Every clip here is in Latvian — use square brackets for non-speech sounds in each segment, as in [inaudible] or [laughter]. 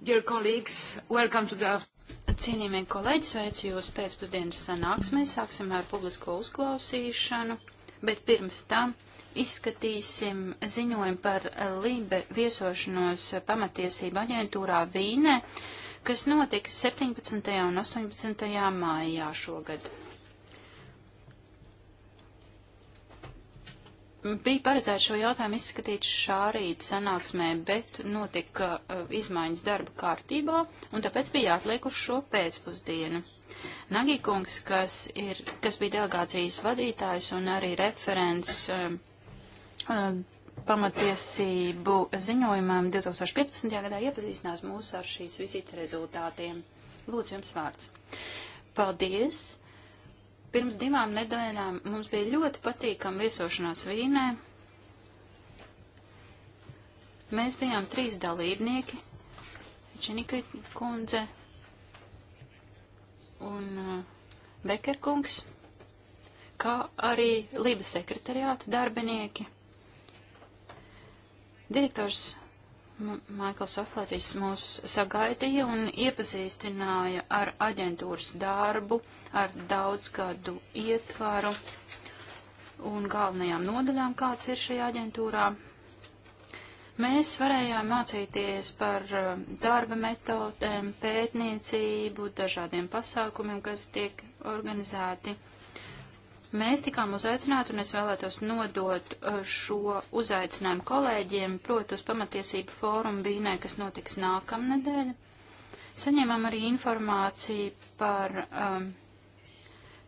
Dear colleagues, welcome to the... Cienījamie kolēģi, sveicu jūs pēcpusdienas sanāksmē. Sāksim ar publisko uzklausīšanu, bet pirms tam izskatīsim ziņojumu par Lībe viesošanos pamatiesību aģentūrā Vīnē, kas notika 17. un 18. maijā šogad. bija paredzēts šo jautājumu izskatīt šā rīta sanāksmē, bet notika uh, izmaiņas darba kārtībā, un tāpēc bija jāatliek uz šo pēcpusdienu. Nagīkungs, kas, ir, kas bija delegācijas vadītājs un arī referents uh, uh, pamatiesību ziņojumam 2015. gadā, iepazīstinās mūs ar šīs vizītes rezultātiem. Lūdzu, jums vārds. Paldies! Pirms divām nedēļām mums bija ļoti patīkama viesošanās Vīnē. Mēs bijām trīs dalībnieki - Čenika kundze un uh, Beker kungs, kā arī Libas sekretariāta darbinieki. Direktors Nu, Maikls Soflatis mūs sagaidīja un iepazīstināja ar aģentūras darbu, ar daudzgadu ietvaru un galvenajām nodaļām, kāds ir šajā aģentūrā. Mēs varējām mācīties par eh, darba metodēm, pētniecību, dažādiem pasākumiem, kas tiek organizēti. Mēs tikām uzaicināti, un es vēlētos nodot uh, šo uzaicinājumu kolēģiem, proti uz pamatiesību fórumu Vīnē, kas notiks nākamnedēļ. Saņēmām arī informāciju par um,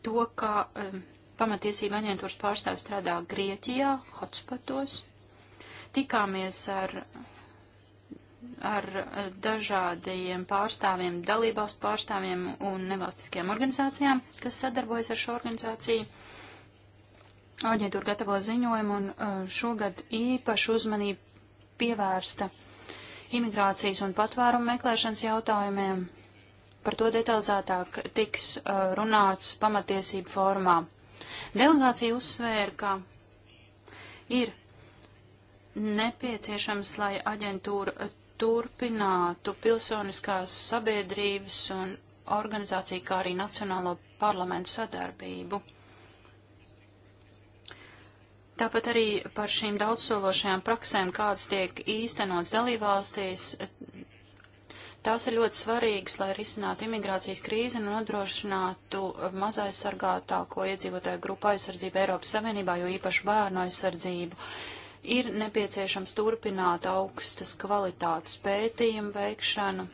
to, kā um, pamatiesība aģentūras pārstāvis strādā Grieķijā, hotspotos. Tikāmies ar ar eh, dažādiem pārstāvjiem, dalībvalstu pārstāvjiem un nevalstiskajām organizācijām, kas sadarbojas ar šo organizāciju. Aģentūra gatavo ziņojumu un eh, šogad īpaši uzmanību pievērsta imigrācijas un patvērumu meklēšanas jautājumiem. Par to detalizētāk tiks eh, runāts pamatiesību formā. Delegācija uzsvēra, ka ir nepieciešams, lai aģentūra turpinātu pilsoniskās sabiedrības un organizāciju, kā arī Nacionālo parlamentu sadarbību. Tāpat arī par šīm daudzsološajām praksēm, kādas tiek īstenots dalībvalstīs, tās ir ļoti svarīgas, lai risinātu imigrācijas krīzi un nodrošinātu mazaizsargātāko iedzīvotāju grupu aizsardzību Eiropas Savienībā, jo īpaši bērnu aizsardzību. Uh, ir nepieciešams turpināt augstas kvalitātes pētījumu veikšanu,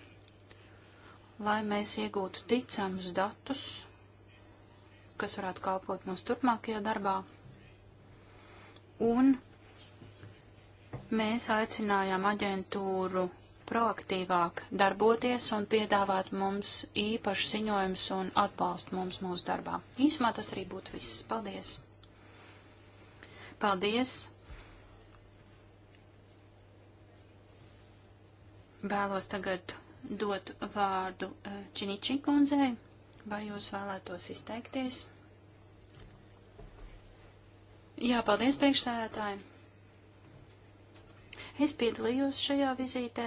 lai mēs iegūtu ticamus datus, kas varētu kalpot mūsu turpmākajā darbā. Un mēs aicinājām aģentūru proaktīvāk darboties un piedāvāt mums īpašu ziņojumus un atbalstu mums mūsu darbā. Īsumā tas arī būtu viss. Paldies! Paldies Vēlos tagad dot vārdu eh, Činiči kundzei. Vai jūs vēlētos izteikties? Jā, paldies priekšstādātāji. Es piedalījos šajā vizītē.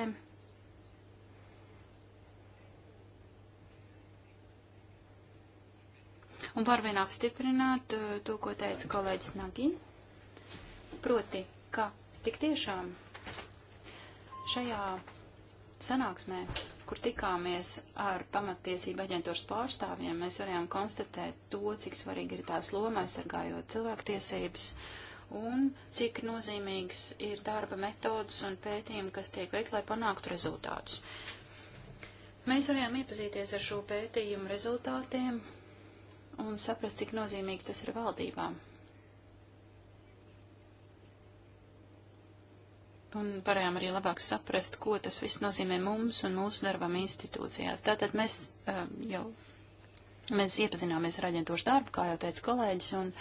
Un var vien apstiprināt eh, to, ko teica kolēģis Nagin. Proti, ka tik tiešām šajā sanāksmē, kur tikāmies ar pamatiesību aģentūras pārstāvjiem, mēs varējām konstatēt to, cik svarīgi ir tās loma aizsargājot cilvēktiesības un cik nozīmīgs ir darba metodas un pētījumi, kas tiek veikt, lai panāktu rezultātus. Mēs varējām iepazīties ar šo pētījumu rezultātiem un saprast, cik nozīmīgi tas ir valdībām. un varējām arī labāk saprast, ko tas viss nozīmē mums un mūsu darbam institūcijās. Tātad mēs uh, jau, mēs iepazināmies ar aģentūras darbu, kā jau teica kolēģis, un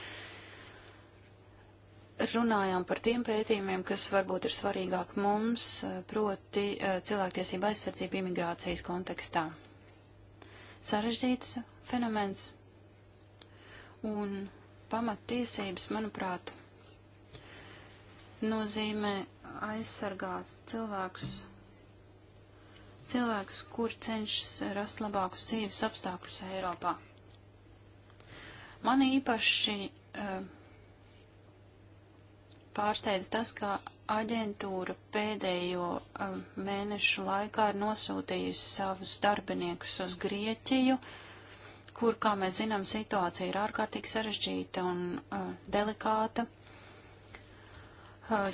runājām par tiem pētījumiem, kas varbūt ir svarīgāk mums, uh, proti uh, cilvēktiesība aizsardzība imigrācijas kontekstā. Sarežģīts fenomens un pamattiesības, manuprāt, nozīmē aizsargāt cilvēkus, cilvēkus, kur cenšas rast labākus dzīves apstākļus Eiropā. Man īpaši uh, pārsteidz tas, ka aģentūra pēdējo uh, mēnešu laikā ir nosūtījusi savus darbiniekus uz Grieķiju, kur, kā mēs zinām, situācija ir ārkārtīgi sarežģīta un uh, delikāta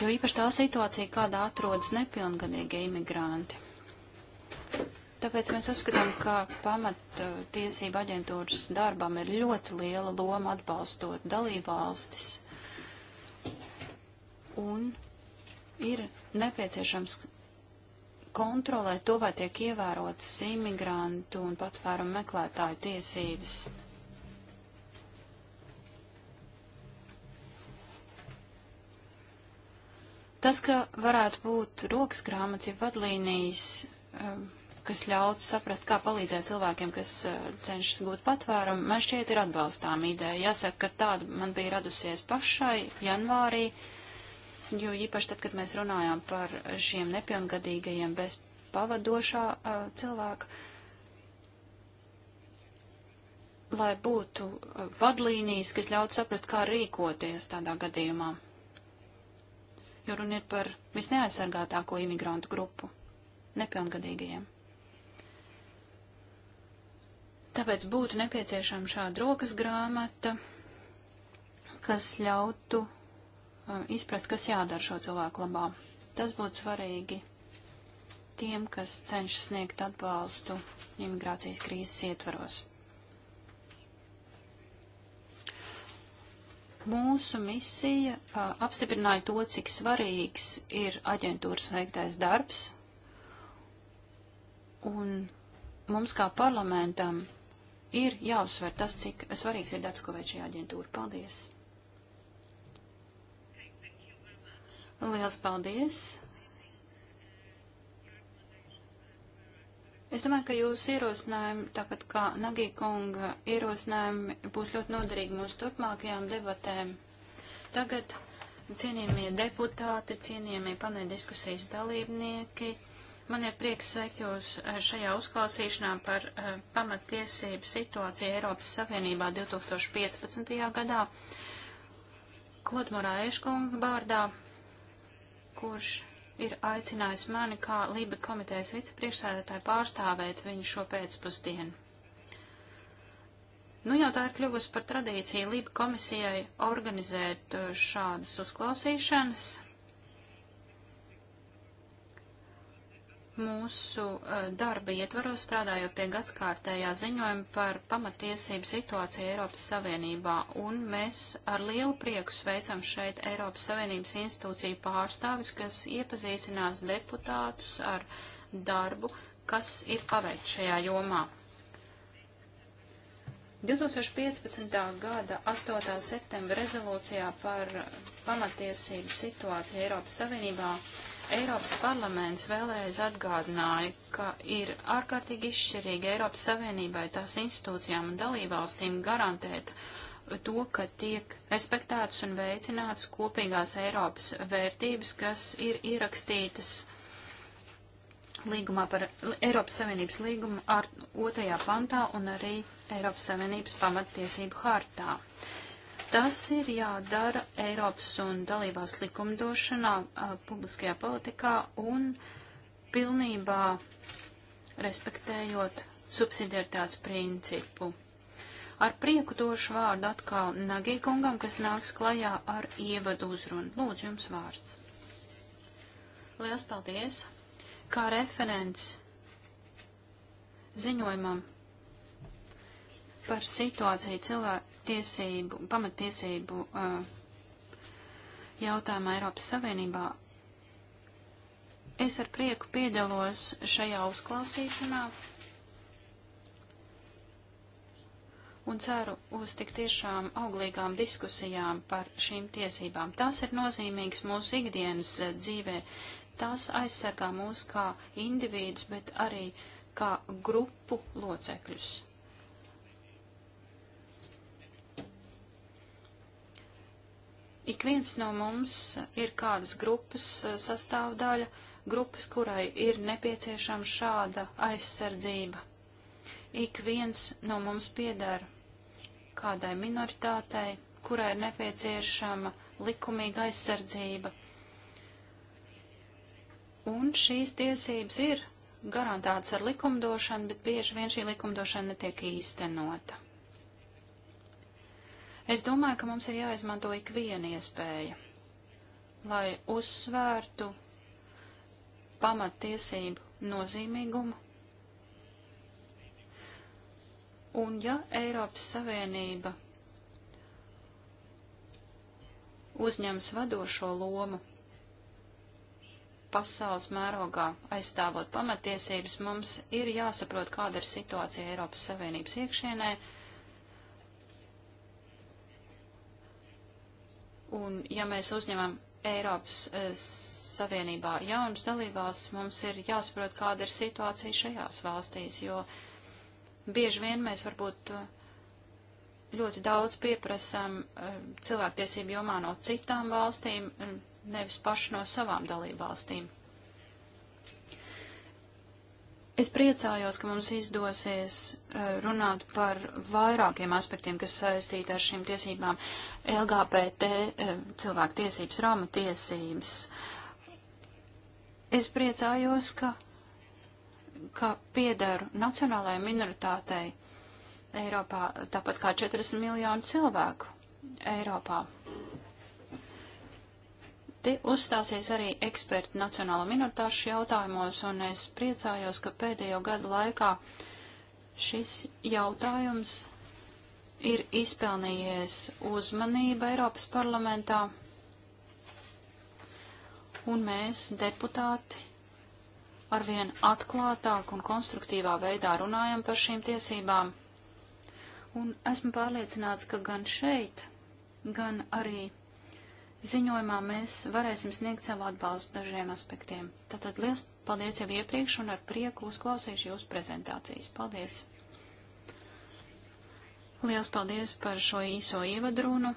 jo īpaši tā situācija, kādā atrodas nepilngadīgie imigranti. Tāpēc mēs uzskatām, ka pamattiesība aģentūras darbam ir ļoti liela loma atbalstot dalībvalstis. Un ir nepieciešams kontrolēt to, vai tiek ievērotas imigrantu un patvērumu meklētāju tiesības. Tas, ka varētu būt rokas grāmatas, ja vadlīnijas, um, kas ļautu saprast, kā palīdzēt cilvēkiem, kas uh, cenšas gūt patvērumu, man šķiet ir atbalstām ideja. Jāsaka, ka tāda man bija radusies pašai janvārī, jo īpaši tad, kad mēs runājām par šiem nepilngadīgajiem bez pavadošā uh, cilvēka, lai būtu uh, vadlīnijas, kas ļautu saprast, kā rīkoties tādā gadījumā jo runa ir par visneaizsargātāko imigrantu grupu - nepilngadīgajiem. Tāpēc būtu nepieciešama šāda rokas grāmata, kas ļautu uh, izprast, kas jādara šo cilvēku labā. Tas būtu svarīgi tiem, kas cenšas sniegt atbalstu imigrācijas krīzes ietvaros. Mūsu misija apstiprināja to, cik svarīgs ir aģentūras veiktais darbs, un mums kā parlamentam ir jāuzsver tas, cik svarīgs ir darbs, ko veic šī aģentūra. Paldies! Liels paldies! Es domāju, ka jūsu ierosinājumi, tāpat kā Nagī kunga ierosinājumi, būs ļoti noderīgi mūsu turpmākajām debatēm. Tagad cienījamie deputāti, cienījamie paneļdiskusijas dalībnieki, man ir prieks sveikt jūs eh, šajā uzklausīšanā par uh, pamatiesību situāciju Eiropas Savienībā 2015. gadā. Klodmorā Eškunga vārdā, kurš ir aicinājusi mani kā Liba komitejas vicepriekšsēdētāju pārstāvēt viņu šo pēcpusdienu. Nu jau tā ir kļuvusi par tradīciju Liba komisijai organizēt uh, šādas uzklausīšanas, Mūsu eh, darba ietvaros strādājot pie gadskārtējā ziņojuma par pamatiesību situāciju Eiropas Savienībā, un mēs ar lielu prieku sveicam šeit Eiropas Savienības institūciju pārstāvis, kas iepazīstinās deputātus ar darbu, kas ir paveikts šajā jomā. 2015. gada 8. septembra rezolūcijā par pamatiesību situāciju Eiropas Savienībā Eiropas parlaments vēlreiz atgādināja, ka ir ārkārtīgi izšķirīgi Eiropas Savienībai, tās institūcijām un dalībvalstīm garantēt to, ka tiek respektētas un veicinātas kopīgās Eiropas vērtības, kas ir ierakstītas līgumā par Eiropas Savienības līgumu ar otrajā pantā un arī Eiropas Savienības pamattiesību hartā. Uh, Tas ir jādara Eiropas un dalībās likumdošanā, a, publiskajā politikā un pilnībā respektējot subsidiaritātes principu. Ar prieku došu vārdu atkal Nagī kungam, kas nāks klajā ar ievadu uzrunu. Lūdzu, jums vārds. Lielas paldies! Kā referents ziņojumam par situāciju cilvēku tiesību, pamattiesību uh, jautājumā Eiropas Savienībā. Es ar prieku piedalos šajā uzklausīšanā un ceru uz tik tiešām auglīgām diskusijām par šīm tiesībām. Tas ir nozīmīgs mūsu ikdienas uh, dzīvē. Tas aizsargā mūs kā individus, bet arī kā grupu locekļus. Ik viens no mums ir kādas grupas eh, sastāvdaļa, grupas, kurai ir nepieciešama šāda aizsardzība. Ik viens no mums piedara kādai minoritātei, kurai ir nepieciešama likumīga aizsardzība. Un šīs tiesības ir garantētas ar likumdošanu, bet bieži vien šī likumdošana netiek īstenota. Es domāju, ka mums ir jāizmanto ikviena iespēja, lai uzsvērtu pamattiesību nozīmīgumu. Un ja Eiropas Savienība uzņems vadošo lomu pasaules mērogā aizstāvot pamatiesības, mums ir jāsaprot, kāda ir situācija Eiropas Savienības iekšienē Un ja mēs uzņemam Eiropas eh, Savienībā jaunas dalībvalstis, mums ir jāsaprot, kāda ir situācija šajās valstīs, jo bieži vien mēs varbūt eh, ļoti daudz pieprasām eh, cilvēktiesību jomā no citām valstīm, nevis paši no savām dalībvalstīm. valstīm. Es priecājos, ka mums izdosies eh, runāt par vairākiem aspektiem, kas saistīti ar šīm tiesībām - LGBT, eh, cilvēku tiesības, Roma tiesības. Es priecājos, ka, ka piedaru nacionālajai minoritātei Eiropā, tāpat kā 40 miljonu cilvēku Eiropā. Te uzstāsies arī eksperti nacionāla minoritāšu jautājumos, un es priecājos, ka pēdējo gadu laikā šis jautājums ir izpelnījies uzmanība Eiropas parlamentā, un mēs, deputāti, arvien atklātāk un konstruktīvā veidā runājam par šīm tiesībām, un esmu pārliecināts, ka gan šeit, gan arī ziņojumā mēs varēsim sniegt savu atbalstu dažiem aspektiem. Tātad liels paldies jau iepriekš un ar prieku uzklausīšu jūsu prezentācijas. Paldies! Liels paldies par šo īso ievadrunu.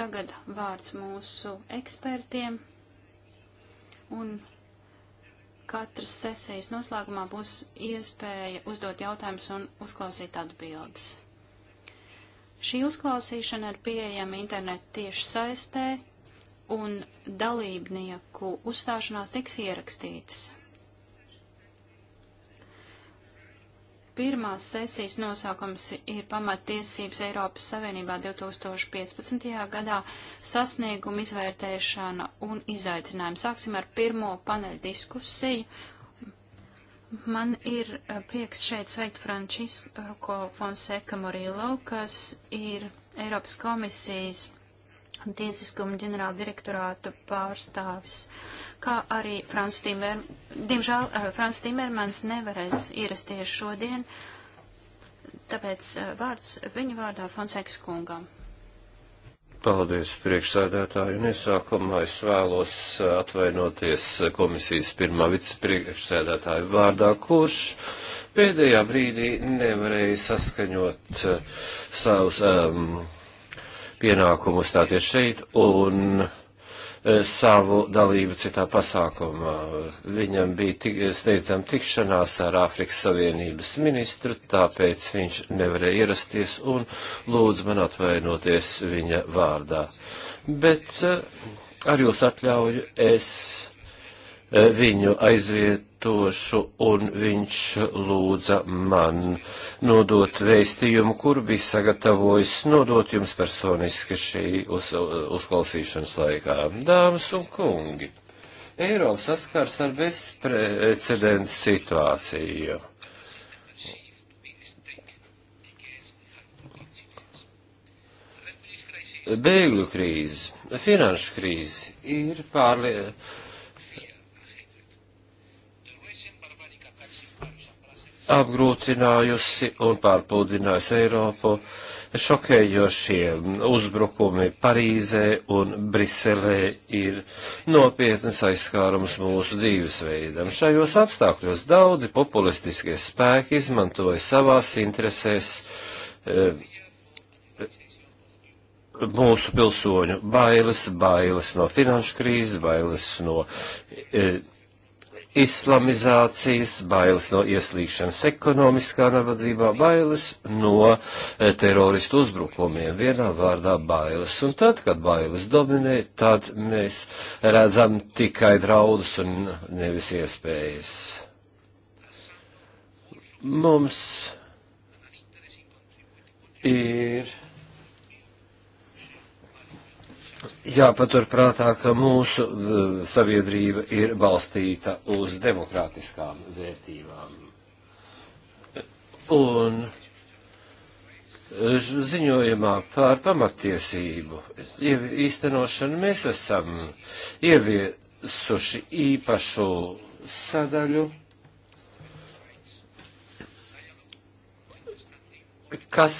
Tagad vārds mūsu ekspertiem un katras sesijas noslēgumā būs iespēja uzdot jautājumus un uzklausīt atbildes. Šī uzklausīšana ir pieejama internetu tieši saistē un dalībnieku uzstāšanās tiks ierakstītas. Pirmās sesijas nosaukums ir pamattiesības Eiropas Savienībā 2015. gadā sasnieguma izvērtēšana un izaicinājumi. Sāksim ar pirmo paneļu diskusiju. Man ir eh, prieks šeit sveikt Francisco Fonseca Morillo, kas ir Eiropas komisijas tiesiskuma ģenerāla direktorāta pārstāvis, kā arī Frans Timer, diemžēl eh, Frans Timermans nevarēs ierasties šodien, tāpēc eh, vārds viņa vārdā Fonseks kungam. Paldies, priekšsēdētāji, un iesākumā es vēlos eh, atvainoties komisijas pirmā vicepriekšsēdētāja vārdā, kurš pēdējā brīdī nevarēja saskaņot savus um, pienākumu uzstāties šeit un eh, savu dalību citā pasākumā. Viņam bija tik, steidzam tikšanās ar Āfrikas Savienības ministru, tāpēc viņš nevarēja ierasties un lūdz man atvainoties viņa vārdā. Bet eh, ar jūs atļauju es viņu aizvietošu, un viņš lūdza man nodot vēstījumu, kur bija sagatavojis nodot jums personiski šī uz, uzklausīšanas laikā. Dāmas un kungi, Eiropa saskars ar bezprecedents situāciju. Bēgļu krīze, finanšu krīze ir pārliecināta apgrūtinājusi un pārpludinājusi Eiropu šokējošie uzbrukumi Parīzē un Briselē ir nopietnas aizskārums mūsu dzīvesveidam. Šajos apstākļos daudzi populistiskie spēki izmantoja savās interesēs e, mūsu pilsoņu bailes, bailes no finanšu krīzes, bailes no e, islamizācijas, bailes no ieslīgšanas ekonomiskā nabadzībā, bailes no e, teroristu uzbrukumiem, vienā vārdā bailes. Un tad, kad bailes dominē, tad mēs redzam tikai draudus un nevis iespējas. Mums ir jāpaturprātā, ka mūsu sabiedrība ir balstīta uz demokrātiskām vērtībām. Un ziņojumā par pamatiesību īstenošanu mēs esam ieviesuši īpašu sadaļu kas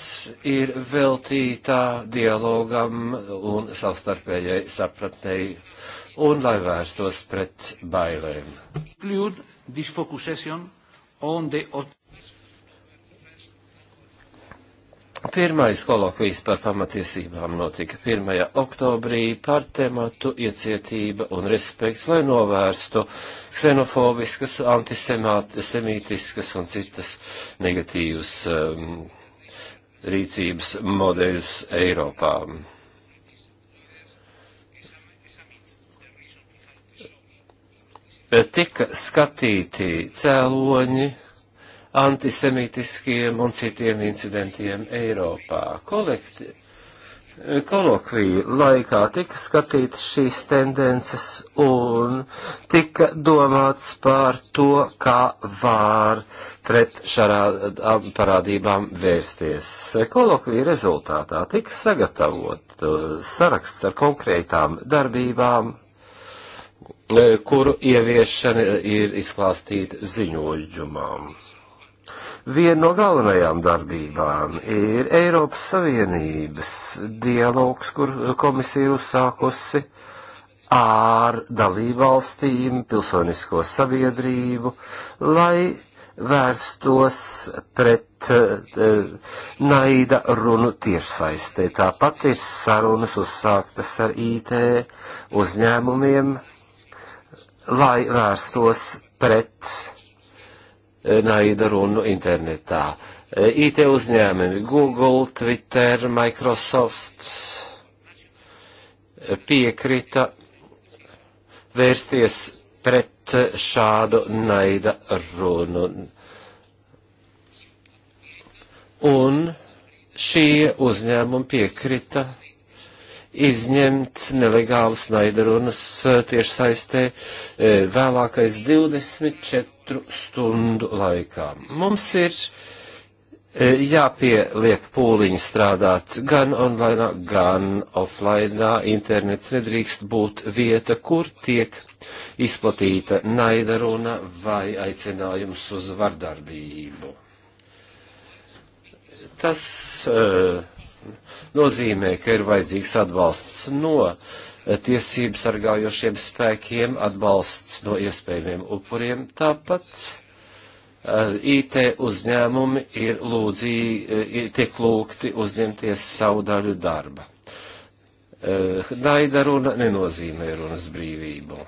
ir veltītā dialogam un savstarpējai sapratnei un lai vērstos pret bailēm. Pirmais kolokvijas par pamatiesībām notika 1. oktobrī par tematu iecietība un respekts, lai novērstu ksenofobiskas, antisemītiskas un citas negatīvas um, rīcības modeļus Eiropā. Tika skatīti cēloņi antisemītiskiem un citiem incidentiem Eiropā. Kolekti kolokviju laikā tika skatītas šīs tendences un tika domāts par to, kā var pret šādām parādībām vērsties. Kolokviju rezultātā tika sagatavot uh, saraksts ar konkrētām darbībām, uh, kuru ieviešana ir izklāstīta ziņojumām. Viena no galvenajām darbībām ir Eiropas Savienības dialogs, kur komisija uzsākusi ar dalībvalstīm, pilsonisko sabiedrību, lai vērstos pret uh, naida runu tiešsaistē. Tāpat ir sarunas uzsāktas ar IT uzņēmumiem, lai vērstos pret Eh, naida runu internetā. Eh, IT uzņēmumi Google, Twitter, Microsoft eh, piekrita vērsties pret šādu naida runu. Un šie uzņēmumi piekrita izņemt nelegālas naidarunas eh, tieši saistē eh, vēlākais 24 stundu laikā. Mums ir eh, jāpieliek pūliņi strādāt gan online, gan offline. Internets nedrīkst būt vieta, kur tiek izplatīta naidaruna vai aicinājums uz vardarbību. Tas uh, nozīmē, ka ir vajadzīgs atbalsts no eh, tiesību sargājošiem spēkiem, atbalsts no iespējamiem upuriem. Tāpat eh, IT uzņēmumi ir lūdzī, eh, tiek lūgti uzņemties savu daļu darba. Naida runa nenozīmē runas brīvību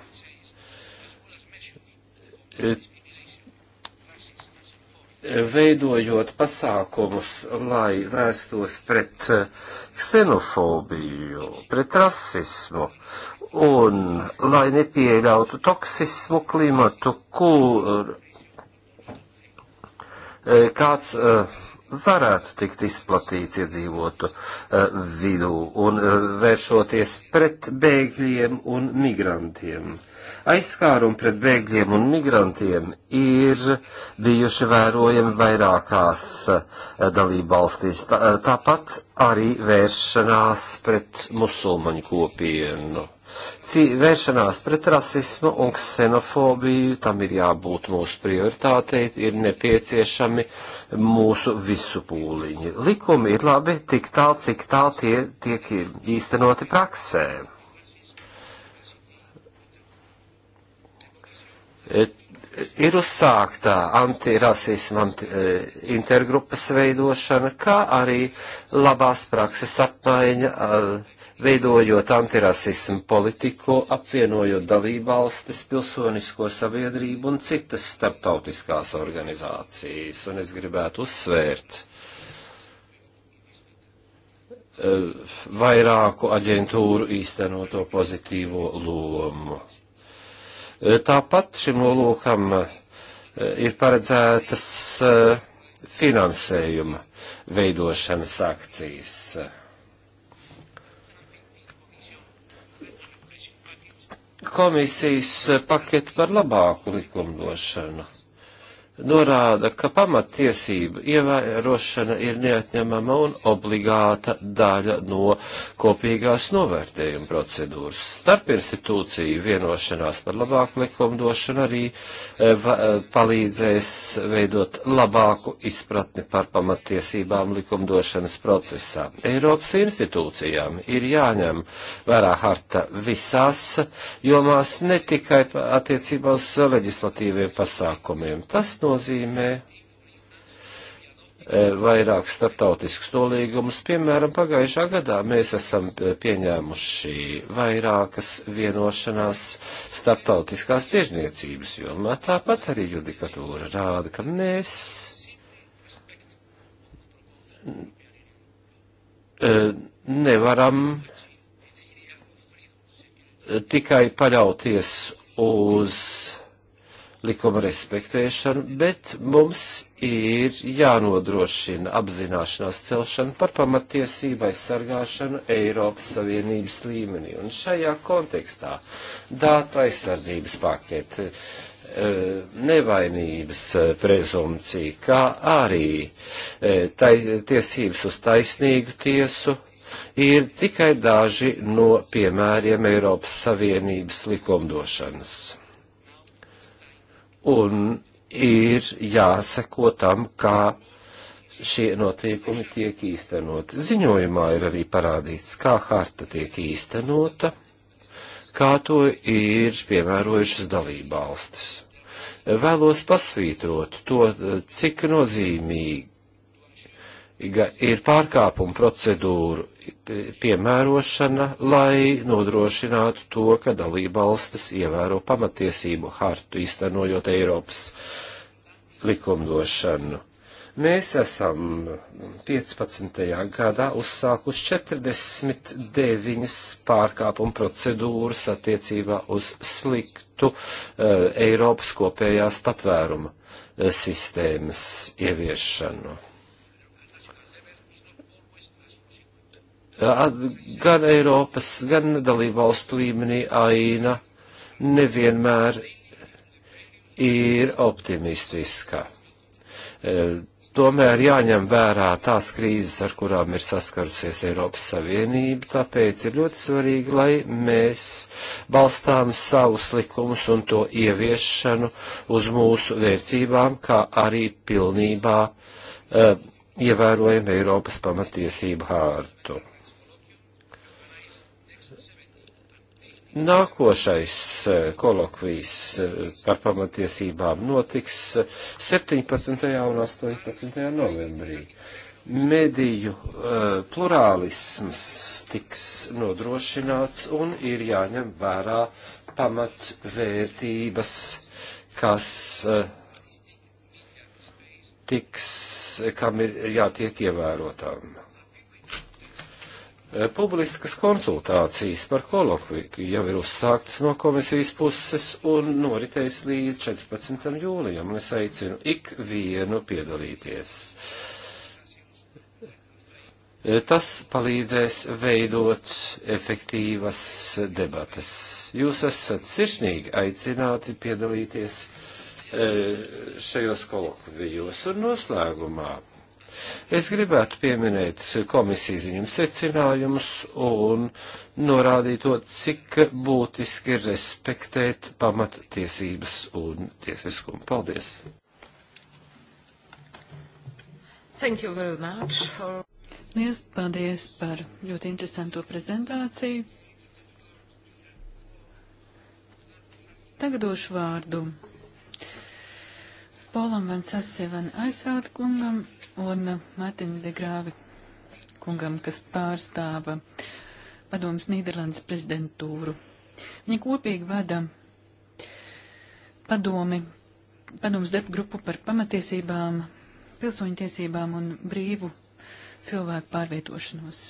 veidojot pasākumus, lai vērstos pret eh, ksenofobiju, pret rasismu un lai nepieļautu toksismu klimatu, kur eh, kāds eh, varētu tikt izplatīts iedzīvotu vidū un vēršoties pret bēgļiem un migrantiem Aizskārumi pret bēgļiem un migrantiem ir bijuši vērojami vairākās eh, dalībvalstīs. Tā, eh, tāpat arī vēršanās pret musulmaņu kopienu. Cī, vēršanās pret rasismu un ksenofobiju, tam ir jābūt mūsu prioritātei, ir nepieciešami mūsu visu pūliņi. Likumi ir labi tik tālu, cik tālu tie tiek īstenoti praksēm ir uzsāktā antirasisma anti, e, intergrupas veidošana, kā arī labās prakses apmaiņa, e, veidojot antirasismu politiku, apvienojot dalībvalstis, pilsonisko sabiedrību un citas starptautiskās organizācijas. Un es gribētu uzsvērt e, vairāku aģentūru īstenoto pozitīvo lomu Tāpat šim nolūkam eh, ir paredzētas eh, finansējuma veidošanas akcijas. Komisijas paketi par labāku likumdošanu norāda, ka pamattiesība ievērošana ir neatņemama un obligāta daļa no kopīgās novērtējuma procedūras. Starp institūciju vienošanās par labāku likumdošanu arī eh, va, eh, palīdzēs veidot labāku izpratni par pamattiesībām likumdošanas procesā. Eiropas institūcijām ir jāņem vērā harta visās jomās, ne tikai attiecībā uz leģislatīviem pasākumiem. Tas nozīmē eh, vairāk startautiskus nolīgumus. Piemēram, pagājušā gadā mēs esam eh, pieņēmuši vairākas vienošanās startautiskās tiežniecības jomā. Tāpat arī judikatūra rāda, ka mēs eh, nevaram tikai paļauties uz likuma respektēšanu, bet mums ir jānodrošina apzināšanās celšana par pamatiesību aizsargāšanu Eiropas Savienības līmenī. Un šajā kontekstā dātu aizsardzības pakete, eh, nevainības eh, prezumcija, kā arī eh, tai, tiesības uz taisnīgu tiesu ir tikai daži no piemēriem Eiropas Savienības likumdošanas un ir jāseko tam, kā šie notiekumi tiek īstenoti. Ziņojumā ir arī parādīts, kā harta tiek īstenota, kā to ir piemērojušas dalībvalstis. Vēlos pasvītrot to, cik nozīmīgi ir pārkāpuma procedūru piemērošana, lai nodrošinātu to, ka dalībvalstis ievēro pamatiesību hartu, īstenojot Eiropas likumdošanu. Mēs esam 15. gadā uzsākuši 49 pārkāpuma procedūras attiecībā uz sliktu uh, Eiropas kopējās patvēruma eh, sistēmas ieviešanu gan Eiropas, gan dalību valstu līmenī aina nevienmēr ir optimistiska. Tomēr jāņem vērā tās krīzes, ar kurām ir saskarusies Eiropas Savienība, tāpēc ir ļoti svarīgi, lai mēs balstām savus likumus un to ieviešanu uz mūsu vērtībām, kā arī pilnībā uh, ievērojam Eiropas pamatiesību hārtu. Nākošais eh, kolokvijas eh, par pamatiesībām notiks 17. Eh, un 18. novembrī. Mediju plurālisms tiks nodrošināts un ir jāņem vērā pamatvērtības, kas tiks, kam ir jātiek ievērotām. Eh, publiskas konsultācijas par kolokviju jau ir uzsāktas no komisijas puses un noritēs līdz 14. jūlijam, un es aicinu ikvienu piedalīties. Eh, tas palīdzēs veidot efektīvas debatas. Jūs esat sirsnīgi aicināti piedalīties eh, šajos kolokvijos un noslēgumā. Es gribētu pieminēt komisijas ziņam secinājumus un norādīt to, cik būtiski ir respektēt pamattiesības un tiesiskumu. Paldies! Thank you very much for... Liels paldies par ļoti interesanto prezentāciju. Tagad došu vārdu Polam Vansasevan aizsākt kungam, un uh, Mārtiņa de Grāvi kungam, kas pārstāva padomas Nīderlandes prezidentūru. Viņi kopīgi vada padomi, padomas depugrupu par pamatiesībām, pilsoņu tiesībām un brīvu cilvēku pārvietošanos.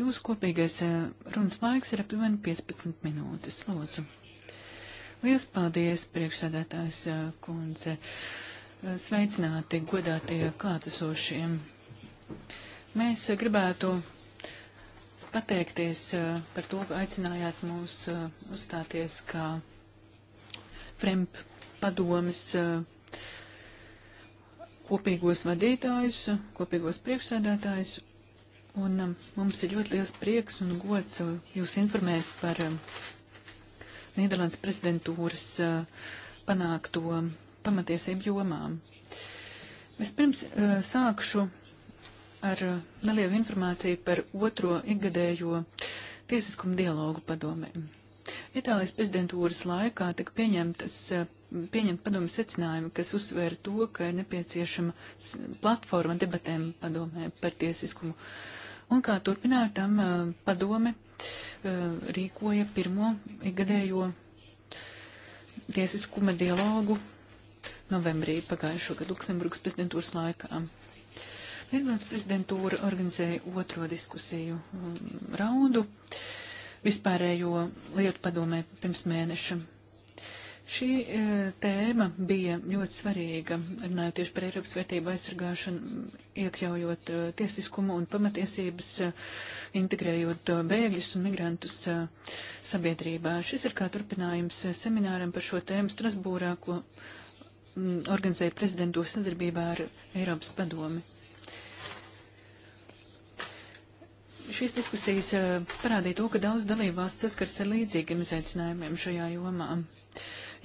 Jūsu kopīgais uh, runas laiks ir aptuveni 15 minūtes. Lūdzu. Lielas paldies, priekšsēdētājs uh, kundze. Uh, Sveicināti, godātie klātesošiem. Mēs gribētu pateikties eh, par to, ka aicinājāt mūs eh, uzstāties kā Fremp padomas eh, kopīgos vadītājus, kopīgos priekšsēdētājus. Un mums ir ļoti liels prieks un gods jūs informēt par Nīderlandes prezidentūras panākto pamatiesību jomām. Vispirms eh, sākšu ar eh, nelielu informāciju par otro ikgadējo tiesiskumu dialogu padomē. Itālijas prezidentūras laikā tika pieņemtas, eh, pieņemt padomu secinājumi, kas uzsvēra to, ka ir nepieciešama platforma debatēm padomē par tiesiskumu. Un kā turpināja tam padome rīkoja pirmo ikgadējo tiesiskuma dialogu novembrī pagājušo gadu Luksemburgas prezidentūras laikā. Nīderlandes prezidentūra organizēja otro diskusiju um, raundu vispārējo lietu padomē pirms mēneša. Šī e, tēma bija ļoti svarīga, runājot tieši par Eiropas vērtību aizsargāšanu, iekļaujot e, tiesiskumu un pamatiesības, e, integrējot e, bēgļus un migrantus e, sabiedrībā. Šis ir kā turpinājums e, semināram par šo tēmu Strasbūrā, ko Mm, organizēja prezidentūru sadarbībā ar Eiropas padomi. Šīs diskusijas eh, parādīja to, ka daudz dalībvalsts saskars ar līdzīgiem izaicinājumiem šajā jomā.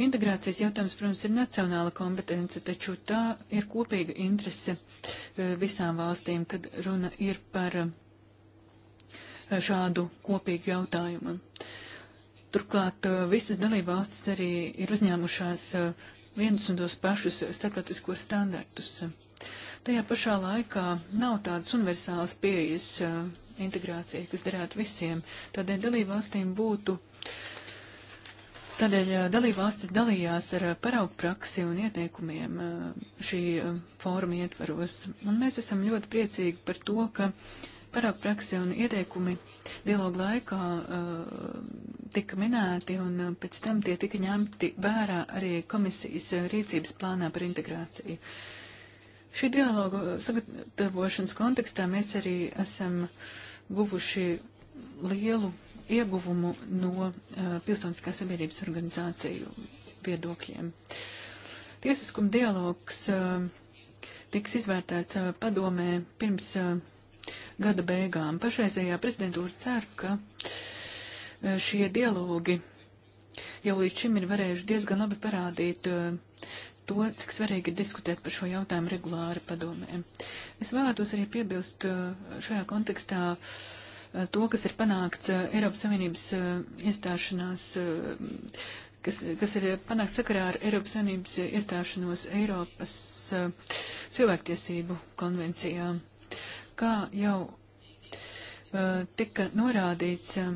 Integrācijas jautājums, protams, ir nacionāla kompetence, taču tā ir kopīga interese eh, visām valstīm, kad runa ir par eh, šādu kopīgu jautājumu. Turklāt visas dalībvalstis arī ir uzņēmušās vienus un tos pašus starptautiskos standartus. Tajā pašā laikā nav tādas universālas pieejas integrācijai, kas derētu visiem. Tādēļ dalībvalstīm būtu. Tādēļ dalībvalstis dalījās ar paraugu praksi un ieteikumiem šī fóruma ietvaros. Un mēs esam ļoti priecīgi par to, ka paraugu praksi un ieteikumi Dialogu laikā uh, tika minēti un eh, pēc tam tie tika ņemti vērā arī komisijas eh, rīcības plānā par integrāciju. Šī dialogu sagatavošanas kontekstā mēs arī esam guvuši lielu ieguvumu no uh, pilsoniskās sabiedrības organizāciju viedokļiem. Tiesiskuma dialogs uh, tiks izvērtēts uh, padomē pirms uh, gada beigām. Pašreizējā prezidentūra cer, ka e, šie dialogi jau līdz šim ir varējuši diezgan labi parādīt e, to, cik svarīgi ir diskutēt par šo jautājumu regulāri padomē. Es vēlētos arī piebilst e, šajā kontekstā to, kas ir panākts Eiropas Savienības iestāšanās kas, kas ir panākt sakarā ar Eiropas Savienības iestāšanos Eiropas cilvēktiesību konvencijā kā jau uh, tika norādīts, um,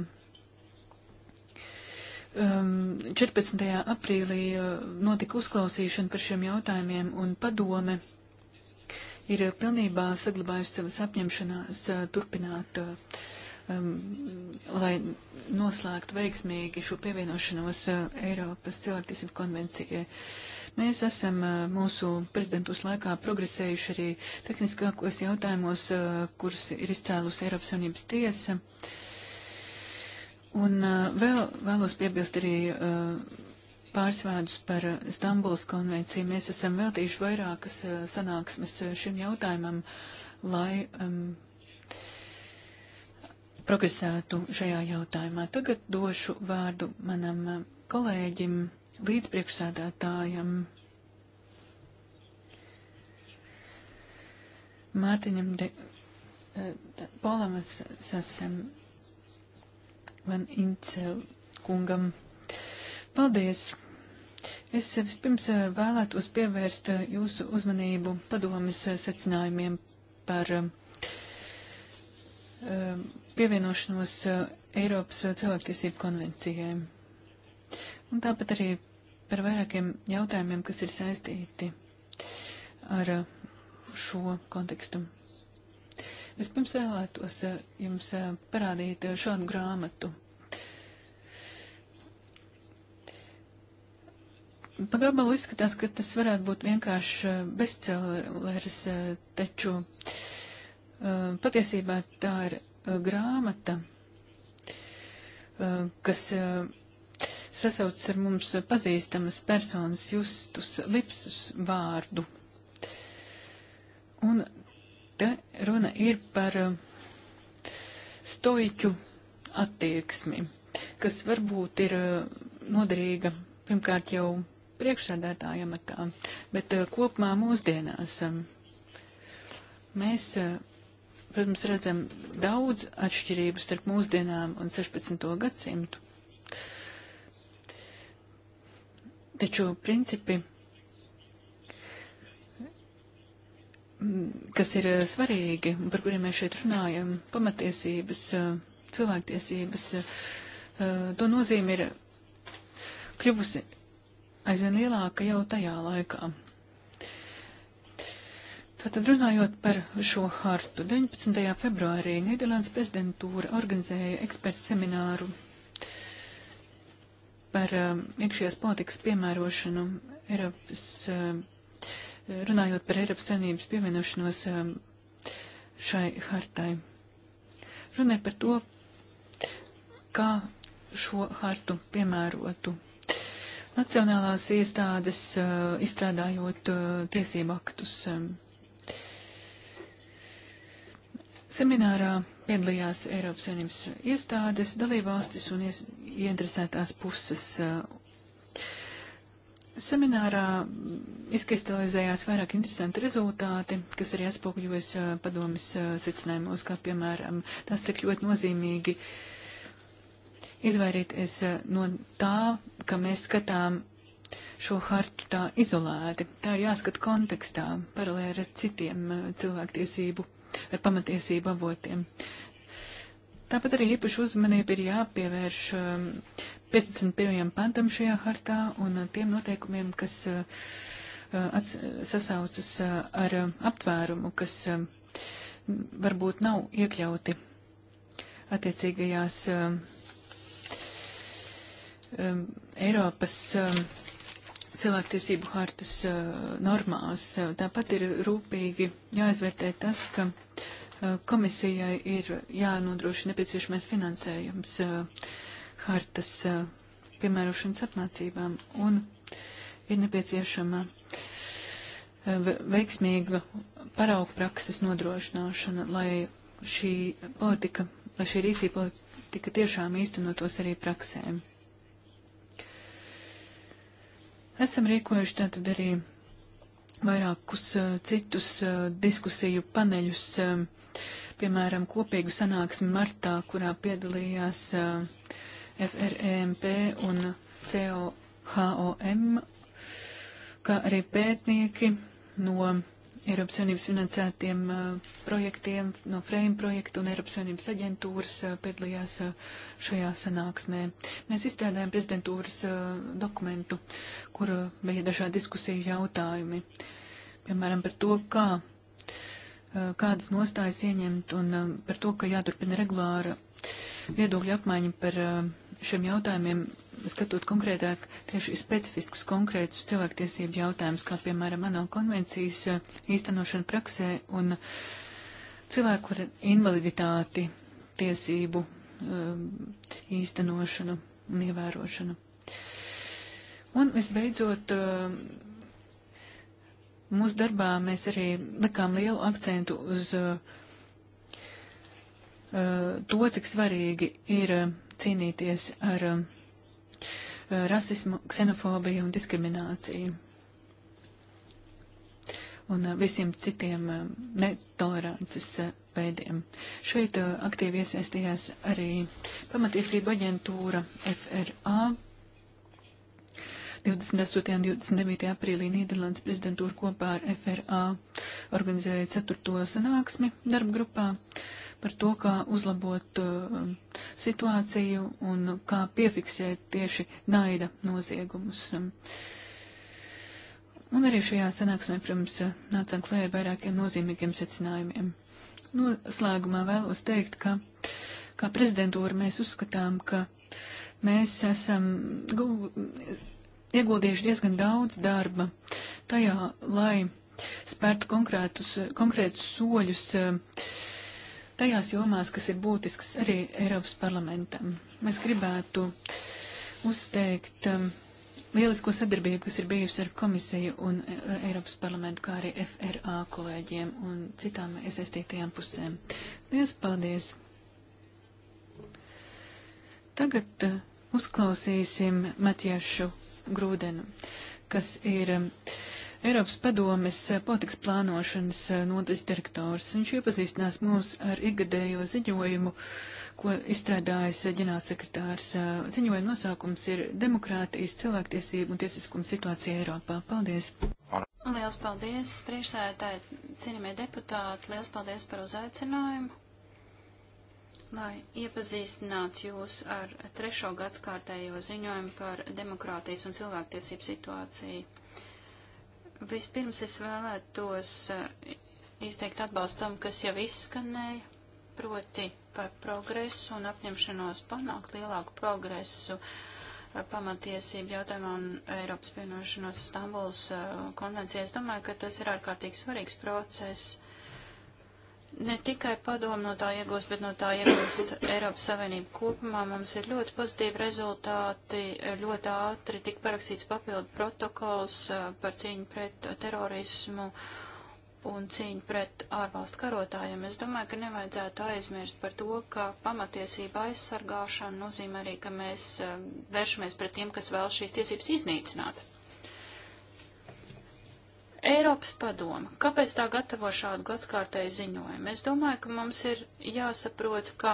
14. Um, aprīlī uh, notika uzklausīšana par šiem jautājumiem un padome ir pilnībā saglabājusi savas apņemšanās uh, turpināt, uh, um, lai noslēgtu veiksmīgi šo pievienošanos uh, Eiropas cilvēktiesību konvencijai. Mēs esam mūsu prezidentūras laikā progresējuši arī tehniskākos jautājumos, kurus ir izcēlusi Eiropas Savienības tiesa. Un vēl vēlos piebilst arī pāris vārdus par Stambulas konvenciju. Mēs esam veltījuši vairākas sanāksmes šim jautājumam, lai um, progresētu šajā jautājumā. Tagad došu vārdu manam kolēģim līdzpriekšsēdētājam Mārtiņam de, eh, Polam Sasem Van Incel kungam. Paldies! Es vispirms eh, vēlētos pievērst eh, jūsu uzmanību padomas secinājumiem par pievienošanos Eiropas cilvēktiesību konvencijai. Un tāpat arī par vairākiem jautājumiem, kas ir saistīti ar šo kontekstu. Vispirms vēlētos eh, jums eh, parādīt eh, šādu grāmatu. Pagabalu izskatās, ka tas varētu būt vienkārši bestselleris, taču patiesībā tā ir grāmata, kas sasaucas ar mums pazīstamas personas justus lipsus vārdu. Un te runa ir par uh, stoiķu attieksmi, kas varbūt ir uh, noderīga pirmkārt jau priekšsēdētāja amatā, bet uh, kopumā mūsdienās um, mēs, protams, redzam daudz atšķirību starp mūsdienām un 16. gadsimtu. Taču principi, kas ir svarīgi, par kuriem mēs šeit runājam, pamatiesības, cilvēktiesības, to nozīme ir kļuvusi aizvien lielāka jau tajā laikā. Tātad runājot par šo hartu, 19. februārī Nīderlandes prezidentūra organizēja ekspertu semināru par um, iekšējās politikas piemērošanu Eiropas, um, runājot par Eiropas savienības pievienošanos um, šai hartai. Runāja par to, kā šo hartu piemērotu. Nacionālās iestādes uh, izstrādājot uh, tiesību aktus. Um, seminārā piedalījās Eiropas Savienības iestādes, dalībvalstis un ies, ieinteresētās puses. Uh, seminārā izkristalizējās vairāk interesanti rezultāti, kas arī atspoguļojas uh, padomis uh, secinājumos, kā piemēram tas, cik ļoti nozīmīgi izvairīties no tā, ka mēs skatām šo hartu tā izolēti. Tā ir jāskat kontekstā, paralēli ar citiem cilvēktiesību ar pamatiesību avotiem. Tāpat arī īpaši uzmanība ir jāpievērš 51. Um, pantam šajā hartā un uh, tiem noteikumiem, kas uh, uh, sasaucas ar um, aptvērumu, kas um, varbūt nav iekļauti attiecīgajās Eiropas cilvēktiesību hartas uh, normās. Tāpat ir rūpīgi jāizvērtē tas, ka uh, komisijai ir jānodrošina nepieciešamais finansējums uh, hartas piemērošanas apmācībām un ir nepieciešama veiksmīga paraugu prakses nodrošināšana, lai šī politika, lai šī rīcība politika tiešām īstenotos arī praksēm. Esam rīkojuši tātad arī vairākus eh, citus eh, diskusiju paneļus, eh, piemēram, kopīgu sanāksmi martā, kurā piedalījās FREMP un COHOM, kā arī pētnieki no Eiropas Savienības finansētiem uh, projektiem no Frame projekta un Eiropas Savienības aģentūras uh, piedalījās uh, šajā sanāksmē. Mēs izstrādājām prezidentūras dokumentu, kur bija dažādi diskusiju jautājumi. Piemēram, par to, kā, kādas nostājas ieņemt un par to, ka jāturpina regulāra viedokļa apmaiņa par uh, šiem jautājumiem, skatot konkrētāk tieši specifiskus konkrētus cilvēktiesību jautājumus, kā piemēram ANO konvencijas eh, īstenošana praksē un cilvēku ar invaliditāti tiesību eh, īstenošanu un ievērošanu. Un visbeidzot, eh, mūsu darbā mēs arī likām lielu akcentu uz to, cik svarīgi ir cīnīties ar uh, rasismu, ksenofobiju un diskrimināciju un uh, visiem citiem um, uh, netolerances veidiem. Šeit uh, aktīvi iesaistījās arī pamatiesība aģentūra FRA. 28. un 29. aprīlī Nīderlandes prezidentūra kopā ar FRA organizēja ceturto sanāksmi darba grupā. Uh, par to, kā uzlabot uh, situāciju un kā piefiksēt tieši naida noziegumus. Um, un arī šajā sanāksmē, protams, nācām klējā vairākiem nozīmīgiem secinājumiem. Noslēgumā vēlos teikt, ka kā prezidentūra mēs uzskatām, ka mēs esam ieguldījuši diezgan daudz darba tajā, lai spērtu konkrētus, konkrētus soļus uh, tajās jomās, kas ir būtisks arī Eiropas parlamentam. Mēs gribētu uzteikt um, lielisko sadarbību, kas ir bijusi ar komisiju un uh, Eiropas parlamentu, kā arī FRA kolēģiem un citām iesaistītajām pusēm. Lielas paldies! Tagad uh, uzklausīsim Matiešu Grūdenu, kas ir um, Eiropas padomes eh, politikas plānošanas eh, nodaļas direktors. Viņš iepazīstinās mūs ar ikgadējo ziņojumu, ko izstrādājas eh, ģenerālsekretārs. Ziņojuma nosaukums ir Demokrātijas, cilvēktiesība un tiesiskuma situācija Eiropā. Paldies! Liels paldies, priekšsēdētāji, cienījamie deputāti, liels paldies par uzaicinājumu, lai iepazīstinātu jūs ar trešo gadskārtējo ziņojumu par demokrātijas un cilvēktiesību situāciju. Vispirms es vēlētos eh, izteikt atbalstam, kas jau izskanēja, proti par progresu un apņemšanos panākt lielāku progresu eh, pamatiesību jautājumā un Eiropas pienošanos Stambuls eh, konvencijā. Es domāju, ka tas ir ārkārtīgi svarīgs process ne tikai padomu no tā iegūst, bet no tā iegūst Eiropas Savienība kopumā. Mums ir ļoti pozitīvi rezultāti, ļoti ātri tika parakstīts papildu protokols eh, par cīņu pret terorismu un cīņu pret ārvalstu karotājiem. Es domāju, ka nevajadzētu aizmirst par to, ka pamatiesība aizsargāšana nozīmē arī, ka mēs eh, vēršamies pret tiem, kas vēl šīs tiesības iznīcināt. Eiropas padoma. Kāpēc tā gatavo šādu gadskārtēju ziņojumu? Es domāju, ka mums ir jāsaprot, ka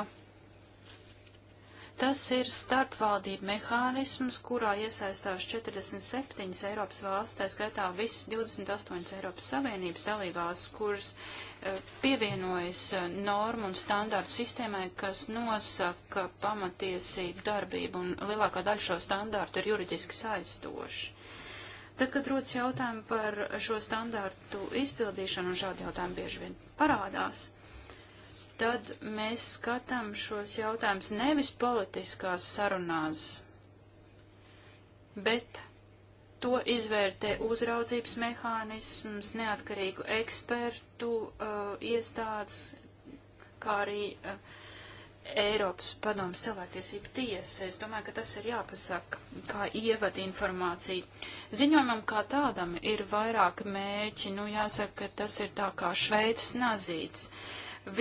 tas ir starpvaldību mehānisms, kurā iesaistās 47 Eiropas valsts, tā skaitā visas 28 Eiropas Savienības dalībās, kuras eh, pievienojas eh, normu un standārtu sistēmai, kas nosaka pamatiesību darbību, un lielākā daļa šo standārtu ir juridiski saistoši. Tad, kad rodas jautājumi par šo standārtu izpildīšanu, un šādi jautājumi bieži vien parādās, tad mēs skatām šos jautājumus nevis politiskās sarunās, bet to izvērtē uzraudzības mehānisms, neatkarīgu ekspertu uh, iestādes, kā arī uh, Eiropas padomas cilvēktiesība tiesa. Es domāju, ka tas ir jāpasaka kā ievada informācija. Ziņojumam kā tādam ir vairāk mērķi, nu jāsaka, ka tas ir tā kā Šveicis nazīts.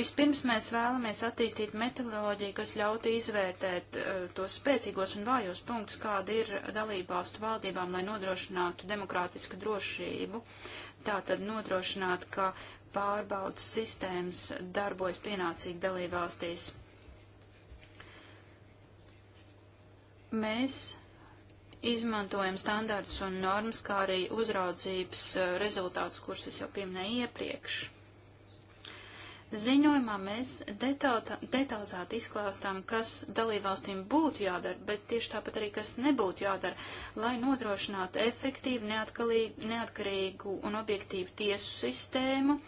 Vispirms mēs vēlamies attīstīt metodoloģiju, kas ļautu izvērtēt uh, tos spēcīgos un vājos punktus, kāda ir dalībvalstu valdībām, lai nodrošinātu demokrātisku drošību. Tātad nodrošināt, ka pārbaudas sistēmas darbojas pienācīgi dalībvalstīs. valstīs. Mēs izmantojam standartus un normas, kā arī uzraudzības eh, rezultātus, kurus es jau pieminēju iepriekš. Ziņojumā mēs detalizēti izklāstām, kas dalībvalstīm būtu jādara, bet tieši tāpat arī, kas nebūtu jādara, lai nodrošinātu efektīvu, neatkarīgu un objektīvu tiesu sistēmu,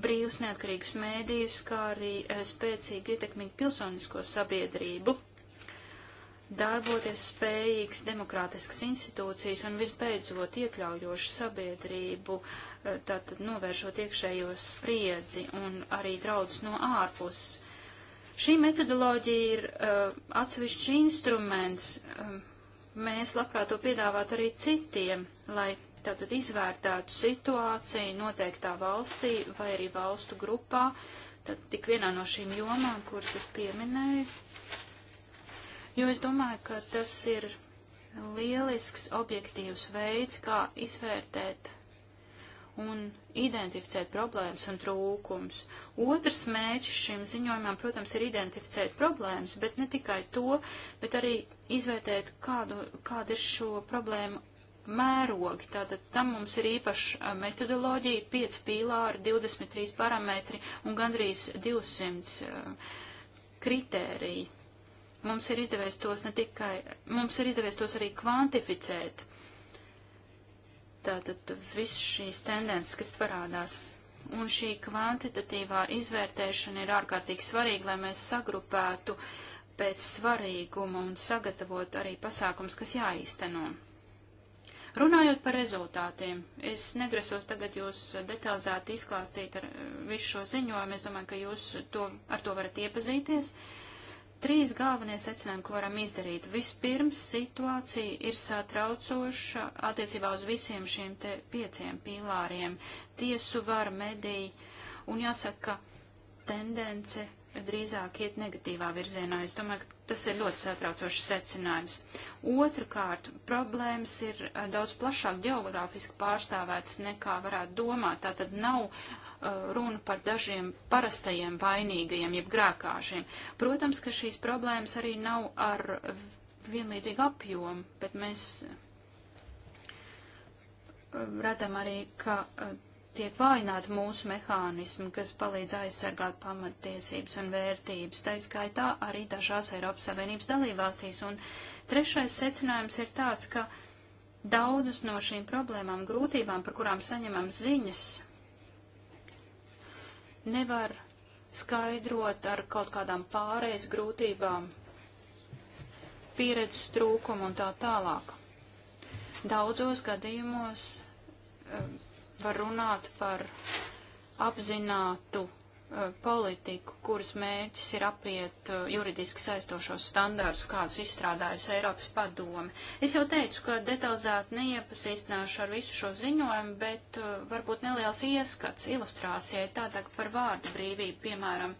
brīvus neatkarīgus mēdījus, kā arī eh, spēcīgu ietekmīgu pilsonisko sabiedrību darboties spējīgs demokrātiskas institūcijas un visbeidzot iekļaujošu sabiedrību, eh, tātad novēršot iekšējo spriedzi un arī draudus no ārpuses. Šī metodoloģija ir uh, atsevišķs instruments, um, mēs labprāt to piedāvāt arī citiem, lai tātad izvērtētu situāciju noteiktā valstī vai arī valstu grupā, tad tik vienā no šīm jomām, kuras es pieminēju, jo es domāju, ka tas ir lielisks objektīvs veids, kā izvērtēt un identificēt problēmas un trūkums. Otrs mērķis šim ziņojumam, protams, ir identificēt problēmas, bet ne tikai to, bet arī izvērtēt, kādu, kāda ir šo problēmu mērogi. Tātad tam mums ir īpaša metodoloģija, 5 pīlāri, 23 parametri un gandrīz 200 uh, kritēriju. Mums ir izdevies tos ne tikai, mums ir izdevies tos arī kvantificēt. Tātad viss šīs tendences, kas parādās. Un šī kvantitatīvā izvērtēšana ir ārkārtīgi svarīga, lai mēs sagrupētu pēc svarīguma un sagatavotu arī pasākums, kas jāīsteno. Runājot par rezultātiem, es negrasos tagad jūs detalizēti izklāstīt ar eh, visu šo ziņojumu. Es domāju, ka jūs to, ar to varat iepazīties. Uh, Trīs galvenie secinājumi, ko varam izdarīt. Vispirms situācija ir satraucoša attiecībā uz visiem šiem te pieciem pīlāriem - tiesu var, mediju, un jāsaka, ka tendence drīzāk iet negatīvā virzienā. Es domāju, ka tas ir ļoti satraucošs secinājums. Otrakārt, problēmas ir eh, daudz plašāk geogrāfiski pārstāvētas nekā varētu domāt. Tātad nav Uh, runa par dažiem parastajiem vainīgajiem, jeb grēkāšiem. Protams, ka šīs problēmas arī nav ar vienlīdzīgu apjomu, bet mēs uh, redzam arī, ka uh, tiek vājināti mūsu mehānismi, kas palīdz aizsargāt pamattiesības un vērtības, tā skaitā arī dažās Eiropas Savienības dalībvalstīs. Un trešais secinājums ir tāds, ka daudzas no šīm problēmām, grūtībām, par kurām saņemam ziņas, nevar skaidrot ar kaut kādām pārējas grūtībām, pieredzes trūkumu un tā tālāk. Daudzos gadījumos eh, var runāt par apzinātu Uh, politiku, kuras mērķis ir apiet uh, juridiski saistošos standārus, kādus izstrādājusi Eiropas padome. Es jau teicu, ka detalizēti neiepazīstināšu ar visu šo ziņojumu, bet uh, varbūt neliels ieskats ilustrācijai tātad par vārdu brīvību, piemēram.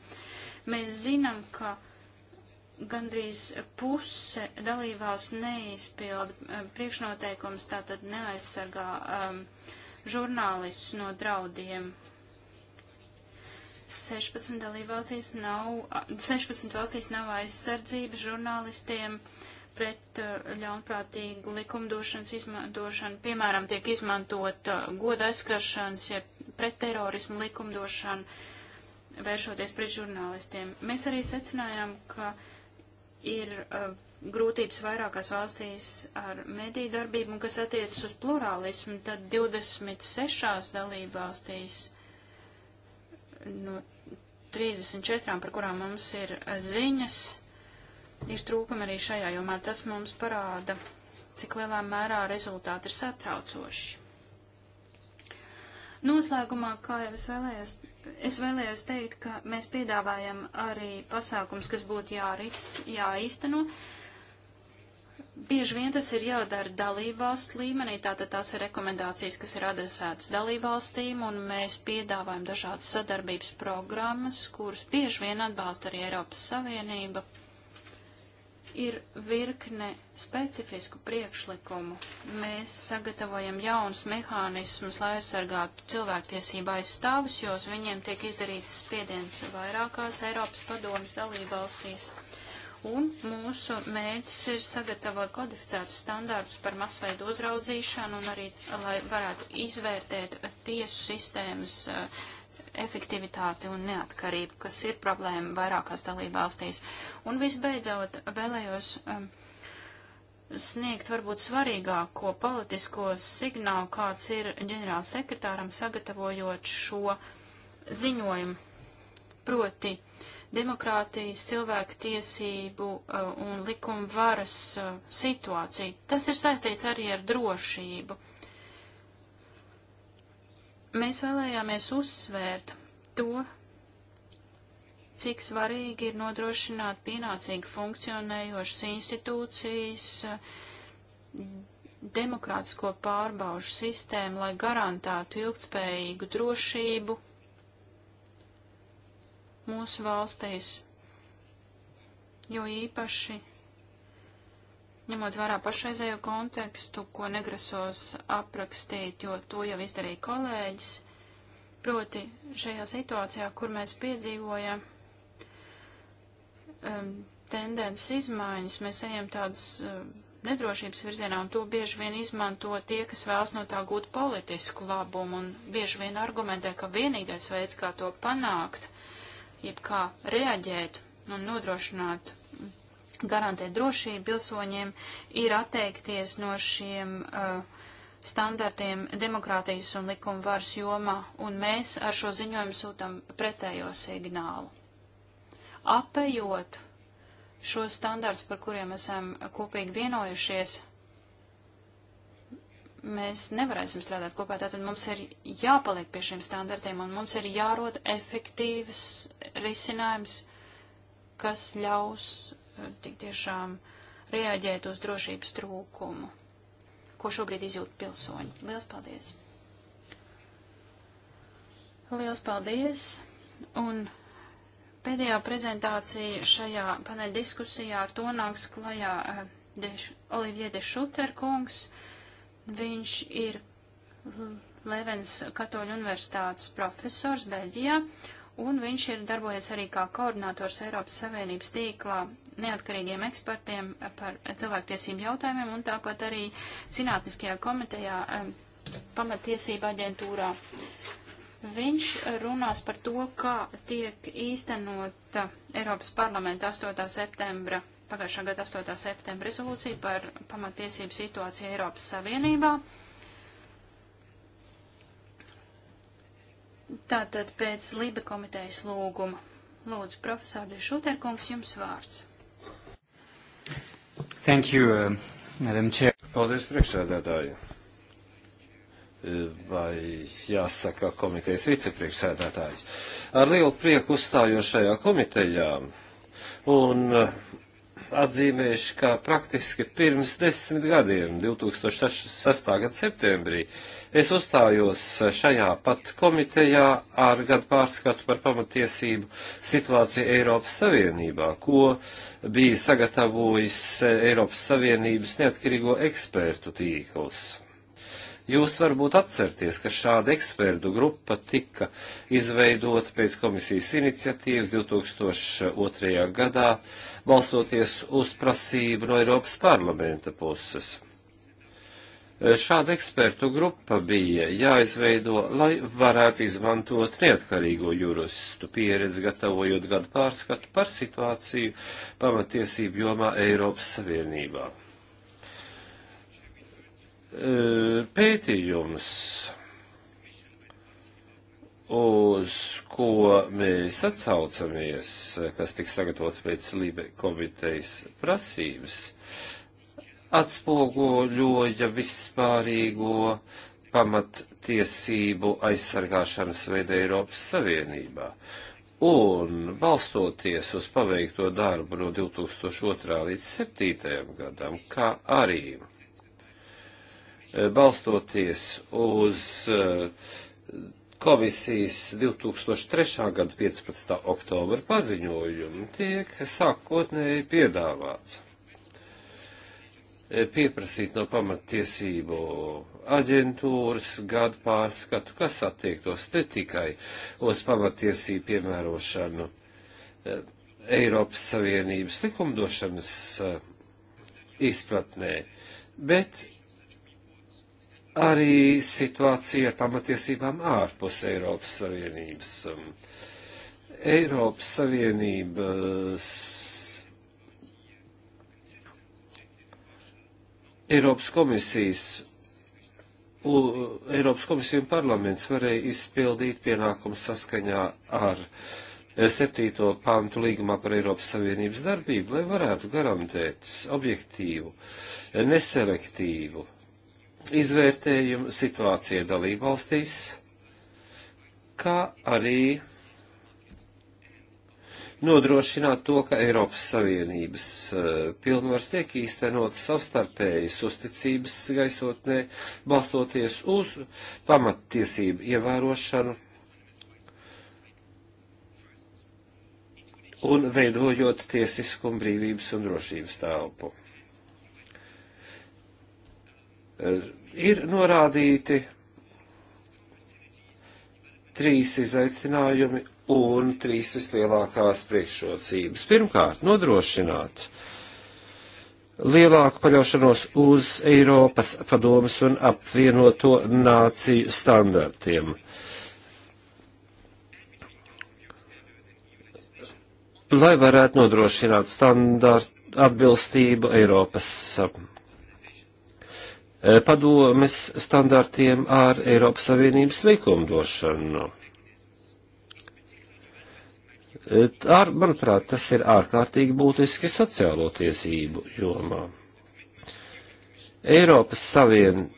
Mēs zinām, ka gandrīz puse dalībās neizpilda priekšnoteikums, tātad neaizsargā um, žurnālistus no draudiem 16 dalībvalstīs nav, 16 valstīs nav aizsardzība žurnālistiem pret ļaunprātīgu likumdošanas izmantošanu. Piemēram, tiek izmantot goda aizskaršanas, ja pret terorismu likumdošanu, vēršoties pret žurnālistiem. Mēs arī secinājām, ka ir uh, grūtības vairākās valstīs ar mediju darbību, un kas attiecas uz plurālismu, tad 26 dalībvalstīs valstīs no nu, 34, par kurām mums ir ziņas, ir trūkumi arī šajā jomā. Tas mums parāda, cik lielā mērā rezultāti ir satraucoši. Noslēgumā, kā jau es vēlējos, es vēlējos teikt, ka mēs piedāvājam arī pasākums, kas būtu jāris, jāīsteno. No Bieži vien tas ir jādara dalībvalstu līmenī, tātad tās ir rekomendācijas, kas ir adresētas dalībvalstīm, un mēs piedāvājam dažādas sadarbības programmas, kuras bieži vien atbalsta arī Eiropas Savienība. Ir virkne specifisku priekšlikumu. Mēs sagatavojam jaunus mehānismus, lai aizsargātu cilvēktiesību aizstāvus, jo uz viņiem tiek izdarīts spiediens vairākās Eiropas padomas dalībvalstīs. valstīs Un mūsu mērķis ir sagatavot kodificētus standārtus par masveidu uzraudzīšanu un arī, lai varētu izvērtēt tiesu sistēmas uh, efektivitāti un neatkarību, kas ir problēma vairākās dalībvalstīs. Un visbeidzot, vēlējos um, sniegt varbūt svarīgāko politisko signālu, kāds ir ģenerālsekretāram sagatavojot šo ziņojumu. Proti, uh, demokrātijas, cilvēku tiesību uh, un likuma varas uh, situāciju. Tas ir saistīts arī ar drošību. Mēs vēlējāmies uzsvērt to, cik svarīgi ir nodrošināt pienācīgi funkcionējošas institūcijas, demokrātisko pārbaužu sistēmu, lai garantētu ilgtspējīgu drošību mūsu valstīs, jo īpaši ņemot vērā pašreizējo kontekstu, ko negrasos aprakstīt, jo to jau izdarīja kolēģis, proti šajā situācijā, kur mēs piedzīvojam um, tendences izmaiņas, mēs ejam tādas um, nedrošības virzienā, un to bieži vien izmanto tie, kas vēlas no tā gūt politisku labumu, un bieži vien argumentē, ka vienīgais veids, kā to panākt, ir jebkā reaģēt un nodrošināt garantēt drošību pilsoņiem, ir atteikties no šiem uh, standartiem demokrātijas un likuma varas jomā, un mēs ar šo ziņojumu sūtam pretējo signālu. Apējot šos standarts, par kuriem esam kopīgi vienojušies, mēs nevarēsim strādāt kopā, tātad mums ir jāpaliek pie šiem standartiem un mums ir jārod efektīvs risinājums, kas ļaus eh, tik tiešām reaģēt uz drošības trūkumu, ko šobrīd izjūt pilsoņi. Lielas paldies! Lielas paldies! Un pēdējā prezentācija šajā paneļdiskusijā ar to nāks klajā eh, Olivier de Šuter kungs. Viņš ir Levens Katoļu universitātes profesors Beļģijā, un viņš ir darbojies arī kā koordinators Eiropas Savienības tīklā neatkarīgiem ekspertiem par cilvēktiesību jautājumiem un tāpat arī Zinātniskajā komitejā pamatiesība aģentūrā. Viņš runās par to, kā tiek īstenota Eiropas parlamenta 8. septembra pagājušā gada 8. septembra rezolūciju par pamatiesību situāciju Eiropas Savienībā. Tātad pēc Lība komitejas lūguma. Lūdzu, profesor Dešuterkungs, jums vārds. Thank you, uh, Madam Chair. Paldies, priekšsēdētāji. Vai jāsaka komitejas vicepriekšsēdētāji. Ar lielu prieku uzstājošajā komitejā un uh, atzīmējuši, ka praktiski pirms desmit gadiem, 2006. gada septembrī, es uzstājos šajā pat komitejā ar gadu pārskatu par pamatiesību situāciju Eiropas Savienībā, ko bija sagatavojis Eiropas Savienības neatkarīgo ekspertu tīkls. Jūs varbūt atcerties, ka šāda ekspertu grupa tika izveidota pēc komisijas iniciatīvas 2002. gadā, balstoties uz prasību no Eiropas parlamenta puses. Šāda ekspertu grupa bija jāizveido, lai varētu izmantot neatkarīgo juristu pieredzi, gatavojot gadu pārskatu par situāciju pamatiesību jomā Eiropas Savienībā. Eh, pētījums, uz ko mēs atsaucamies, kas tiks sagatavots pēc Lībe komitejas prasības, atspoguļoja vispārīgo pamattiesību aizsargāšanas veidu Eiropas Savienībā. Un balstoties uz paveikto darbu no 2002. līdz 2007. gadam, kā arī Eh, balstoties uz eh, komisijas 2003. gada 15. oktobra paziņojumu, tiek sākotnēji piedāvāts eh, pieprasīt no pamatiesību aģentūras gadu pārskatu, kas attiektos ne tikai uz pamatiesību piemērošanu Eiropas Savienības likumdošanas izpratnē, bet arī situācija ar pamatiesībām ārpus Eiropas Savienības. Um, Eiropas Savienības Eiropas komisijas, u, Eiropas komisija un parlaments varēja izpildīt pienākumu saskaņā ar 7. pantu līgumā par Eiropas Savienības darbību, lai varētu garantēt objektīvu, neselektīvu izvērtējumu situācija dalībvalstīs, kā arī nodrošināt to, ka Eiropas Savienības eh, pilnvars tiek īstenot savstarpējas uzticības gaisotnē, balstoties uz pamattiesību ievērošanu un veidojot tiesiskumu brīvības un drošības telpu. Ir norādīti trīs izaicinājumi un trīs vislielākās priekšrocības. Pirmkārt, nodrošināt lielāku paļaušanos uz Eiropas padomus un apvienoto nāciju standartiem. Lai varētu nodrošināt standartu atbilstību Eiropas Eh, padomes standartiem ar Eiropas Savienības likumdošanu. Eh, ar, manuprāt, tas ir ārkārtīgi būtiski sociālo tiesību jomā. Eiropas Savienība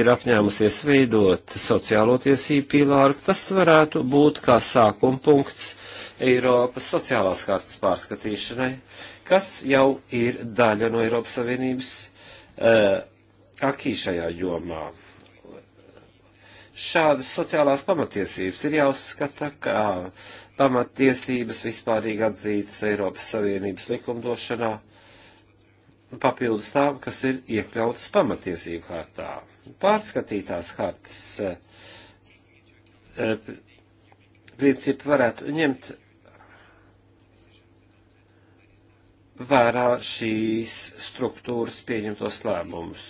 ir apņēmusies veidot sociālo tiesību pīlāru, tas varētu būt kā sākuma punkts Eiropas sociālās kārtas pārskatīšanai, kas jau ir daļa no Eiropas Savienības uh, akī šajā jomā. Šādas sociālās pamatiesības ir jāuzskata kā pamatiesības vispārīgi atzītas Eiropas Savienības likumdošanā, papildus tām, kas ir iekļautas pamatiesību hartā. Pārskatītās hartas uh, principi varētu ņemt vērā šīs struktūras pieņemtos lēmumus.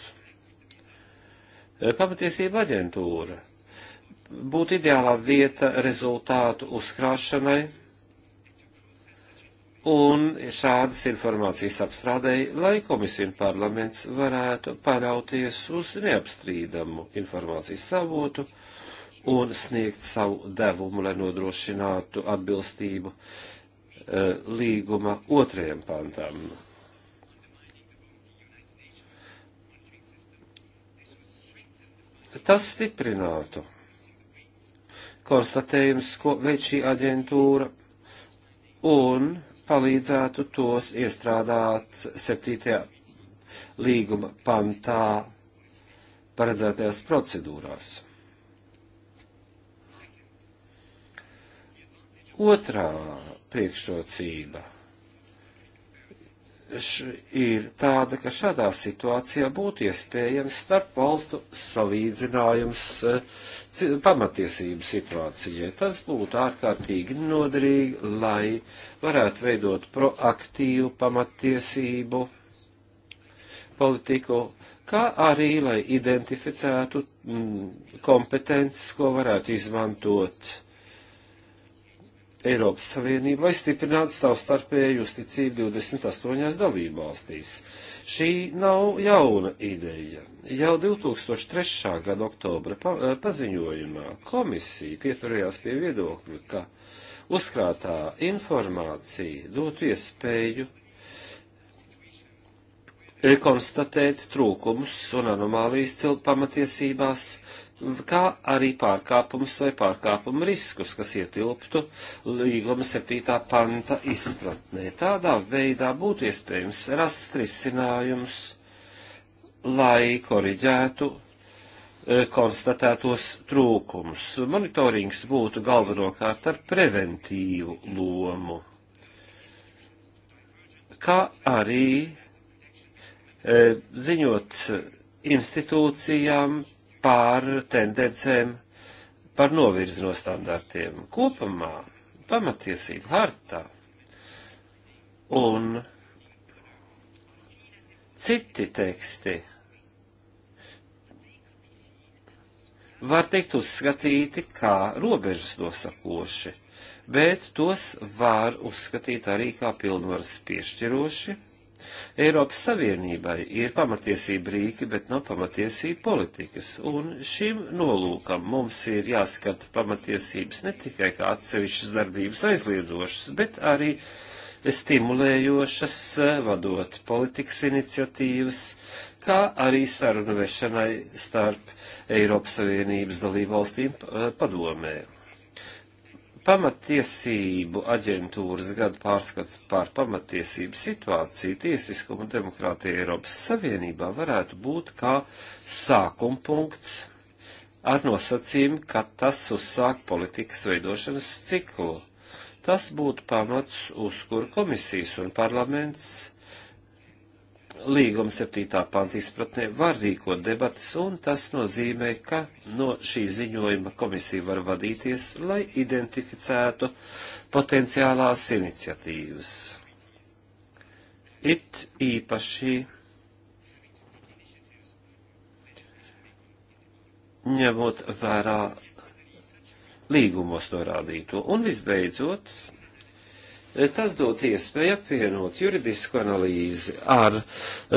Pamatiesība aģentūra būtu ideālā vieta rezultātu uzkrāšanai un šādas informācijas apstrādēji, lai komisija un parlaments varētu paļauties uz neapstrīdamu informācijas savotu un sniegt savu devumu, lai nodrošinātu atbilstību uh, Eh, līguma otrajam pantam. Tas stiprinātu konstatējums, ko veic šī aģentūra, un palīdzētu tos iestrādāt 7. līguma pantā paredzētajās procedūrās. Otrā priekšrocība š, ir tāda, ka šādā situācijā būtu iespējams starp valstu salīdzinājums eh, pamatiesību situācijai. Tas būtu ārkārtīgi noderīgi, lai varētu veidot proaktīvu pamatiesību politiku, kā arī, lai identificētu mm, kompetences, ko varētu izmantot Eiropas Savienību, lai stiprinātu savstarpēju uzticību 28 dalībvalstīs. Šī nav jauna ideja. Jau 2003. gada oktobra pa, eh, paziņojumā komisija pieturējās pie viedokļa, ka uzkrātā informācija dotu iespēju eh, konstatēt trūkumus un anomālijas pamatiesībās kā arī pārkāpumus vai pārkāpumu riskus, kas ietilptu līguma 7. panta izpratnē. Tādā veidā būtu iespējams rast risinājums, lai koriģētu eh, konstatētos trūkumus. Monitorings būtu galvenokārt ar preventīvu lomu, kā arī eh, ziņot institūcijām pār tendencēm, par novirzi no standartiem. Kopumā pamatiesība hartā un citi teksti var teikt uzskatīti kā robežas nosakoši, bet tos var uzskatīt arī kā pilnvaras piešķiroši Eiropas Savienībai ir pamatiesība rīki, bet nav pamatiesība politikas, un šim nolūkam mums ir jāskata pamatiesības ne tikai kā atsevišķas darbības aizliedzošas, bet arī stimulējošas, vadot politikas iniciatīvas, kā arī sarunu vešanai starp Eiropas Savienības dalībvalstīm eh, padomē. Pamatiesību aģentūras gada pārskats par pamatiesību situāciju tiesiskumu un demokrātiju Eiropas Savienībā varētu būt kā sākuma punkts ar nosacījumu, ka tas uzsāk politikas veidošanas ciklu. Tas būtu pamats, uz kur komisijas un parlaments līguma 7. panta izpratnē var rīkot debatas, un tas nozīmē, ka no šī ziņojuma komisija var vadīties, lai identificētu potenciālās iniciatīvas. It īpaši ņemot vērā līgumos norādīto. Un visbeidzot, Tas dot iespēju apvienot juridisku analīzi ar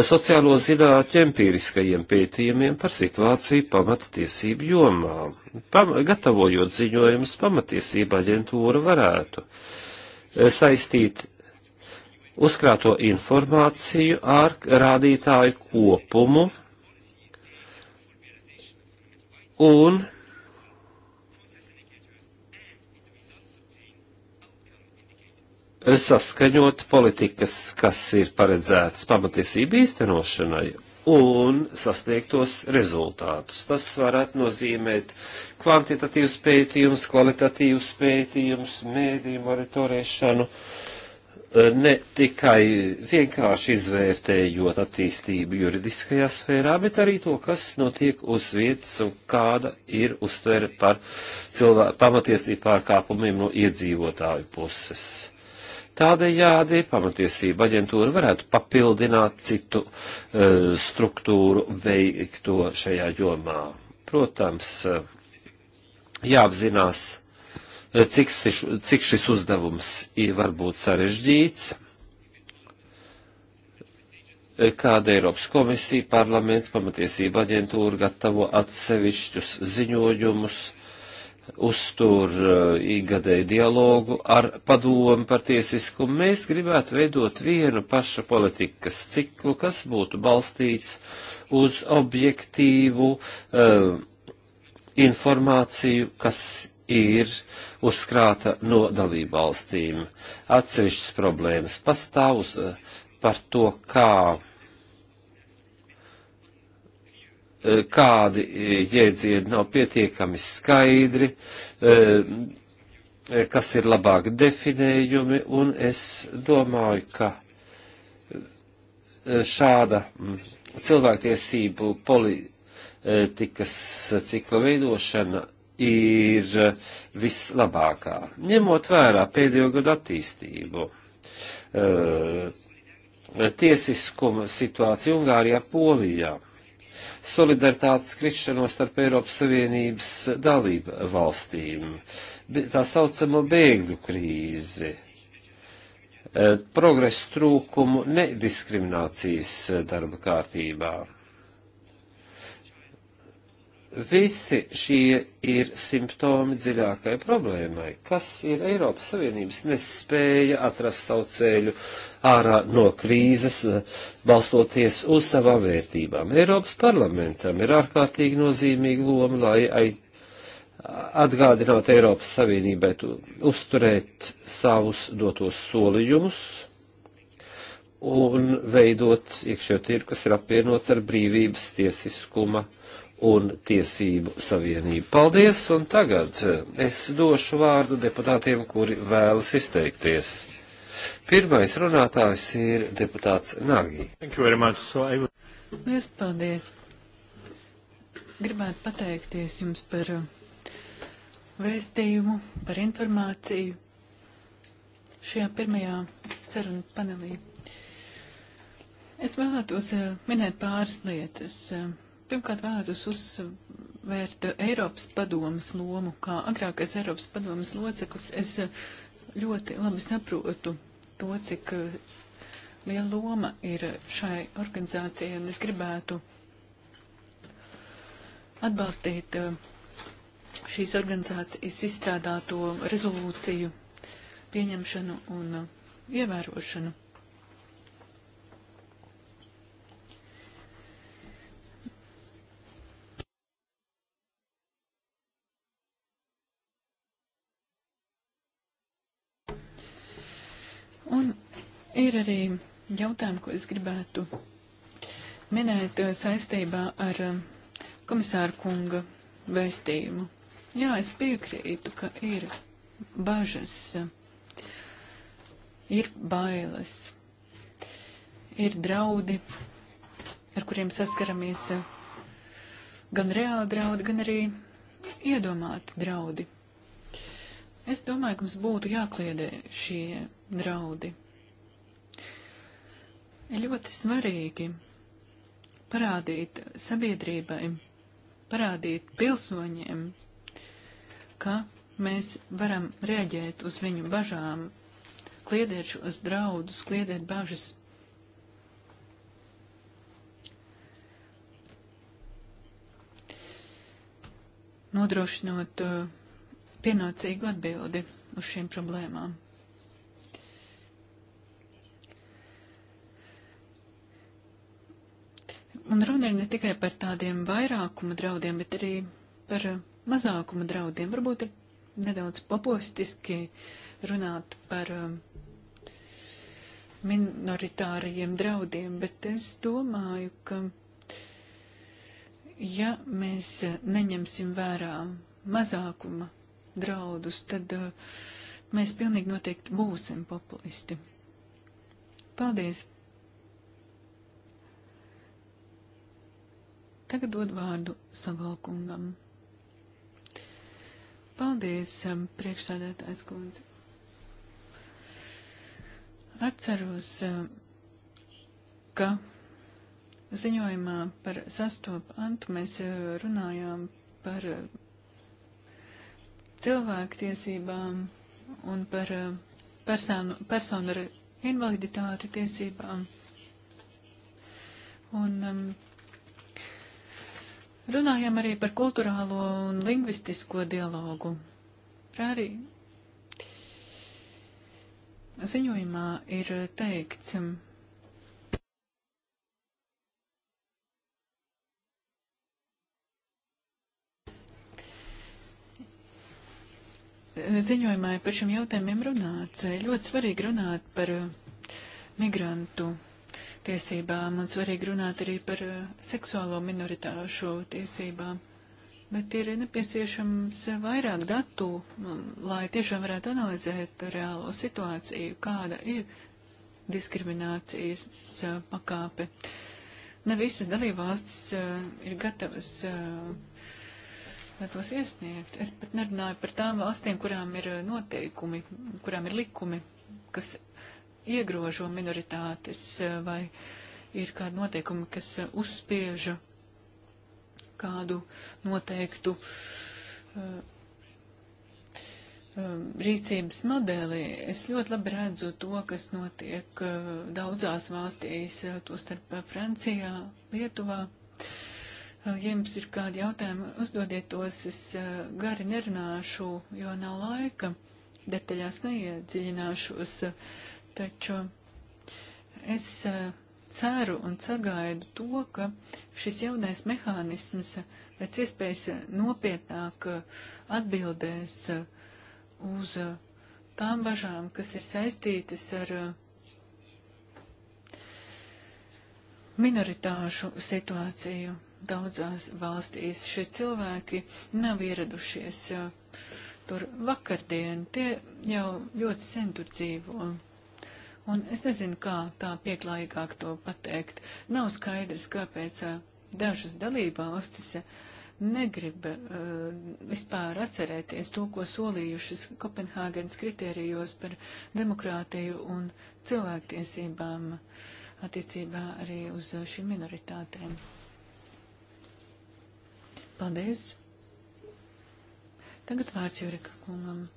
sociālo zinātņu empīriskajiem pētījumiem par situāciju pamatiesību jomā. Pam gatavojot ziņojumus, pamatiesība aģentūra varētu eh, saistīt uzkrāto informāciju ar rādītāju kopumu un saskaņot politikas, kas ir paredzētas pamatiesību īstenošanai un sasniegtos rezultātus. Tas varētu nozīmēt kvantitatīvus pētījumus, kvalitatīvus pētījumus, mēdīju monitorēšanu, eh, ne tikai vienkārši izvērtējot attīstību juridiskajā sfērā, bet arī to, kas notiek uz vietas un kāda ir uztvere par pamatiesību pārkāpumiem no iedzīvotāju puses Tādējādi pamatiesība aģentūra varētu papildināt citu uh, struktūru veikto šajā jomā. Protams, uh, jāapzinās, uh, cik, siš, cik šis uzdevums var būt sarežģīts, kāda Eiropas komisija, parlaments, pamatiesība aģentūra gatavo atsevišķus ziņojumus uztur eh, ikgadēju dialogu ar padomu par tiesiskumu. Mēs gribētu veidot vienu pašu politikas ciklu, kas būtu balstīts uz objektīvu uh, informāciju, kas ir uzkrāta no dalību valstīm. Atsevišķas problēmas pastāv uz, eh, par to, kā Eh, kādi eh, jēdzieni nav pietiekami skaidri, eh, kas ir labāk definējumi, un es domāju, ka šāda mm, cilvēktiesību politikas cikla veidošana ir vislabākā, ņemot vērā pēdējo gadu attīstību tiesiskuma situācija Ungārijā, Polijā solidaritātes krišanos starp Eiropas Savienības dalību valstīm, tā saucamo bēgļu krīzi, e, progresu trūkumu nediskriminācijas e, darba kārtībā. Visi šie ir simptomi dziļākai problēmai, kas ir Eiropas Savienības nespēja atrast savu ceļu ārā no krīzes, eh, balstoties uz savām vērtībām. Eiropas parlamentam ir ārkārtīgi nozīmīga loma, lai atgādinātu Eiropas Savienībai uzturēt savus dotos solījumus un veidot iekšējo tirku, kas ir apvienots ar brīvības tiesiskuma un tiesību savienību. Paldies, un tagad eh, es došu vārdu deputātiem, kuri vēlas izteikties. Pirmais runātājs ir deputāts Nāgī. So I... Lies paldies! Gribētu pateikties jums par uh, vēstījumu, par informāciju šajā pirmajā sarunu panelī. Es vēlētos uh, minēt pāris lietas. Uh, pirmkārt, vēlētos uzsvērt Eiropas padomas lomu. Kā agrākais Eiropas padomas loceklis, es ļoti labi saprotu to, cik eh, liela loma ir šai organizācijai, un es gribētu atbalstīt eh, šīs organizācijas izstrādāto rezolūciju pieņemšanu un eh, ievērošanu. Un ir arī jautājumi, ko es gribētu minēt eh, saistībā ar eh, komisāru kunga vēstījumu. Jā, es piekrītu, ka ir bažas, eh, ir bailes, ir draudi, ar kuriem saskaramies gan reāli draudi, gan arī iedomāti draudi. Es domāju, ka mums būtu jākliedē šie draudi. Ir ļoti svarīgi parādīt sabiedrībai, parādīt pilsoņiem, ka mēs varam rēģēt uz viņu bažām, kliedēt šos draudus, kliedēt bažas. Nodrošinot uh, pienācīgu atbildi uz šīm problēmām. Un runa ir ne tikai par tādiem vairākuma draudiem, bet arī par mazākuma draudiem. Varbūt ir nedaudz populistiski runāt par um, minoritārajiem draudiem, bet es domāju, ka ja mēs neņemsim vērā mazākuma draudus, tad uh, mēs pilnīgi noteikti būsim populisti. Paldies! Tagad dod vārdu Sagalkungam. Paldies, um, priekšsādētājs kundze. Atceros, um, ka ziņojumā par sastopu antu mēs uh, runājām par uh, cilvēktiesībām un par uh, personu, personu ar invaliditāti tiesībām. Un um, Runājam arī par kulturālo un lingvistisko dialogu. Arī ziņojumā ir teikts, ziņojumā par šiem jautājumiem runāts. Ļoti svarīgi runāt par migrantu tiesībām un svarīgi runāt arī par eh, seksuālo minoritāšu tiesībām. Bet ir nepieciešams vairāk datu, lai tiešām varētu analizēt reālo situāciju, kāda ir diskriminācijas eh, pakāpe. Ne visas dalībvalstis eh, ir gatavas lai tos iesniegt. Es pat nerunāju par tām valstīm, kurām ir noteikumi, kurām ir likumi, kas iegrožo minoritātes eh, vai ir kādi noteikumi, kas eh, uzspiež kādu noteiktu eh, rīcības modeli. Es ļoti labi redzu to, kas notiek daudzās valstīs, tostarp Francijā, Lietuvā. Ja jums ir kādi jautājumi, uzdodiet tos, es gari nerunāšu, jo nav laika, detaļās neiedziļināšos. Taču es eh, ceru un sagaidu to, ka šis jaunais mehānisms pēc iespējas nopietnāk eh, atbildēs eh, uz tām bažām, kas ir saistītas ar minoritāšu situāciju daudzās valstīs. Šie cilvēki nav ieradušies tur vakardien, tie jau ļoti sen tur dzīvo. Un Un es nezinu, kā tā pieklājīgāk to pateikt. Nav skaidrs, kāpēc dažas dalībvalstis negrib uh, vispār atcerēties to, ko solījušas Kopenhāgenes kritērijos par demokrātiju un cilvēktiesībām attiecībā arī uz šīm minoritātēm. Paldies! Tagad vārds Jurika kungam.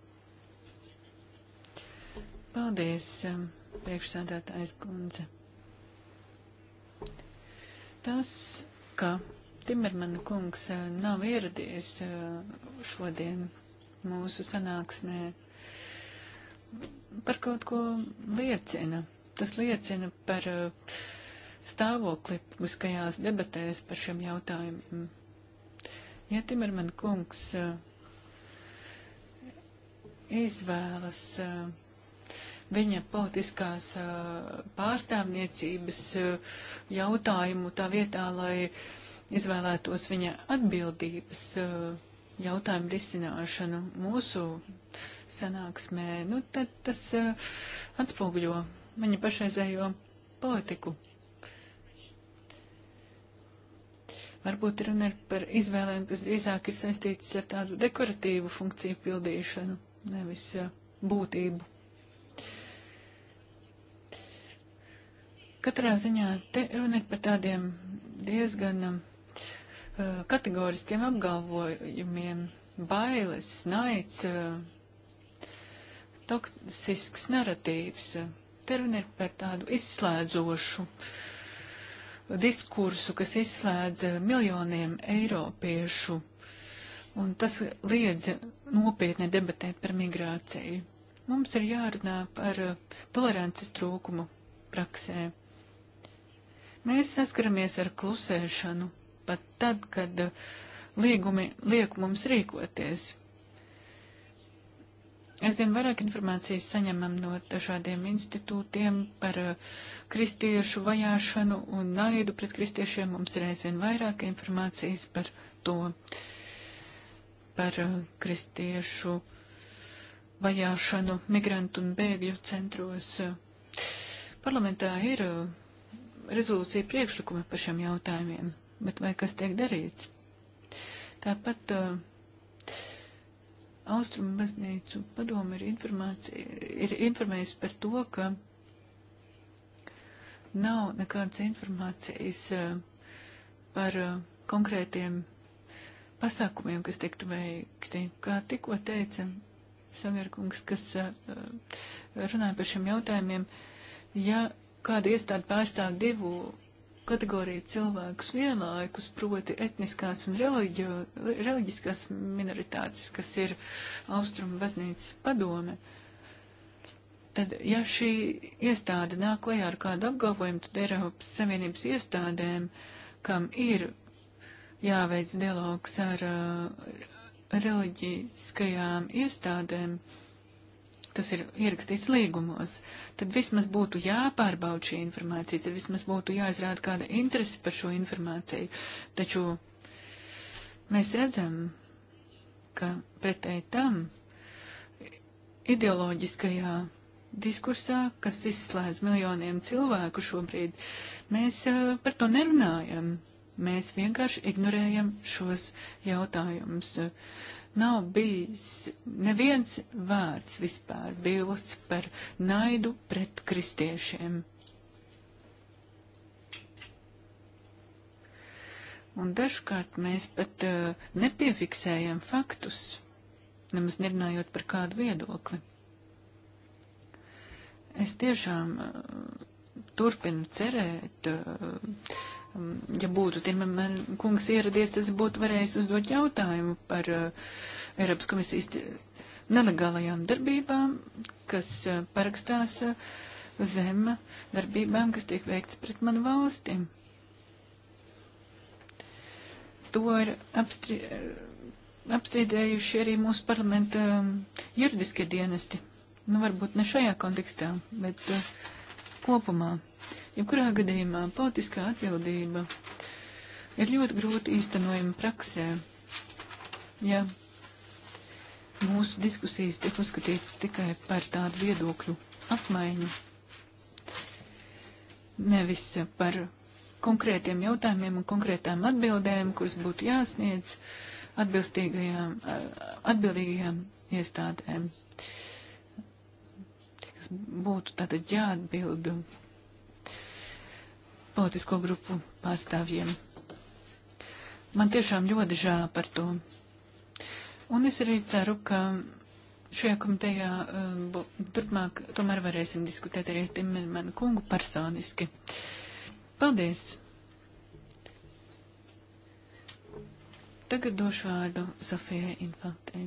Paldies! Um, priekšsēdētājs kundze. Tas, ka Timermana kungs eh, nav ieradies eh, šodien mūsu sanāksmē, par kaut ko liecina. Tas liecina par eh, stāvokli publiskajās debatēs par šiem jautājumiem. Ja Timermana kungs izvēlas uh, viņa politiskās pārstāvniecības jautājumu tā vietā, lai izvēlētos viņa atbildības jautājumu risināšanu mūsu sanāksmē, nu tad tas atspoguļo viņa pašreizējo politiku. Varbūt runa ir par izvēlēm, kas drīzāk ir saistītas ar tādu dekoratīvu funkciju pildīšanu, nevis būtību. Katrā ziņā te runiet par tādiem diezgan um, uh, kategoriskiem apgalvojumiem - bailes, naids, uh, toksisks naratīvs. Te runiet par tādu izslēdzošu diskursu, kas izslēdz miljoniem eiropiešu, un tas liedz nopietni debatēt par migrāciju. Mums ir jārunā par uh, tolerances trūkumu praksē. Mēs saskaramies ar klusēšanu pat tad, kad uh, līgumi liek mums rīkoties. Aizvien vairāk informācijas saņemam no dažādiem institūtiem par uh, kristiešu vajāšanu un naidu pret kristiešiem. Mums ir aizvien vairāk informācijas par to, par uh, kristiešu vajāšanu migrantu un bēgļu centros. Parlamentā ir rezolūcija priekšlikuma par šiem jautājumiem, bet vai kas tiek darīts? Tāpat uh, Austrumu baznīcu padomu ir, ir informējusi par to, ka nav nekādas informācijas uh, par uh, konkrētiem pasākumiem, kas tiktu veikti. Kā tikko teica Sangarkungs, kas uh, runāja par šiem jautājumiem, ja kāda iestāde pārstāv divu kategoriju cilvēkus vienlaikus, proti etniskās un reliģio, reliģiskās minoritātes, kas ir Austrumu baznīcas padome. Tad, ja šī iestāde nāk klajā ar kādu apgalvojumu, tad Eiropas Savienības iestādēm, kam ir jāveic dialogs ar, ar uh, reliģiskajām iestādēm, uh, tas ir ierakstīts līgumos, tad vismaz būtu jāpārbauda šī informācija, tad vismaz būtu jāizrāda kāda interese par šo informāciju. Taču mēs redzam, ka pretēji tam ideoloģiskajā diskursā, kas izslēdz miljoniem cilvēku šobrīd, mēs uh, par to nerunājam. Mēs vienkārši ignorējam šos jautājumus. Uh, nav bijis neviens vārds vispār bilsts par naidu pret kristiešiem. Un dažkārt mēs pat uh, nepiefiksējam faktus, nemaz nerunājot par kādu viedokli. Es tiešām uh, turpinu cerēt, uh, Um, ja būtu Timerman kungs ieradies, tas būtu varējis uzdot jautājumu par uh, Eiropas komisijas nelegālajām darbībām, kas uh, parakstās uh, zem darbībām, kas tiek veikts pret manu valsti. To ir apstri uh, apstrīdējuši arī mūsu parlamenta um, juridiskie dienesti. Nu, varbūt ne šajā kontekstā, bet uh, kopumā. Uh, Jebkurā gadījumā politiskā atbildība ir ļoti grūti īstenojama praksē. Ja mūsu diskusijas tiek uzskatītas tikai par tādu viedokļu apmaiņu, nevis par konkrētiem jautājumiem un konkrētām atbildēm, kuras būtu jāsniedz atbildīgajām, atbildīgajām iestādēm, kas būtu tātad jāatbild politisko grupu pārstāvjiem. Man tiešām ļoti žēl par to. Un es arī ceru, ka šajā komitejā uh, turpmāk tomēr varēsim diskutēt arī ar Timermanu kungu personiski. Paldies! Tagad došu vārdu Sofijai Infantei.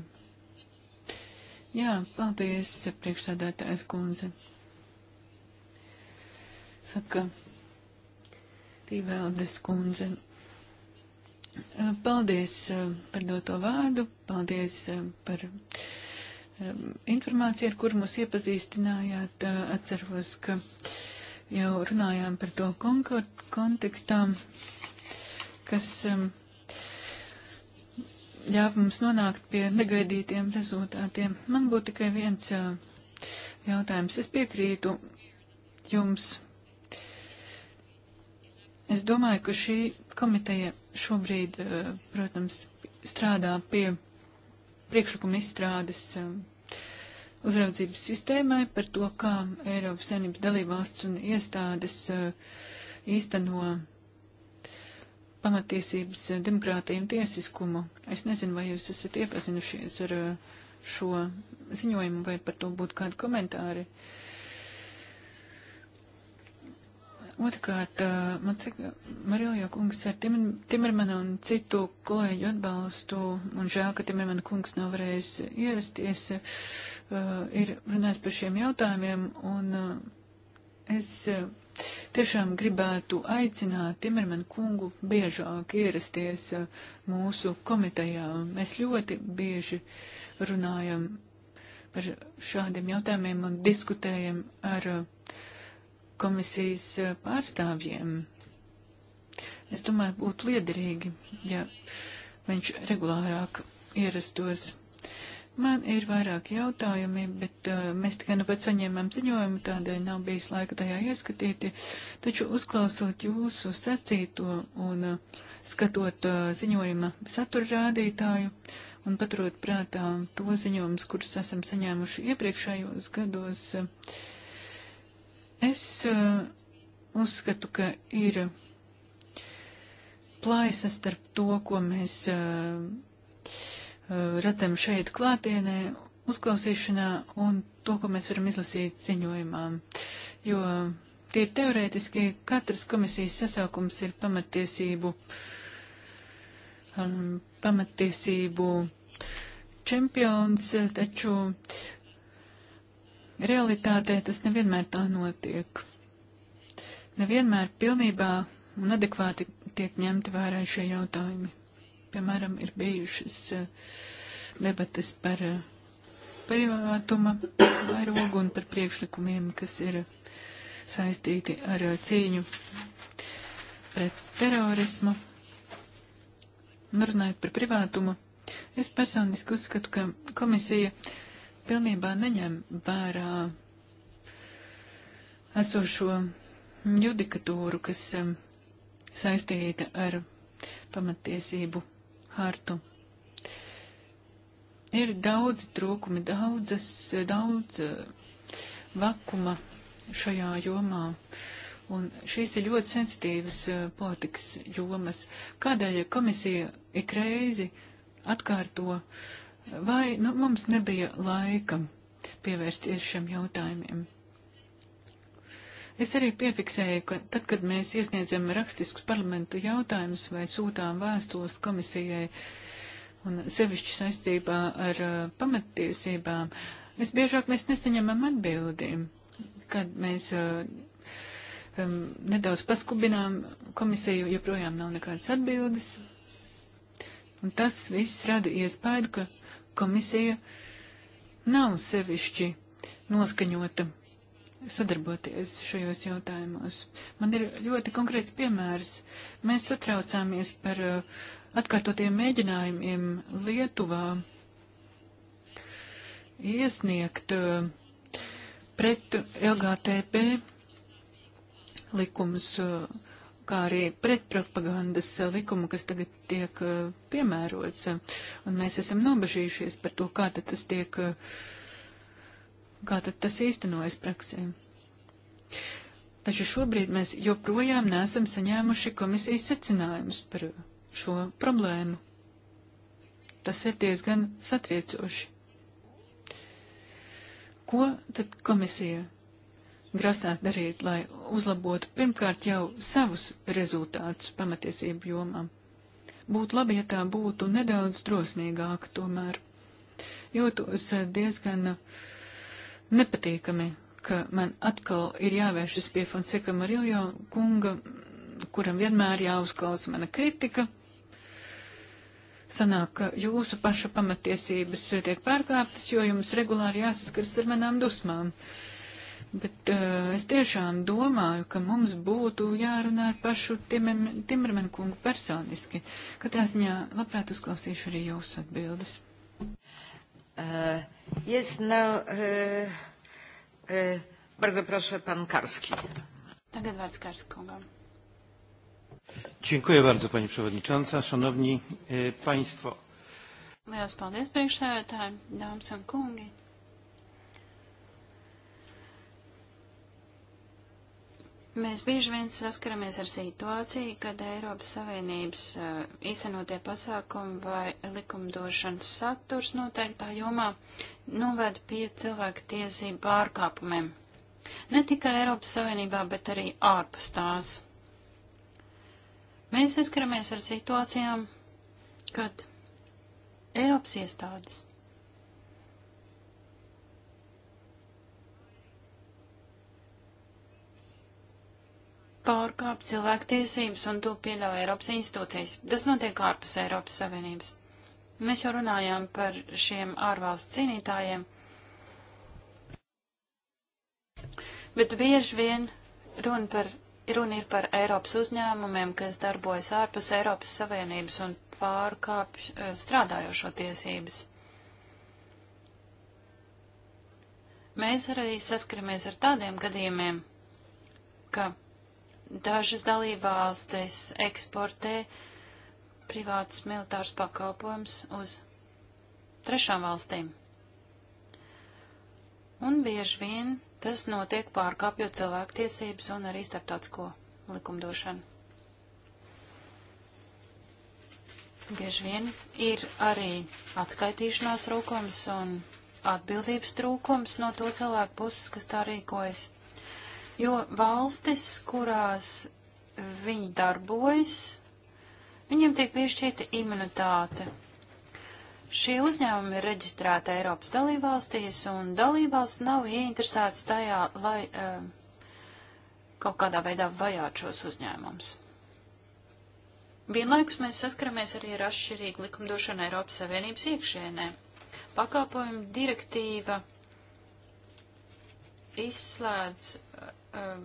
Jā, paldies, priekšsādātājs kundze. Saka, Tīveldes kundze. Eh, paldies eh, par doto vārdu, paldies eh, par informāciju, ar kuru mūs iepazīstinājāt. Atceros, ka jau runājām par to kontekstā, kas ļāva mums nonākt pie negaidītiem rezultātiem. Man būtu tikai viens jautājums. Es piekrītu jums Es domāju, ka šī komiteja šobrīd, eh, protams, strādā pie priekšlikuma izstrādes eh, uzraudzības sistēmai par to, kā Eiropas saimnības dalībvalsts un iestādes eh, īsteno pamatiesības demokrātiju un tiesiskumu. Es nezinu, vai jūs esat iepazinušies ar šo ziņojumu vai par to būtu kādi komentāri. Uh, Otrkārt, man cik Mariljo kungs ar Tim, Timermanu un citu kolēģu atbalstu, un žēl, ka Timermana kungs nav varējis ierasties, ir runājis par šiem jautājumiem, un es tiešām gribētu aicināt Timermanu kungu biežāk ierasties mūsu komitejā. Mēs ļoti bieži runājam par šādiem jautājumiem un diskutējam ar uh, komisijas eh, pārstāvjiem. Es domāju, būtu liederīgi, ja viņš regulārāk ierastos. Man ir vairāk jautājumi, bet uh, mēs tikai nu pat saņēmām ziņojumu, tādēļ nav bijis laika tajā ieskatīt. Taču uzklausot jūsu sacīto un uh, skatot uh, ziņojuma satura rādītāju un paturot prātā to ziņojumus, kurus esam saņēmuši iepriekšējos gados, uh, Es uh, uzskatu, ka ir plaisa starp to, ko mēs uh, uh, redzam šeit klātienē, uzklausīšanā un to, ko mēs varam izlasīt ziņojumā. Jo uh, tie ir teorētiski, katras komisijas sasaukums ir pamatiesību, um, pamatiesību čempions, taču Realitātē tas nevienmēr tā notiek. Nevienmēr pilnībā un adekvāti tiek ņemti vērā šie jautājumi. Piemēram, ir bijušas eh, debatas par eh, privātuma vairogu un par priekšlikumiem, kas ir saistīti ar eh, cīņu pret terorismu. Un runājot par privātumu, es personiski uzskatu, ka komisija pilnībā neņem vērā esošo judikatūru, kas um, saistīta ar pamatiesību hartu. Ir daudz trūkumi, daudzas, daudz uh, vakuma šajā jomā. Un šīs ir ļoti sensitīvas uh, politikas jomas. Kādēļ komisija ik reizi atkārto uh, Vai nu, mums nebija laika pievērsties šiem jautājumiem? Es arī piefiksēju, ka tad, kad mēs iesniedzam rakstiskus parlamentu jautājumus vai sūtām vēstules komisijai un sevišķi saistībā ar uh, pamattiesībām, visbiežāk mēs nesaņemam atbildīm, kad mēs uh, um, nedaudz paskubinām komisiju, joprojām nav nekādas atbildes. Un tas viss rada iespēju, ka komisija nav sevišķi noskaņota sadarboties šajos jautājumos. Man ir ļoti konkrēts piemērs. Mēs satraucāmies par uh, atkārtotiem mēģinājumiem Lietuvā iesniegt uh, pret LGTB likumus uh, kā arī pretpropagandas likumu, kas tagad tiek uh, piemērots. Un mēs esam nobežījušies par to, kā tad tas tiek, uh, kā tad tas īstenojas praksē. Taču šobrīd mēs joprojām nesam saņēmuši komisijas secinājumus par šo problēmu. Tas ir diezgan satriecoši. Ko tad komisija grasās darīt, lai uzlabotu pirmkārt jau savus rezultātus pamatiesību jomā. Būtu labi, ja tā būtu nedaudz drosmīgāka tomēr. Jūtos diezgan nepatīkami, ka man atkal ir jāvēršas pie Fonseka Mariljo kunga, kuram vienmēr jāuzklausa mana kritika. Sanāk, ka jūsu pašu pamatiesības tiek pārkāptas, jo jums regulāri jāsaskars ar manām dusmām. Uh, Bet uh, es tiešām domāju, ka mums būtu jārunā ar pašu Timermanu kungu personiski. Katrā ziņā labprāt uzklausīšu arī jūsu atbildes. Uh, yes, no, uh, uh, bardzo proszę, pan Karski. Tagad vārds Karskungam. Dziękuję bardzo Pani Przewodnicząca. Szanowni e, Państwo. Lielas paldies priekšsēdētāji, dāmas un kungi. Mēs bieži vien saskaramies ar situāciju, kad Eiropas Savienības uh, īstenotie pasākumi vai likumdošanas saturs noteiktā jomā noved pie cilvēku tiesību pārkāpumiem. Ne tikai Eiropas Savienībā, bet arī ārpus tās. Mēs saskaramies ar situācijām, kad Eiropas iestādes pārkāp cilvēktiesības un to pieļauj Eiropas institūcijas. Tas notiek ārpus Eiropas Savienības. Mēs jau runājām par šiem ārvalstu cīnītājiem, bet bieži vien runa, par, runa ir par Eiropas uzņēmumiem, kas darbojas ārpus Eiropas Savienības un pārkāpj eh, strādājošo tiesības. Mēs arī saskaramies ar tādiem gadījumiem, ka Dažas dalībvalstis eksportē privātus militārus pakalpojumus uz trešām valstīm. Un bieži vien tas notiek pārkāpjot cilvēktiesības un arī starptautisko likumdošanu. Bieži vien ir arī atskaitīšanās trūkums un atbildības trūkums no to cilvēku puses, kas tā rīkojas jo valstis, kurās viņi darbojas, viņiem tiek piešķīta imunitāte. Šie uzņēmumi ir reģistrēti Eiropas dalībvalstīs, un dalībvalsts nav ieinteresēts tajā, lai uh, kaut kādā veidā vajātu šos uzņēmumus. Vienlaikus mēs saskaramies arī ar atšķirīgu likumdošanu Eiropas Savienības iekšēnē. Pakalpojumu direktīva izslēdz Um,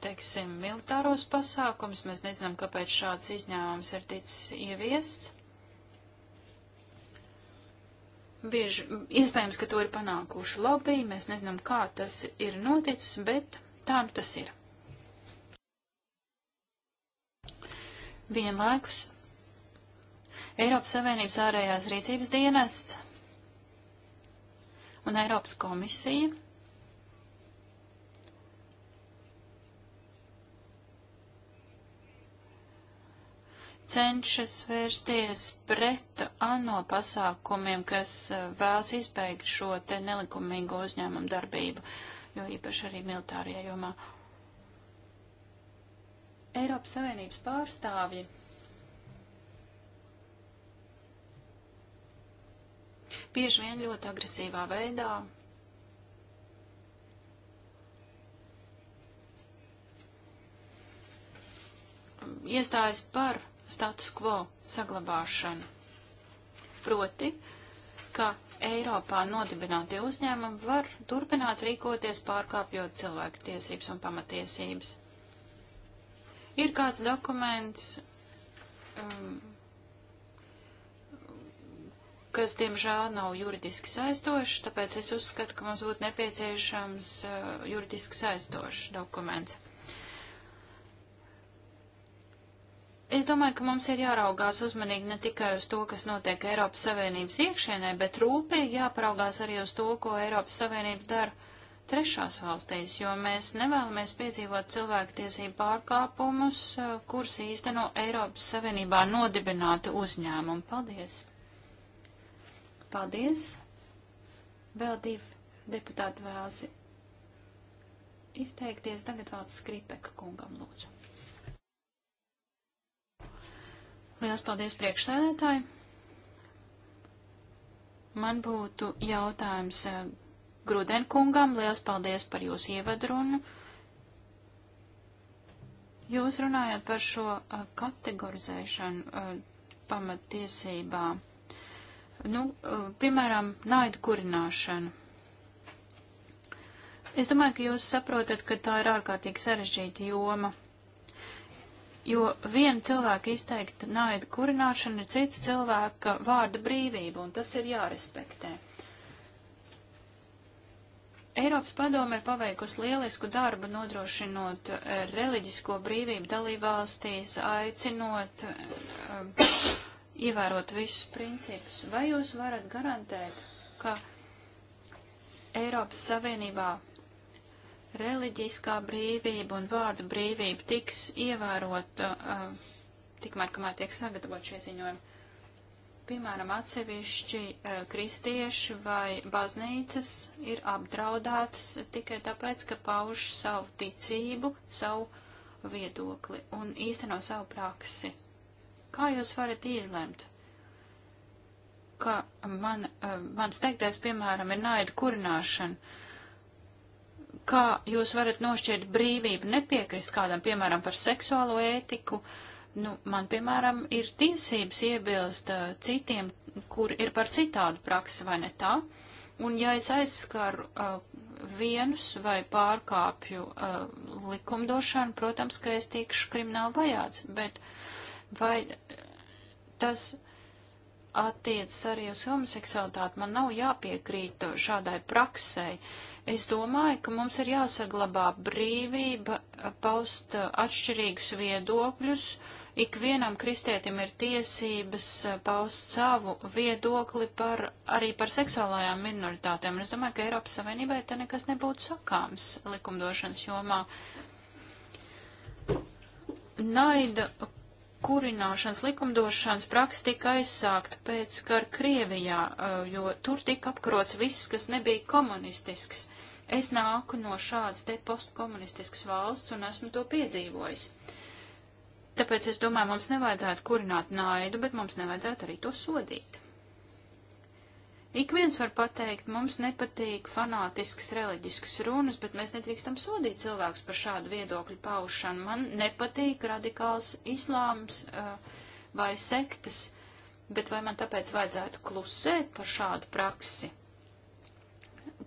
teiksim, militāros pasākums. Mēs nezinām, kāpēc šāds izņēmums ir ticis ieviests. Bieži, iespējams, ka to ir panākuši lobby, mēs nezinām, kā tas ir noticis, bet tā nu tas ir. Vienlaikus Eiropas Savienības ārējās rīcības dienests un Eiropas komisija cenšas vērsties pret ANO pasākumiem, kas eh, vēlas izbeigt šo te nelikumīgo uzņēmumu darbību, jo īpaši arī militārajā jomā. Eiropas Savienības pārstāvji bieži vien ļoti agresīvā veidā iestājas par status quo saglabāšanu. Proti, ka Eiropā nodibinātie uzņēmumi var turpināt rīkoties pārkāpjot cilvēku tiesības un pamatiesības. Ir kāds dokuments, um, kas, diemžēl, nav juridiski saistošs, tāpēc es uzskatu, ka mums būtu nepieciešams uh, juridiski saistošs dokuments. Es domāju, ka mums ir jāraugās uzmanīgi ne tikai uz to, kas notiek Eiropas Savienības iekšienē, bet rūpīgi jāparaugās arī uz to, ko Eiropas Savienība dara trešās valstīs, jo mēs nevēlamies piedzīvot cilvēktiesību pārkāpumus, eh, kurus īsteno Eiropas Savienībā nodibinātu uzņēmumu. Paldies! Paldies! Vēl divi deputāti vēlas izteikties. Tagad vārds Skripeka kungam lūdzu. Liels paldies priekšsēdētāji. Man būtu jautājums eh, Grudenkungam. Liels paldies par jūsu ievadrunu. Jūs runājat par šo eh, kategorizēšanu eh, pamattiesībā. Nu, piemēram, naida kurināšana. Es domāju, ka jūs saprotat, ka tā ir ārkārtīgi sarežģīta joma jo viena cilvēka izteikta naida kurināšana ir cita cilvēka vārda brīvība, un tas ir jārespektē. Eiropas padome ir paveikusi lielisku darbu nodrošinot eh, reliģisko brīvību dalībvalstīs, aicinot um, ievērot visus principus. Vai jūs varat garantēt, ka Eiropas Savienībā reliģiskā brīvība un vārdu brīvība tiks ievērot uh, tikmēr, kamēr tiek sagatavot šie ziņojumi. Piemēram, atsevišķi uh, kristieši vai baznīcas ir apdraudētas tikai tāpēc, ka pauž savu ticību, savu viedokli un īsteno savu praksi. Kā jūs varat izlemt? ka man, uh, mans teiktais, piemēram, ir naida kurināšana kā jūs varat nošķirt brīvību nepiekrist kādam, piemēram, par seksuālo ētiku. Nu, man, piemēram, ir tiesības iebilst uh, citiem, kur ir par citādu praksi, vai ne tā? Un ja es aizskaru uh, vienus vai pārkāpju uh, likumdošanu, protams, ka es tikšu krimināli vajāts, bet vai tas attiecas arī uz homoseksualitāti, man nav jāpiekrīt šādai praksei. Uh, Es domāju, ka mums ir jāsaglabā brīvība paust atšķirīgus viedokļus. Ikvienam kristietim ir tiesības paust savu viedokli par, arī par seksuālajām minoritātēm. Es domāju, ka Eiropas Savienībai te nekas nebūtu sakāms likumdošanas jomā. Naida kurināšanas likumdošanas praksa tika aizsākta pēc kara Krievijā, jo tur tika apkarots viss, kas nebija komunistisks. Es nāku no šādas te postkomunistiskas valsts un esmu to piedzīvojis. Tāpēc es domāju, mums nevajadzētu kurināt naidu, bet mums nevajadzētu arī to sodīt. Ik viens var pateikt, mums nepatīk fanātiskas reliģiskas runas, bet mēs nedrīkstam sodīt cilvēkus par šādu viedokļu paušanu. Man nepatīk radikāls islāms uh, vai sektas, bet vai man tāpēc vajadzētu klusēt par šādu praksi?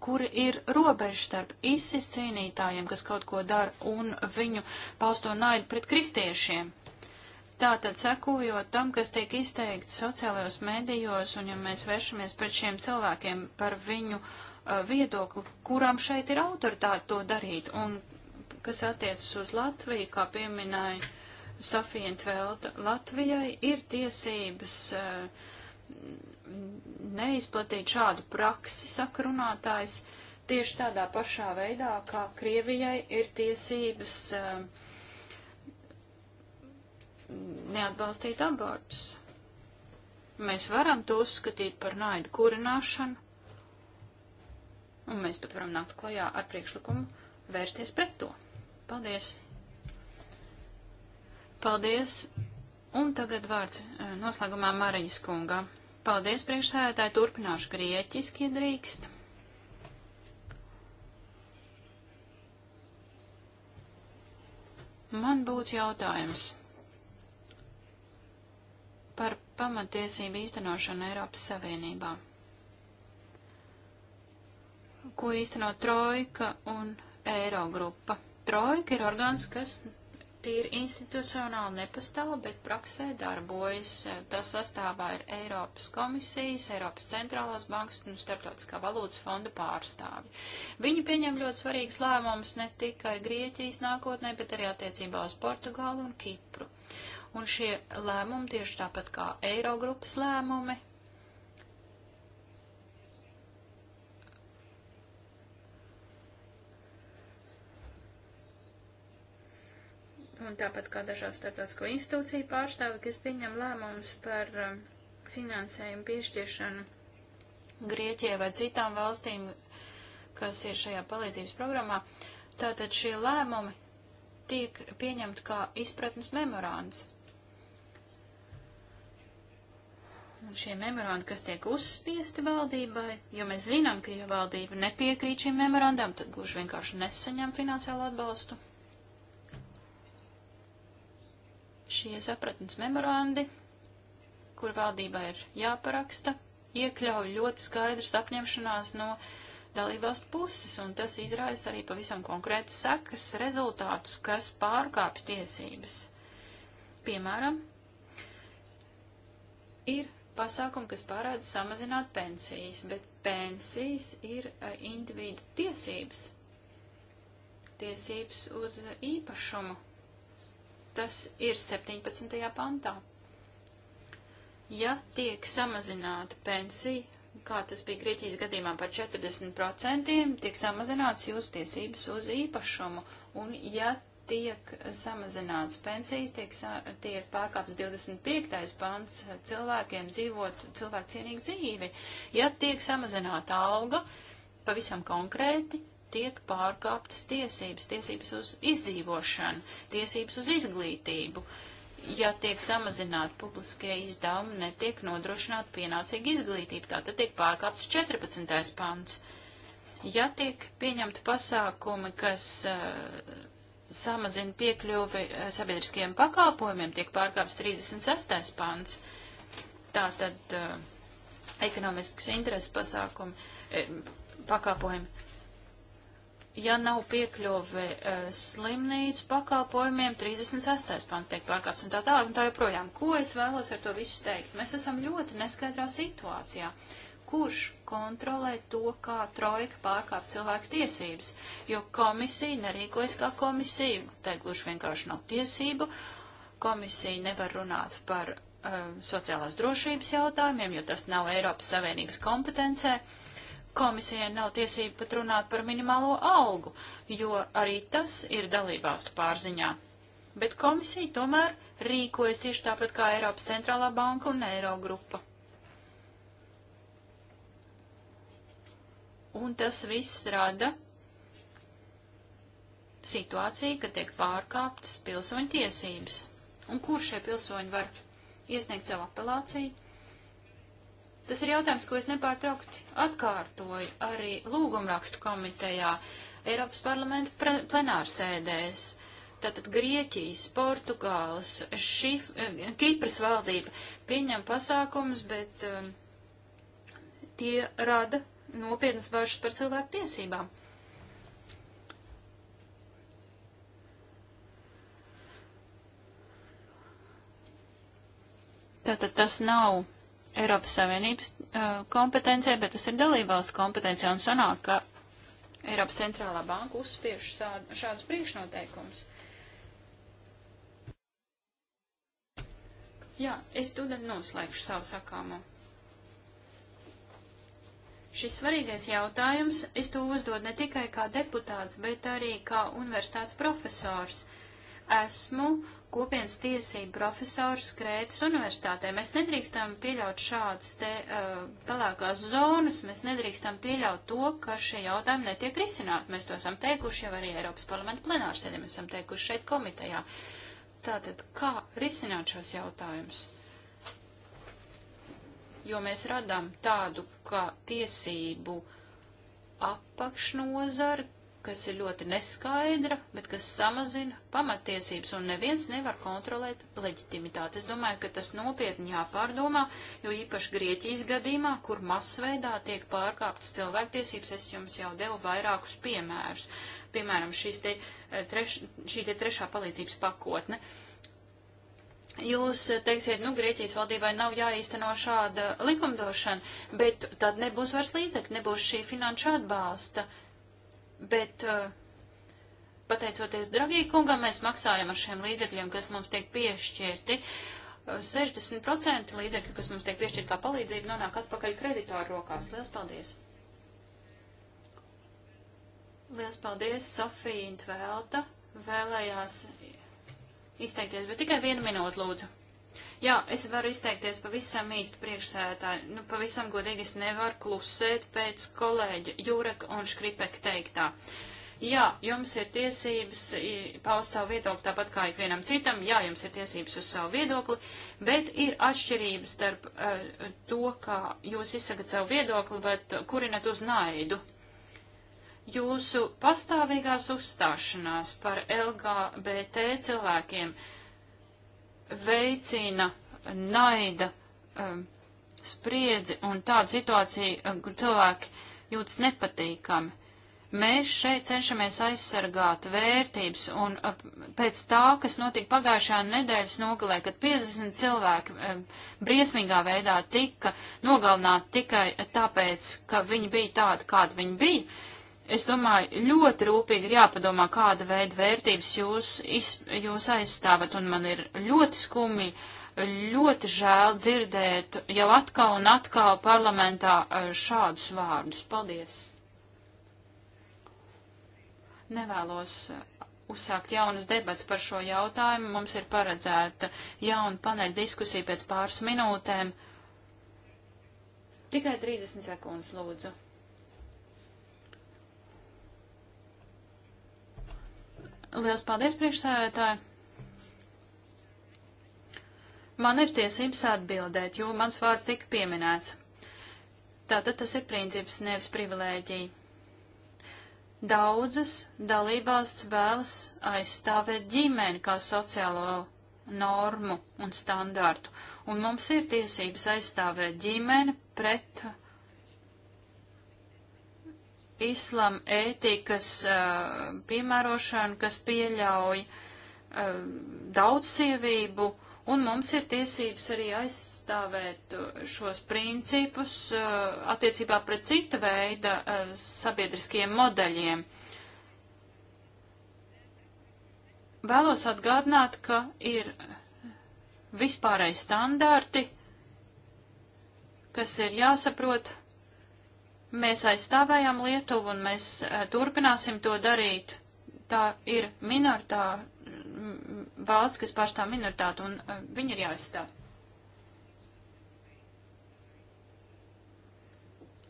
kur ir robeža starp ISIS cīnītājiem, kas kaut ko dara, un viņu pausto naidu pret kristiešiem. Tātad, sekojot tam, kas tiek izteikts sociālajos mēdījos, un ja mēs vēršamies pret šiem cilvēkiem par viņu uh, viedokli, kurām šeit ir autoritāte to darīt, un kas attiecas uz Latviju, kā pieminēja Safija Tvelda, Latvijai ir tiesības uh, neizplatīt šādu praksi, saka runātājs, tieši tādā pašā veidā, kā Krievijai ir tiesības um, neatbalstīt abortus. Mēs varam to uzskatīt par naidu kurināšanu, un mēs pat varam nākt klajā ar priekšlikumu vērsties pret to. Paldies! Paldies! Un tagad vārds eh, noslēgumā Marijas kungam. Paldies, priekšsēdētāji, turpināšu grieķiski, ja drīkst. Man būtu jautājums par pamatiesību īstenošanu Eiropas Savienībā. Ko īsteno Trojka un Eirogrupa? Trojka ir orgāns, kas tīri institucionāli nepastāv, bet praksē darbojas. Tas sastāvā ir Eiropas komisijas, Eiropas centrālās bankas un starptautiskā valūtas fonda pārstāvi. Viņi pieņem ļoti svarīgus lēmumus ne tikai Grieķijas nākotnē, bet arī attiecībā uz Portugālu un Kipru. Un šie lēmumi, tieši tāpat kā Eirogrupas lēmumi, un tāpat kā dažādu starptautisko institūciju pārstāvi, kas pieņem lēmumus par um, finansējumu piešķiršanu Grieķijai vai citām valstīm, kas ir šajā palīdzības programmā. Tātad šie lēmumi tiek pieņemti kā izpratnes memorāns. Un šie memorandi, kas tiek uzspiesti valdībai, jo mēs zinām, ka ja valdība nepiekrīt šim memorandam, tad gluži vienkārši nesaņem finansiālu atbalstu. Šie sapratnes memorandi, kur valdībā ir jāparaksta, iekļauj ļoti skaidrs apņemšanās no dalībvalstu puses, un tas izraisa arī pavisam konkrētas sekas, rezultātus, kas pārkāpj tiesības. Piemēram, ir pasākumi, kas pārāda samazināt pensijas, bet pensijas ir e, individu tiesības, tiesības uz īpašumu Tas ir 17. pantā. Ja tiek samazināta pensija, kā tas bija Grieķijas gadījumā par 40%, tiek samazināts jūsu tiesības uz īpašumu, un ja tiek samazināts pensijas, tiek, sa tiek pārkāpts 25. pants cilvēkiem dzīvot cilvēku cienīgu dzīvi. Ja tiek samazināta alga, pavisam konkrēti, tiek pārkāptas tiesības, tiesības uz izdzīvošanu, tiesības uz izglītību. Ja tiek samazināti publiskie izdevumi, netiek nodrošināta pienācīga izglītība, tātad tiek pārkāptas 14. pants. Ja tiek pieņemti pasākumi, kas uh, samazina piekļuvi uh, sabiedriskajiem pakalpojumiem, tiek pārkāpts 36. pants, tātad uh, eh, ekonomiskas intereses pasākumi, pakalpojumi ja nav piekļuve uh, slimnīcu pakalpojumiem, 36. pants tiek pārkāpts un tā tālāk un tā joprojām. Ko es vēlos ar to visu teikt? Mēs esam ļoti neskaidrā situācijā. Kurš kontrolē to, kā trojka pārkāp cilvēku tiesības? Jo komisija nerīkojas kā komisija, tai gluži vienkārši nav tiesību. Komisija nevar runāt par um, uh, sociālās drošības jautājumiem, jo tas nav Eiropas Savienības kompetencē. Uh, komisijai nav tiesība pat runāt par minimālo algu, jo arī tas ir dalībvalstu pārziņā. Bet komisija tomēr rīkojas tieši tāpat kā Eiropas centrālā banka un Eirogrupa. Un tas viss rada situāciju, ka tiek pārkāptas pilsoņu tiesības. Un kur šie pilsoņi var iesniegt savu apelāciju? Tas ir jautājums, ko es nepārtraukti atkārtoju arī lūgumrakstu komitejā, Eiropas parlamenta plenārsēdēs. Tātad Grieķijas, Portugāles, šif, eh, Kipras valdība pieņem pasākumus, bet um, tie rada nopietnas bažas par cilvēku tiesībām. Tātad tas nav Eiropas Savienības uh, kompetencija, bet tas ir dalībvalsts kompetencija un sanāk, ka Eiropas centrālā banka uzspiež šādus priekšnoteikumus. Jā, es tūdaļ noslēgšu savu sakāmu. Šis svarīgais jautājums, es to uzdodu ne tikai kā deputāts, bet arī kā universitātes profesors esmu kopienas tiesību profesors Krētas universitātē. Mēs nedrīkstam pieļaut šādas te uh, pelēkās zonas, mēs nedrīkstam pieļaut to, ka šie jautājumi netiek risināti. Mēs to esam teikuši jau arī Eiropas parlamenta plenārsēdē, mēs esam teikuši šeit komitejā. Tātad, kā risināt šos jautājumus? Jo mēs radām tādu, kā tiesību apakšnozari, kas ir ļoti neskaidra, bet kas samazina pamatiesības, un neviens nevar kontrolēt leģitimitāti. Es domāju, ka tas nopietni jāpārdomā, jo īpaši Grieķijas gadījumā, kur masveidā tiek pārkāptas cilvēktiesības, es jums jau devu vairākus piemērus. Piemēram, te, eh, treš, šī te trešā palīdzības pakotne. Jūs eh, teiksiet, nu, Grieķijas valdībai nav jāīsteno šāda likumdošana, bet tad nebūs vairs līdzekļi, nebūs šī finanšu atbalsta. Uh, Bet eh, pateicoties Dragīkungam, mēs maksājam ar šiem līdzekļiem, kas mums tiek piešķirti. 60% eh, līdzekļu, kas mums tiek piešķirti kā palīdzība, nonāk atpakaļ kreditoru rokās. Lielas paldies! Lielas paldies, Sofija Intvelta vēlējās izteikties, bet tikai vienu minūtu lūdzu. Jā, es varu izteikties pavisam īsti priekšsēdētāji. Nu, pavisam godīgi es nevaru klusēt pēc kolēģa Jūreka un Škripeka teiktā. Jā, jums ir tiesības paust savu viedokli tāpat kā ikvienam citam, jā, jums ir tiesības uz savu viedokli, bet ir atšķirības starp uh, to, kā jūs izsakat savu viedokli, bet kurinat uz naidu jūsu pastāvīgās uzstāšanās par LGBT cilvēkiem veicina naida um, spriedzi un tādu situāciju, um, kur cilvēki jūtas nepatīkami. Mēs šeit cenšamies aizsargāt vērtības, un uh, pēc tā, kas notika pagājušajā nedēļas nogalē, kad 50 cilvēki um, briesmīgā veidā tika nogalināti tikai tāpēc, ka viņi bija tādi, kādi viņi bija, Es domāju, ļoti rūpīgi ir jāpadomā, kāda veida vērtības jūs, iz, jūs aizstāvat, un man ir ļoti skumi, ļoti žēl dzirdēt jau atkal un atkal parlamentā eh, šādus vārdus. Paldies! Nevēlos eh, uzsākt jaunas debats par šo jautājumu. Mums ir paredzēta jauna paneļa diskusija pēc pāris minūtēm. Tikai 30 sekundes, lūdzu. Liels paldies, priekšsēdētāji! Man ir tiesības atbildēt, jo mans vārds tika pieminēts. Tātad tas ir princips, nevis privilēģija. Daudzas dalībvalsts vēlas aizstāvēt ģimeni kā sociālo normu un standārtu, un mums ir tiesības aizstāvēt ģimeni pret islam ētikas uh, eh, piemērošanu, kas pieļauj uh, daudzsievību, un mums ir tiesības arī aizstāvēt eh, šos principus uh, attiecībā pret cita veida sabiedriskiem modeļiem. Vēlos atgādināt, ka ir vispārēji standarti, kas ir jāsaprot Mēs aizstāvējām Lietuvu un mēs eh, turpināsim to darīt. Tā ir minoritā, valsts, kas pārstāv minoritātu, un eh, viņi ir jāizstāv.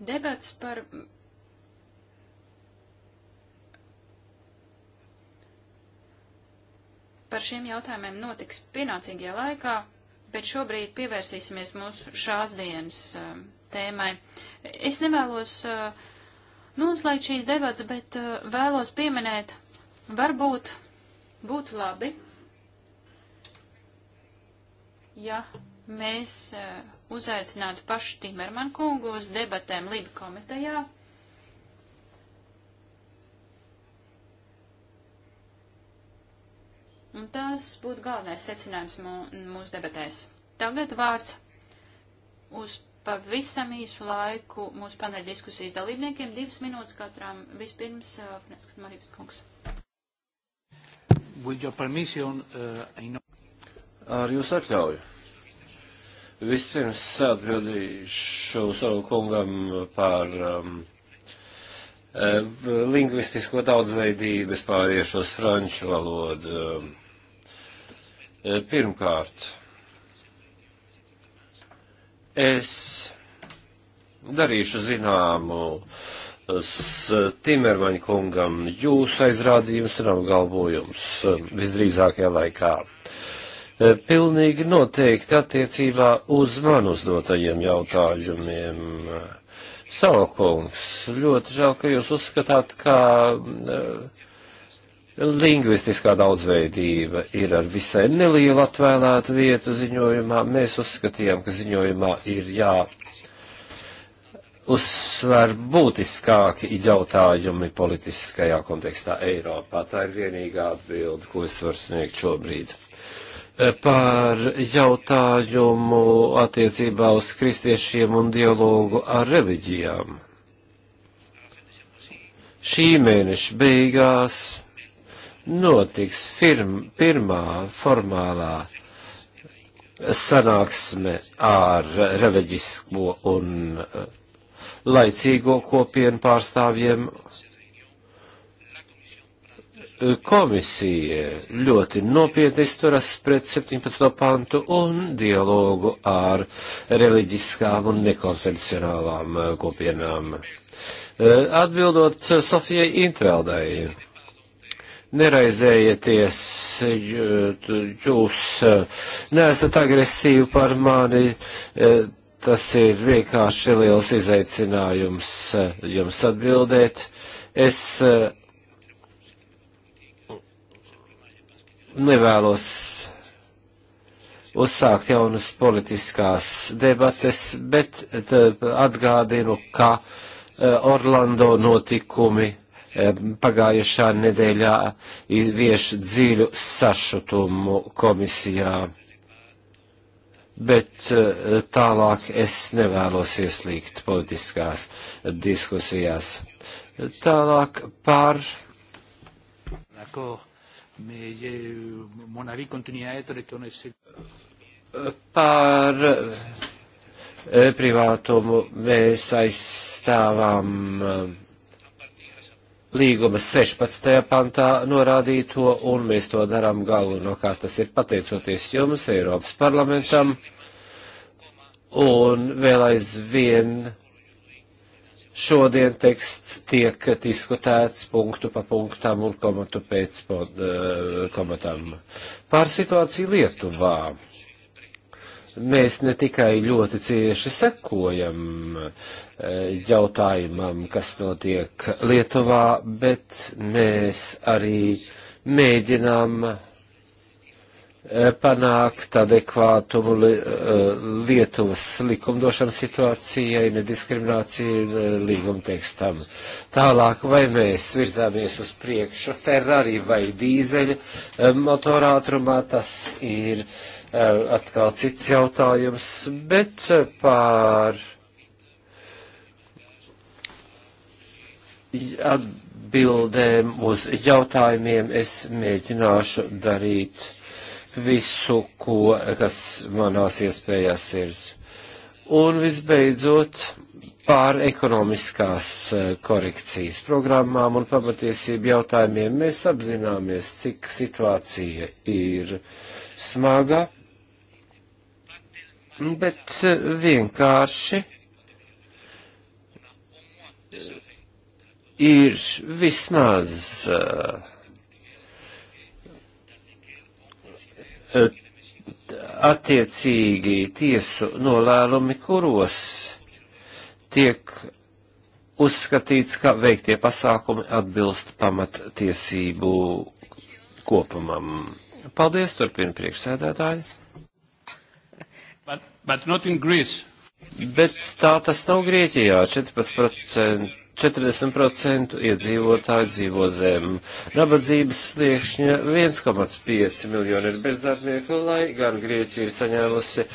Debats par par šiem jautājumiem notiks pienācīgajā laikā, bet šobrīd pievērsīsimies mūsu šās dienas eh, tēmai. Es nevēlos uh, noslēgt šīs debats, bet uh, vēlos pieminēt, varbūt būtu labi, ja mēs uh, uzaicinātu pašu Timerman kungu uz debatēm Liba komitejā. Un tas būtu galvenais secinājums mū, mūsu debatēs. Tagad vārds uz pavisam īsu laiku mūsu paneļa diskusijas dalībniekiem, divas minūtes katram. Vispirms, uh, Franskas Marības kungs. Uh, Ar jūs atļauju? Vispirms atbildīšu savu kungam par um, uh, lingvistisko daudzveidību, es pāriešu uz franču valodu. Um, uh, pirmkārt, Es darīšu zināmu Timermaņa kungam jūsu aizrādījums un apgalvojums eh, visdrīzākajā laikā. Eh, pilnīgi noteikti attiecībā uz man uzdotajiem jautājumiem. Saukungs, ļoti žēl, ka jūs uzskatāt, ka uh, Lingvistiskā daudzveidība ir ar visai nelielu atvēlētu vietu ziņojumā. Mēs uzskatījām, ka ziņojumā ir jā uzsver būtiskāki jautājumi politiskajā kontekstā Eiropā. Tā ir vienīgā atbilde, ko es varu sniegt šobrīd. E, par jautājumu attiecībā uz kristiešiem un dialogu ar reliģijām. Šī mēneša beigās notiks firma, pirmā formālā sanāksme ar reliģisko un uh, laicīgo kopienu pārstāvjiem. Komisija ļoti nopietni izturas pret 17. pantu un dialogu ar reliģiskām un nekonvencionālām uh, kopienām. Uh, atbildot Sofijai Intveldai neraizējieties, jūs uh, neesat agresīvi par mani, uh, tas ir vienkārši liels izaicinājums uh, jums atbildēt. Es nevēlos uzsākt jaunas politiskās debates, bet atgādinu, ka Orlando notikumi pagājušā nedēļā vieš dziļu sašutumu komisijā. Bet eh, tālāk es nevēlos ieslīgt politiskās diskusijās. Tālāk par. E par eh, privātumu mēs aizstāvām eh, līguma 16. pantā norādīto, un mēs to darām galvenokārt. Tas ir pateicoties jums, Eiropas parlamentam, un vēl aizvien šodien teksts tiek diskutēts punktu pa punktam un komatu pēc pod, eh, komatam. Par situāciju Lietuvā mēs ne tikai ļoti cieši sekojam eh, jautājumam, kas notiek Lietuvā, bet mēs arī mēģinām eh, panākt adekvātumu eh, Lietuvas likumdošanas situācijai, nediskrimināciju līguma tekstam. Tālāk, vai mēs virzāmies uz priekšu Ferrari vai dīzeļa motorātrumā, tas ir uh, atkal cits jautājums, bet pār atbildēm uz jautājumiem es mēģināšu darīt visu, ko, kas manās iespējās ir. Un visbeidzot, pār ekonomiskās korekcijas programmām un pamatiesību jautājumiem mēs apzināmies, cik situācija ir smaga bet eh, vienkārši eh, ir vismaz eh, attiecīgi tiesu nolēlumi, kuros tiek uzskatīts, ka veiktie pasākumi atbilst pamattiesību kopumam. Paldies, turpina priekšsēdētāji. Bet tā tas nav Grieķijā. 14%, 40% iedzīvotāji dzīvo zem nabadzības sliekšņa, 1,5 miljoni ir bezdarbnieku, lai gan Grieķija ir saņēmusi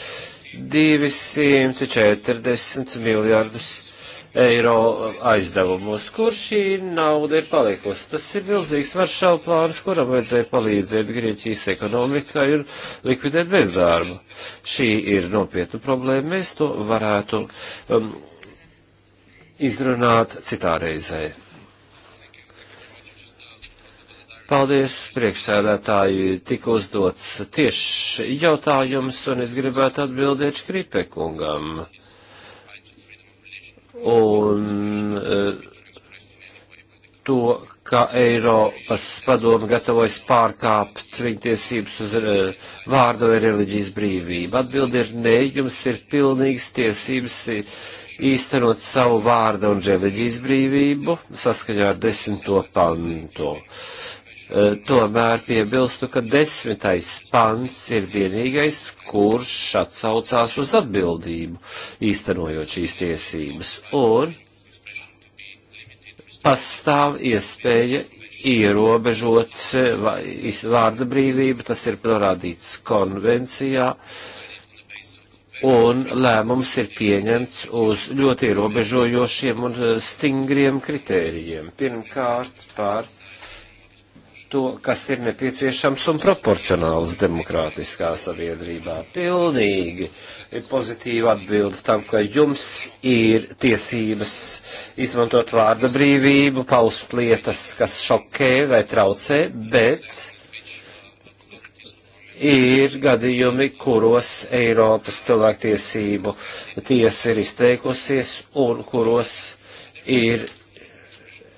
240 miljardus eiro eiro aizdevumus, kur šī nauda ir palikusi. Tas ir milzīgs varšau plāns, kuram vajadzēja palīdzēt Grieķijas ekonomikai un likvidēt bezdarbu. Šī ir nopietna problēma, mēs to varētu um, izrunāt citā reizē. Paldies, priekšsēdētāji, tika uzdots tieši jautājums, un es gribētu atbildēt Škripekungam. kungam un e, to, ka Eiropas padomu gatavojas pārkāpt viņa tiesības uz e, vārdu vai reliģijas brīvību. Atbildi ir nē, jums ir pilnīgas tiesības īstenot savu vārdu un reliģijas brīvību saskaņā ar desmito pantu. Eh, tomēr piebilstu, ka desmitais pants ir vienīgais, kurš atsaucās uz atbildību, īstenojot šīs tiesības, un pastāv iespēja ierobežot eh, vārda brīvību, tas ir norādīts konvencijā, un lēmums ir pieņemts uz ļoti ierobežojošiem un eh, stingriem kritērijiem. Pirmkārt, par to, kas ir nepieciešams un proporcionāls demokrātiskā sabiedrībā. Pilnīgi pozitīva atbildes tam, ka jums ir tiesības izmantot vārda brīvību, paust lietas, kas šokē vai traucē, bet ir gadījumi, kuros Eiropas cilvēktiesību tiesa ir izteikusies un kuros ir,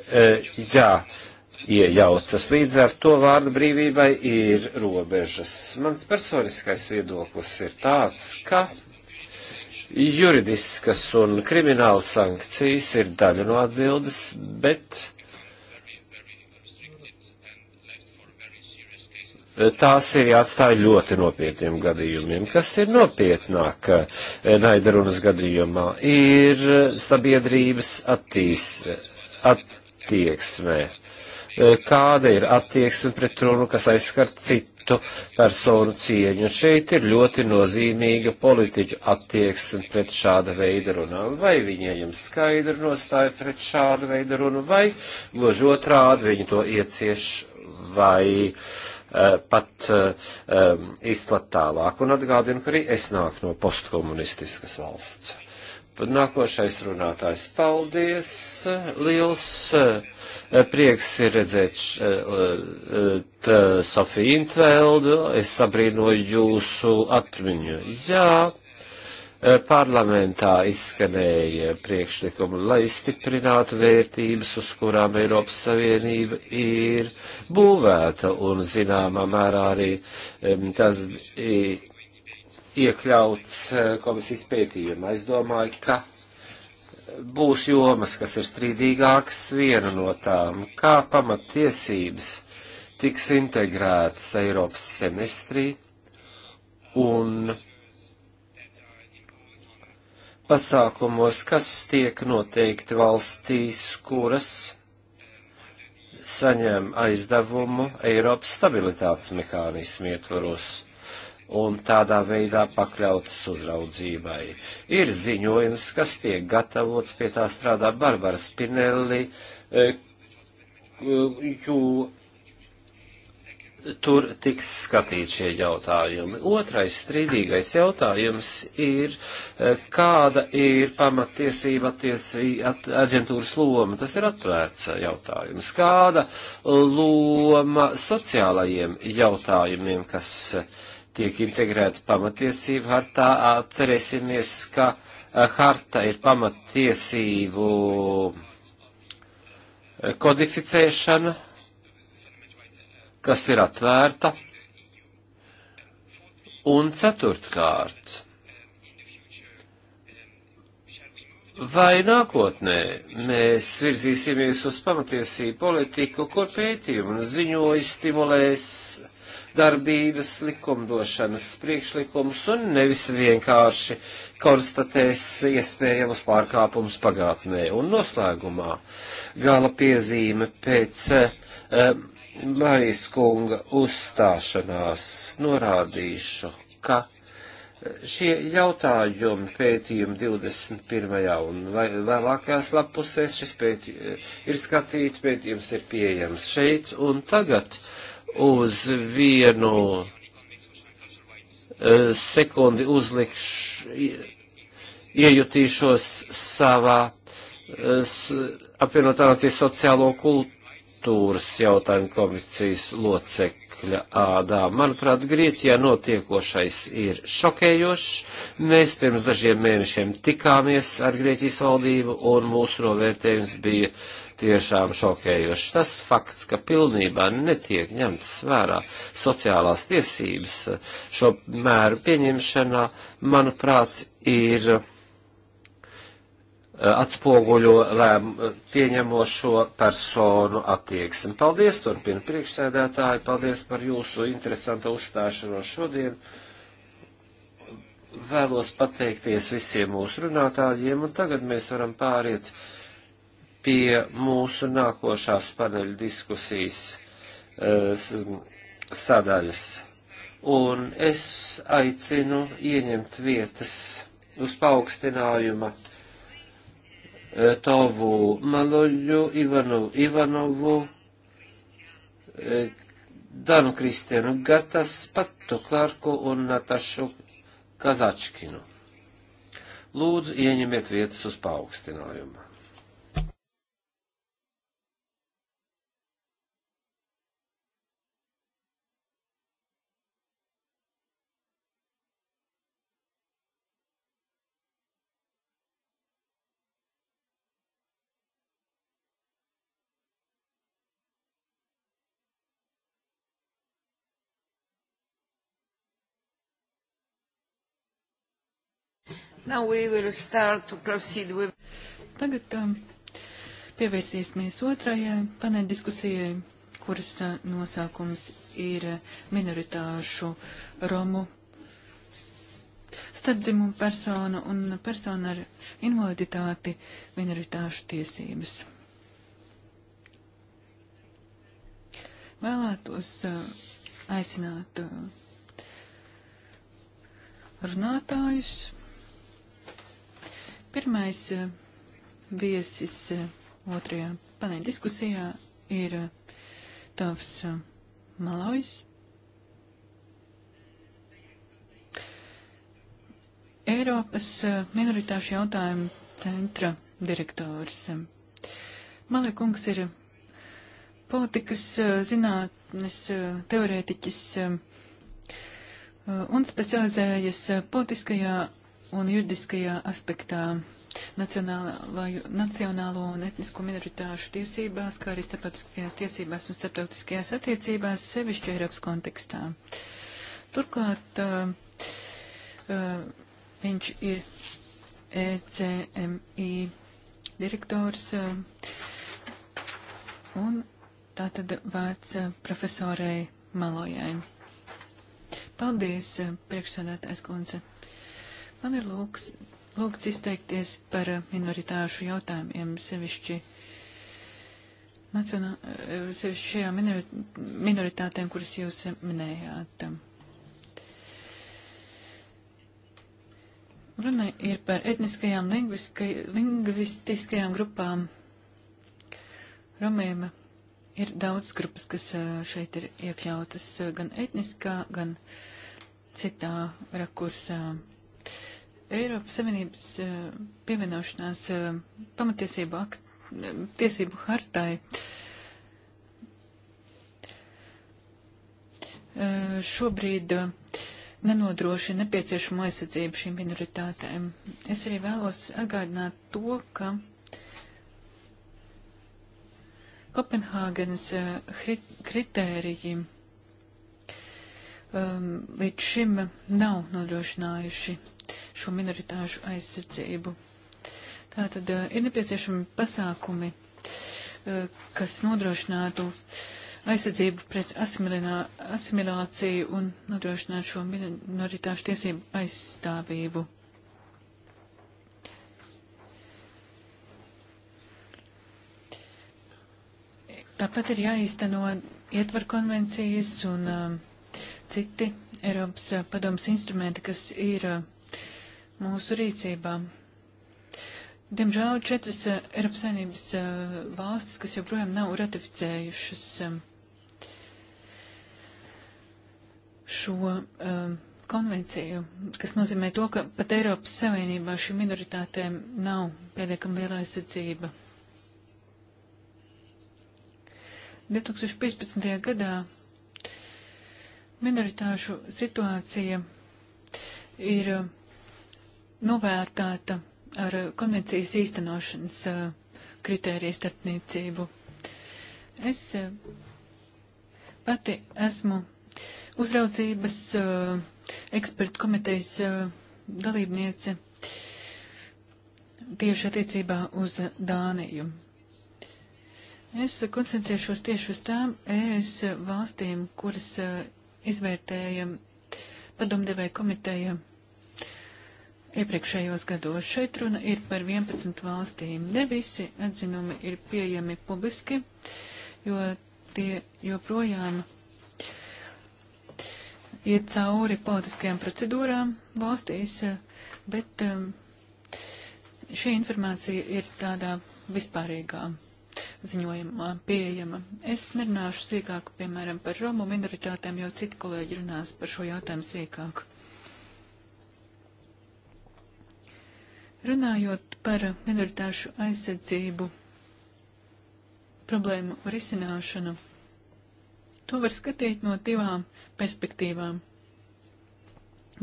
e, jā, ja, iejaucas. Līdz ar to vārdu brīvībai ir robežas. Mans personiskais viedoklis ir tāds, ka juridiskas un krimināla sankcijas ir daļa no atbildes, bet tās ir jāatstāj ļoti nopietniem gadījumiem. Kas ir nopietnāk eh, naidarunas gadījumā? Ir sabiedrības attīs, attieksmē. Eh, kāda ir attieksme pret runu, kas aizskar citu personu cieņu. Un šeit ir ļoti nozīmīga politiķu attieksme pret šāda veida runām. Vai viņiem skaidri nostāja pret šāda veida runu, vai gluži otrādi viņi to iecieš vai uh, pat uh, um, izplat tālāk. Un atgādinu, ka arī es nāku no postkomunistiskas valsts. Nākošais runātājs, paldies! Liels eh, prieks ir redzēt eh, eh, Sofiju Intveldu. Es sabrīnoju jūsu atmiņu. Jā, parlamentā izskanēja priekšlikumu, lai stiprinātu vērtības, uz kurām Eiropas Savienība ir būvēta un zināmā mērā arī tas ir iekļauts eh, komisijas pētījumā. Es domāju, ka būs jomas, kas ir strīdīgākas viena no tām, kā pamatiesības tiks integrētas Eiropas semestrī un pasākumos, kas tiek noteikti valstīs, kuras saņem aizdevumu Eiropas stabilitātes mehānismu ietvaros un tādā veidā pakļautas uzraudzībai. Ir ziņojums, kas tiek gatavots, pie tā strādā Barbara Spinelli, e, jo tur tiks skatīt šie jautājumi. Otrais strīdīgais jautājums ir, e, kāda ir pamatiesība at, aģentūras loma. Tas ir atvērts jautājums. Kāda loma sociālajiem jautājumiem, kas tiek integrēta pamatiesība hartā. Cerēsimies, ka eh, harta ir pamatiesību eh, kodificēšana, kas ir atvērta. Un ceturtkārt, vai nākotnē mēs virzīsimies uz pamatiesību politiku, kur pētījumu un ziņoju stimulēs uh, darbības likumdošanas priekšlikumus un nevis vienkārši konstatēs iespējamus pārkāpumus pagātnē. Un noslēgumā gala piezīme pēc um, Marijas kunga uzstāšanās norādīšu, ka eh, šie jautājumi pētījumi 21. un vēlākajās lapusēs šis pētījums eh, ir skatīts, pētījums ir pieejams šeit un tagad. Uh, uz vienu eh, sekundi uzlikšu, iejutīšos savā eh, apvienotā nācija sociālo kultūras jautājumu komisijas locekļa ādā. Manuprāt, Grieķijā notiekošais ir šokējošs. Mēs pirms dažiem mēnešiem tikāmies ar Grieķijas valdību un mūsu novērtējums bija uh, tiešām šokējošs. Tas fakts, ka pilnībā netiek ņemtas vērā sociālās tiesības šo mēru pieņemšanā, manuprāt, ir eh, atspoguļo lēmu eh, pieņemošo personu attieksmi. Paldies, turpina priekšsēdētāji, paldies par jūsu interesantu uzstāšanos šodien vēlos pateikties visiem mūsu runātājiem, un tagad mēs varam pāriet pie mūsu nākošās paneļu diskusijas uh, sadaļas. Un es aicinu ieņemt vietas uz paaugstinājuma uh, Tovu Maloļu, Ivanu Ivanovu, uh, Danu Kristienu Gatas, Patu Klarku un Natašu Kazačkinu. Lūdzu, ieņemiet vietas uz paaugstinājuma. With... Tagad um, pievērsīsimies otrajai paneļdiskusijai, kuras uh, nosaukums ir uh, minoritāšu romu starpdzimumu personu un personu ar invaliditāti minoritāšu tiesības. Vēlētos uh, aicināt uh, runātājus Pirmais eh, viesis eh, otrajā panē diskusijā ir eh, Tavs Malojs. Eiropas minoritāšu jautājumu centra direktors. Malekungs ir politikas zinātnes teorētiķis un specializējas politiskajā un juridiskajā aspektā nacionālo un etnisko minoritāšu tiesībās, kā arī starptautiskajās tiesībās un starptautiskajās attiecībās, sevišķi Eiropas kontekstā. Turklāt uh, uh, viņš ir ECMI direktors uh, un tātad vārds uh, profesorai Malojai. Paldies, uh, priekšsādātājs Kunze. Man ir lūgs, lūgts izteikties par minoritāšu jautājumiem, sevišķi, nacionā, sevišķi šajā minoritātēm, kuras jūs minējāt. Runa ir par etniskajām lingvistiskajām grupām. Romiem ir daudz grupas, kas šeit ir iekļautas gan etniskā, gan citā rakursā. Eiropas Savienības eh, pievienošanās eh, pamatiesību akt, eh, tiesību hartai. Šobrīd nenodrošina nepieciešamo aizsardzību šīm minoritātēm. Es arī vēlos atgādināt to, ka Kopenhāgenes kritēriji um, līdz šim nav nodrošinājuši uh, šo minoritāšu aizsardzību. Tātad eh, ir nepieciešami pasākumi, eh, kas nodrošinātu aizsardzību pret asimilāciju un nodrošinātu šo minoritāšu tiesību aizstāvību. Tāpat ir jāīsteno ietvar konvencijas un um, citi Eiropas padomas instrumenti, kas ir uh, mūsu rīcībām. Diemžēl četras eh, Eiropas Savienības eh, valstis, kas joprojām nav ratificējušas eh, šo konvenciju, kas nozīmē to, ka pat Eiropas Savienībā šīm minoritātēm nav pietiekama liela aizsardzība. 2015. gadā minoritāšu situācija ir novērtēta ar konvencijas īstenošanas kritēriju starpniecību. Es pati esmu uzraudzības ekspertu komitejas dalībniece tieši attiecībā uz Dāniju. Es koncentrēšos tieši uz tām ES valstīm, kuras izvērtēja padomdevēja komiteja iepriekšējos gados. Šeit runa ir par 11 valstīm. Ne visi atzinumi ir pieejami publiski, jo tie joprojām iet cauri politiskajām procedūrām valstīs, bet um, šī informācija ir tādā vispārīgā ziņojumā pieejama. Es nerunāšu sīkāk, piemēram, par Romu minoritātēm, jo citi kolēģi runās par šo jautājumu sīkāk. Runājot par minoritāšu aizsardzību, problēmu risināšanu, to var skatīt no divām perspektīvām.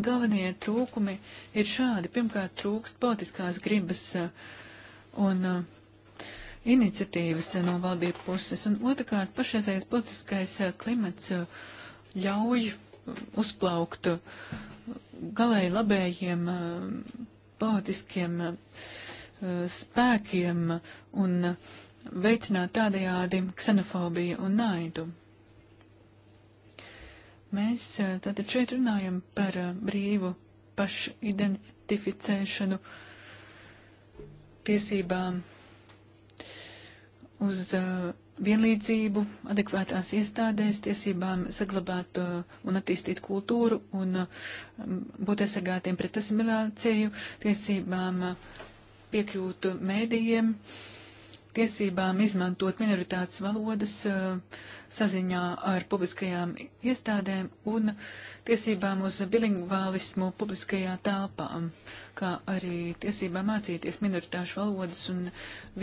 Galvenie trūkumi ir šādi. Pirmkārt, trūkst politiskās gribas uh, un uh, iniciatīvas uh, no valdību puses, un otrkārt, pašreizējais politiskais klimats ļauj uzplaukt galēji labējiem uh, politiskiem eh, spēkiem un veicināt tādējādi ksenofobiju un naidu. Mēs eh, tātad šeit runājam par eh, brīvu pašidentificēšanu tiesībām uz uh, vienlīdzību adekvātās iestādēs, tiesībām saglabāt uh, un attīstīt kultūru un uh, būt aizsargātiem pret asimilāciju, tiesībām uh, piekļūt mēdījiem, uh, tiesībām izmantot minoritātes valodas eh, saziņā ar publiskajām iestādēm un tiesībām uz bilingvālismu publiskajā telpā, kā arī tiesībām mācīties minoritāšu valodas un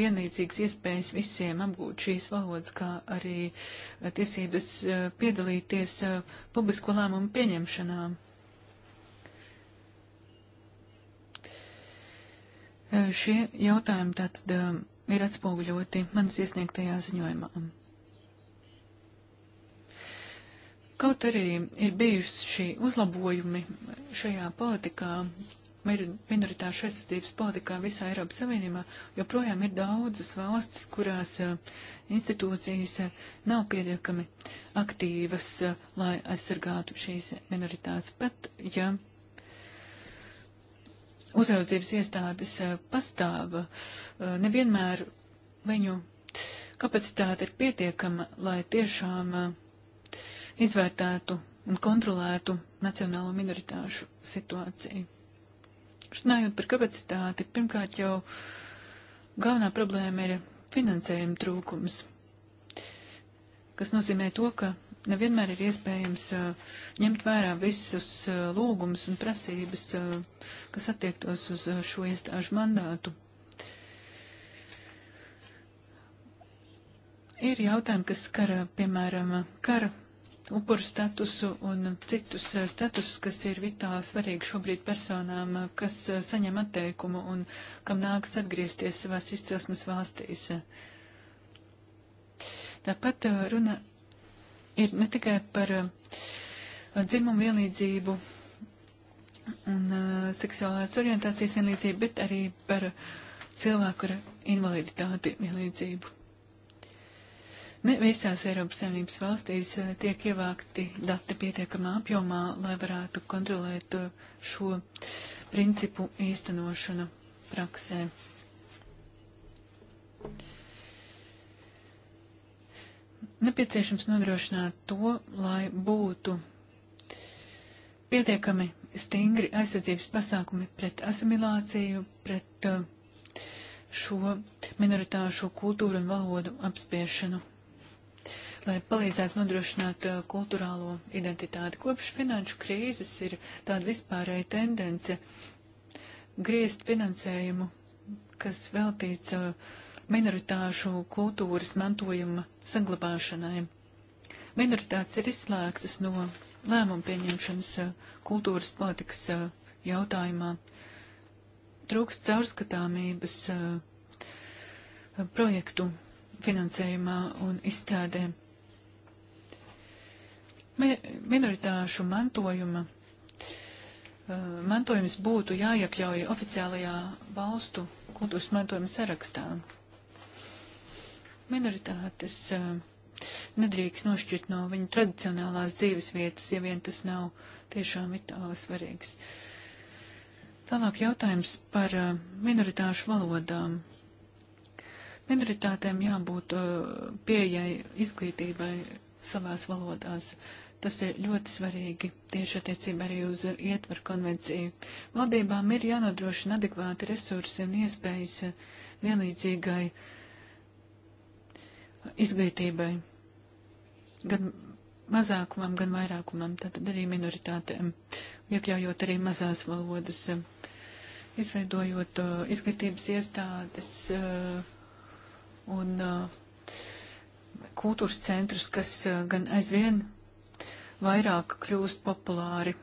vienlīdzīgas iespējas visiem apgūt šīs valodas, kā arī eh, tiesības eh, piedalīties publisko lēmumu pieņemšanā. Šie jautājumi tātad ir atspoguļoti manas iesniegtajā ziņojumā. Kaut arī ir bijuši šī uzlabojumi šajā politikā, minoritāšu aizsardzības politikā visā Eiropas Savienībā, joprojām ir daudzas valstis, kurās a, eh, institūcijas a, eh, nav pietiekami aktīvas, a, eh, lai aizsargātu šīs minoritātes, pat ja uzraudzības iestādes eh, pastāv, eh, nevienmēr viņu kapacitāte ir pietiekama, lai tiešām eh, izvērtētu un kontrolētu nacionālo minoritāšu situāciju. Runājot par kapacitāti, pirmkārt jau galvenā problēma ir finansējuma trūkums, kas nozīmē to, ka nevienmēr ir iespējams uh, ņemt vērā visus uh, lūgumus un prasības, uh, kas attiektos uz uh, šo iestāžu mandātu. Ir jautājumi, kas skar, piemēram, kara upuru statusu un citus statusus, kas ir vitāli svarīgi šobrīd personām, kas saņem atteikumu un kam nāks atgriezties savās izcelsmes valstīs. Tāpat runa ir ne tikai par eh, dzimumu vienlīdzību un eh, seksuālās orientācijas vienlīdzību, bet arī par cilvēku ar invaliditāti vienlīdzību. Ne visās Eiropas Savienības valstīs eh, tiek ievākti dati pietiekamā apjomā, lai varētu kontrolēt šo principu īstenošanu praksē. nepieciešams nodrošināt to, lai būtu pietiekami stingri aizsardzības pasākumi pret asimilāciju, pret uh, šo minoritāšu kultūru un valodu apspiešanu, lai palīdzētu nodrošināt uh, kultūrālo identitāti. Kopš finanšu krīzes ir tāda vispārēja tendence griezt finansējumu, kas veltīts uh, minoritāšu kultūras mantojuma saglabāšanai. Minoritātes ir izslēgtas no lēmumu pieņemšanas eh, kultūras politikas eh, jautājumā. Trūkst caurskatāmības eh, projektu finansējumā un izstrādē. Minoritāšu mantojuma mantojums būtu jāiekļauj oficiālajā valstu kultūras mantojuma sarakstā minoritātes eh, nedrīkst nošķirt no viņa tradicionālās dzīves vietas, ja vien tas nav tiešām vitāli svarīgs. Tālāk jautājums par eh, minoritāšu valodām. Minoritātēm jābūt eh, pieejai izglītībai savās valodās. Tas ir ļoti svarīgi tieši attiecībā arī uz ietvaru konvenciju. Valdībām ir jānodrošina adekvāti resursi un iespējas vienlīdzīgai uh, izglītībai, gan mazākumam, gan vairākumam, tātad arī minoritātēm, iekļaujot arī mazās valodas, izveidojot uh, izglītības iestādes uh, un uh, kultūras centrus, kas gan aizvien vairāk kļūst populāri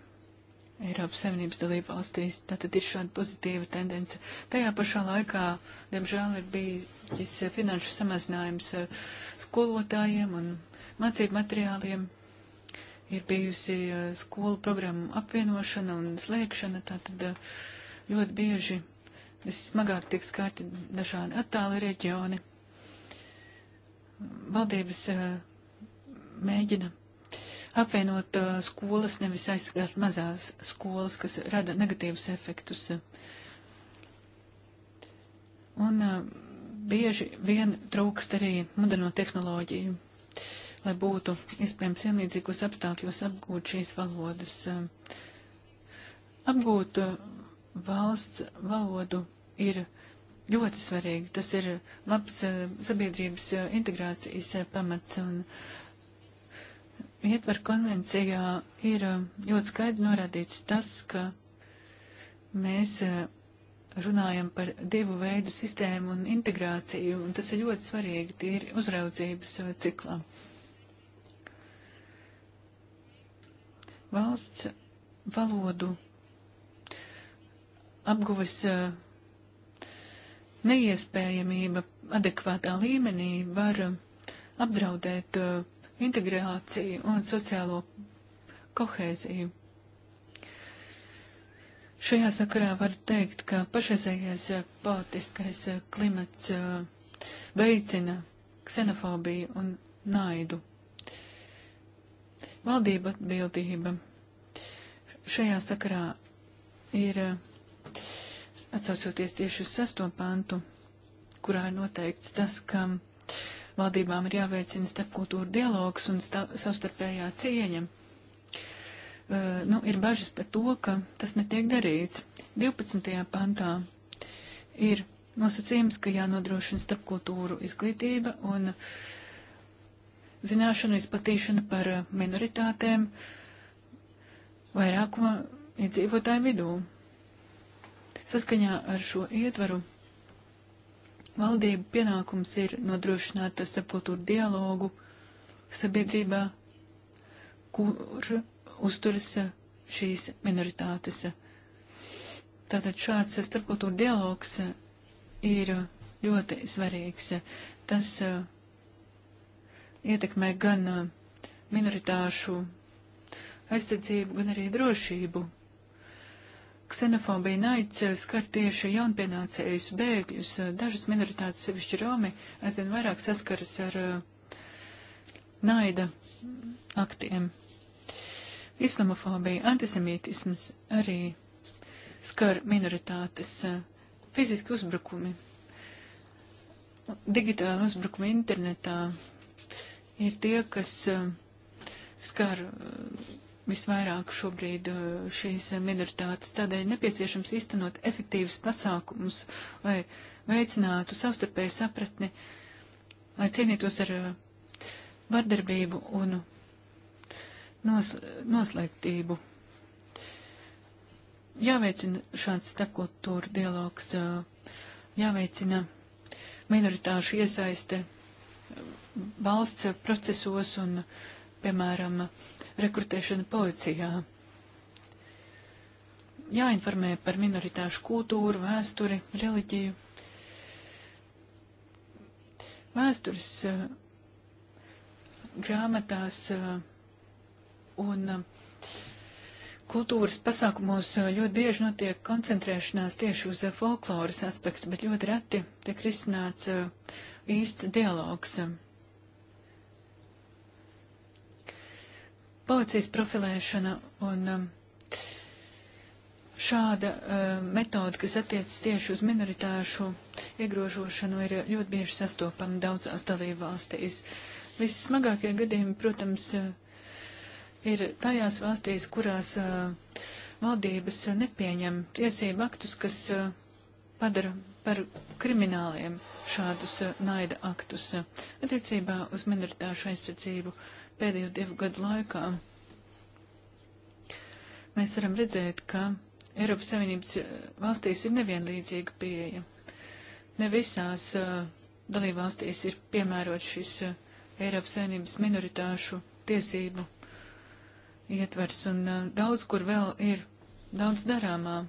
Eiropas Savienības dalību valstīs. Tātad ir šāda pozitīva tendence. Tajā pašā laikā, diemžēl, ir bijis finanšu samazinājums skolotājiem un mācību materiāliem. Ir bijusi eh, skolu programmu apvienošana un slēgšana, tātad eh, ļoti bieži smagāk tiek skārti dažādi attāli reģioni. Valdības eh, mēģina apvienot uh, skolas, nevis aizsargāt mazās skolas, kas rada negatīvus efektus. Un uh, bieži vien trūkst arī moderno tehnoloģiju, lai būtu iespējams ienīdzīgos apstākļos apgūt šīs valodas. Uh, apgūt uh, valsts valodu ir ļoti svarīgi. Tas ir labs uh, sabiedrības uh, integrācijas pamats un uh, Ietver konvencijā ir eh, ļoti skaidri norādīts tas, ka mēs eh, runājam par divu veidu sistēmu un integrāciju, un tas ir ļoti svarīgi, tie ir uzraudzības eh, ciklā. Valsts valodu apguvis neiespējamība adekvātā līmenī var apdraudēt uh, integrāciju un sociālo kohēziju. Šajā sakarā var teikt, ka pašreizējais eh, politiskais eh, klimats eh, veicina ksenofobiju un naidu. Valdība atbildība šajā sakarā ir atsaucoties tieši uz sesto pantu, kurā ir noteikts tas, kam Valdībām ir jāveicina starpkultūra dialogs un stav, savstarpējā cieņa. Uh, nu, ir bažas par to, ka tas netiek darīts. 12. pantā ir nosacījums, ka jānodrošina starpkultūru izglītība un zināšanu izplatīšana par minoritātēm vairākuma iedzīvotāju vidū. Saskaņā ar šo ietvaru Valdība pienākums ir nodrošināt starpkultūru dialogu sabiedrībā, kur uzturas šīs minoritātes. Tātad šāds starpkultūru dialogs ir ļoti svarīgs. Tas uh, ietekmē gan uh, minoritāšu aizsardzību, gan arī drošību Ksenofobija naids skar tieši jaunpienācējus bēgļus. Dažas minoritātes, sevišķi Romi, aizvien vairāk saskaras ar uh, naida aktiem. Islamofobija, antisemītisms arī skar minoritātes, uh, fiziski uzbrukumi, digitāli uzbrukumi internetā ir tie, kas uh, skar visvairāk šobrīd uh, šīs minoritātes. Tādēļ nepieciešams iztenot efektīvas pasākumus, lai veicinātu savstarpēju sapratni, lai cienītos ar uh, vardarbību un noslēgtību. Jāveicina šāds starpkultūra dialogs, uh, jāveicina minoritāšu iesaiste valsts procesos un uh, piemēram, rekrutēšana policijā. Jāinformē par minoritāšu kultūru, vēsturi, reliģiju. Vēstures eh, grāmatās eh, un eh, kultūras pasākumos ļoti bieži notiek koncentrēšanās tieši uz folkloras aspektu, bet ļoti reti tiek risināts īsts dialogs policijas profilēšana un um, šāda um, metode, kas attiecas tieši uz minoritāšu iegrožošanu, ir ļoti bieži sastopama daudzās dalībvalstīs. Vissmagākie gadījumi, protams, ir tajās valstīs, kurās uh, valdības nepieņem tiesību aktus, kas uh, padara par krimināliem šādus uh, naida aktus uh, attiecībā uz minoritāšu aizsardzību. Uh, pēdējo divu gadu laikā mēs varam redzēt, ka Eiropas Savienības eh, valstīs ir nevienlīdzīga pieeja. Ne visās eh, dalībvalstīs ir piemērots šis eh, Eiropas Savienības minoritāšu tiesību ietvers, un daudz kur vēl ir daudz darāmā.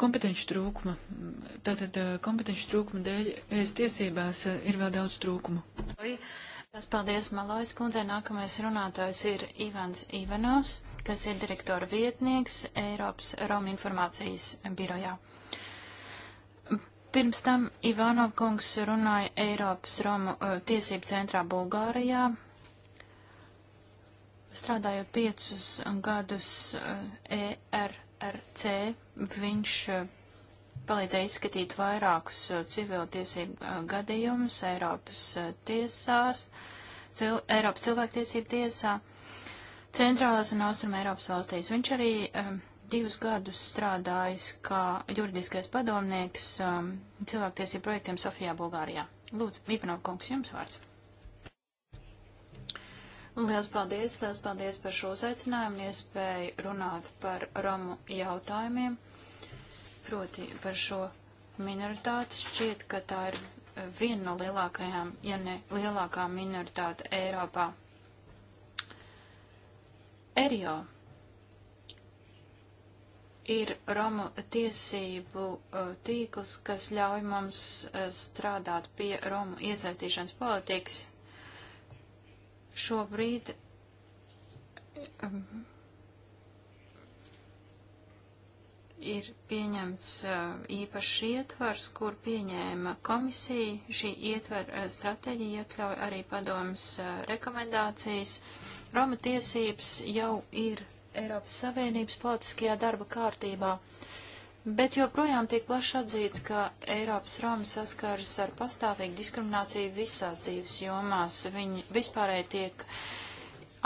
kompetenci trūkuma. Tātad eh, kompetenci trūkuma dēļ es tiesībās eh, ir vēl daudz trūkumu. Tas paldies Malojas kundzei. Nākamais runātājs ir Ivans Ivanovs, kas ir direktora vietnieks Eiropas Roma informācijas birojā. Pirms tam Ivanov kungs runāja Eiropas Romu uh, eh, tiesību centrā Bulgārijā, strādājot piecus gadus uh, ER ar C viņš eh, palīdzēja izskatīt vairākus eh, civiltiesību eh, gadījumus Eiropas tiesās, cil, Eiropas cilvēktiesību tiesā, centrālās un austruma Eiropas valstīs. Viņš arī um, divus gadus strādājis kā juridiskais padomnieks um, cilvēktiesību projektiem Sofijā, Bulgārijā. Lūdzu, Ipanov kungs, jums vārds. Un liels paldies, liels paldies par šo uzaicinājumu un iespēju runāt par Romu jautājumiem, proti par šo minoritāti. Šķiet, ka tā ir viena no lielākajām, ja ne lielākā minoritāte Eiropā. Erio ir Romu tiesību uh, tīkls, kas ļauj mums uh, strādāt pie Romu iesaistīšanas politikas šobrīd um, ir pieņemts uh, īpašs ietvars, kur pieņēma komisija. Šī ietvara uh, stratēģija iekļauj arī padomas uh, rekomendācijas. Roma tiesības jau ir Eiropas Savienības politiskajā darba kārtībā. Uh, Bet joprojām tiek plaši atzīts, ka Eiropas Roma saskaras ar pastāvīgu diskrimināciju visās dzīves jomās. Viņi vispārēji tiek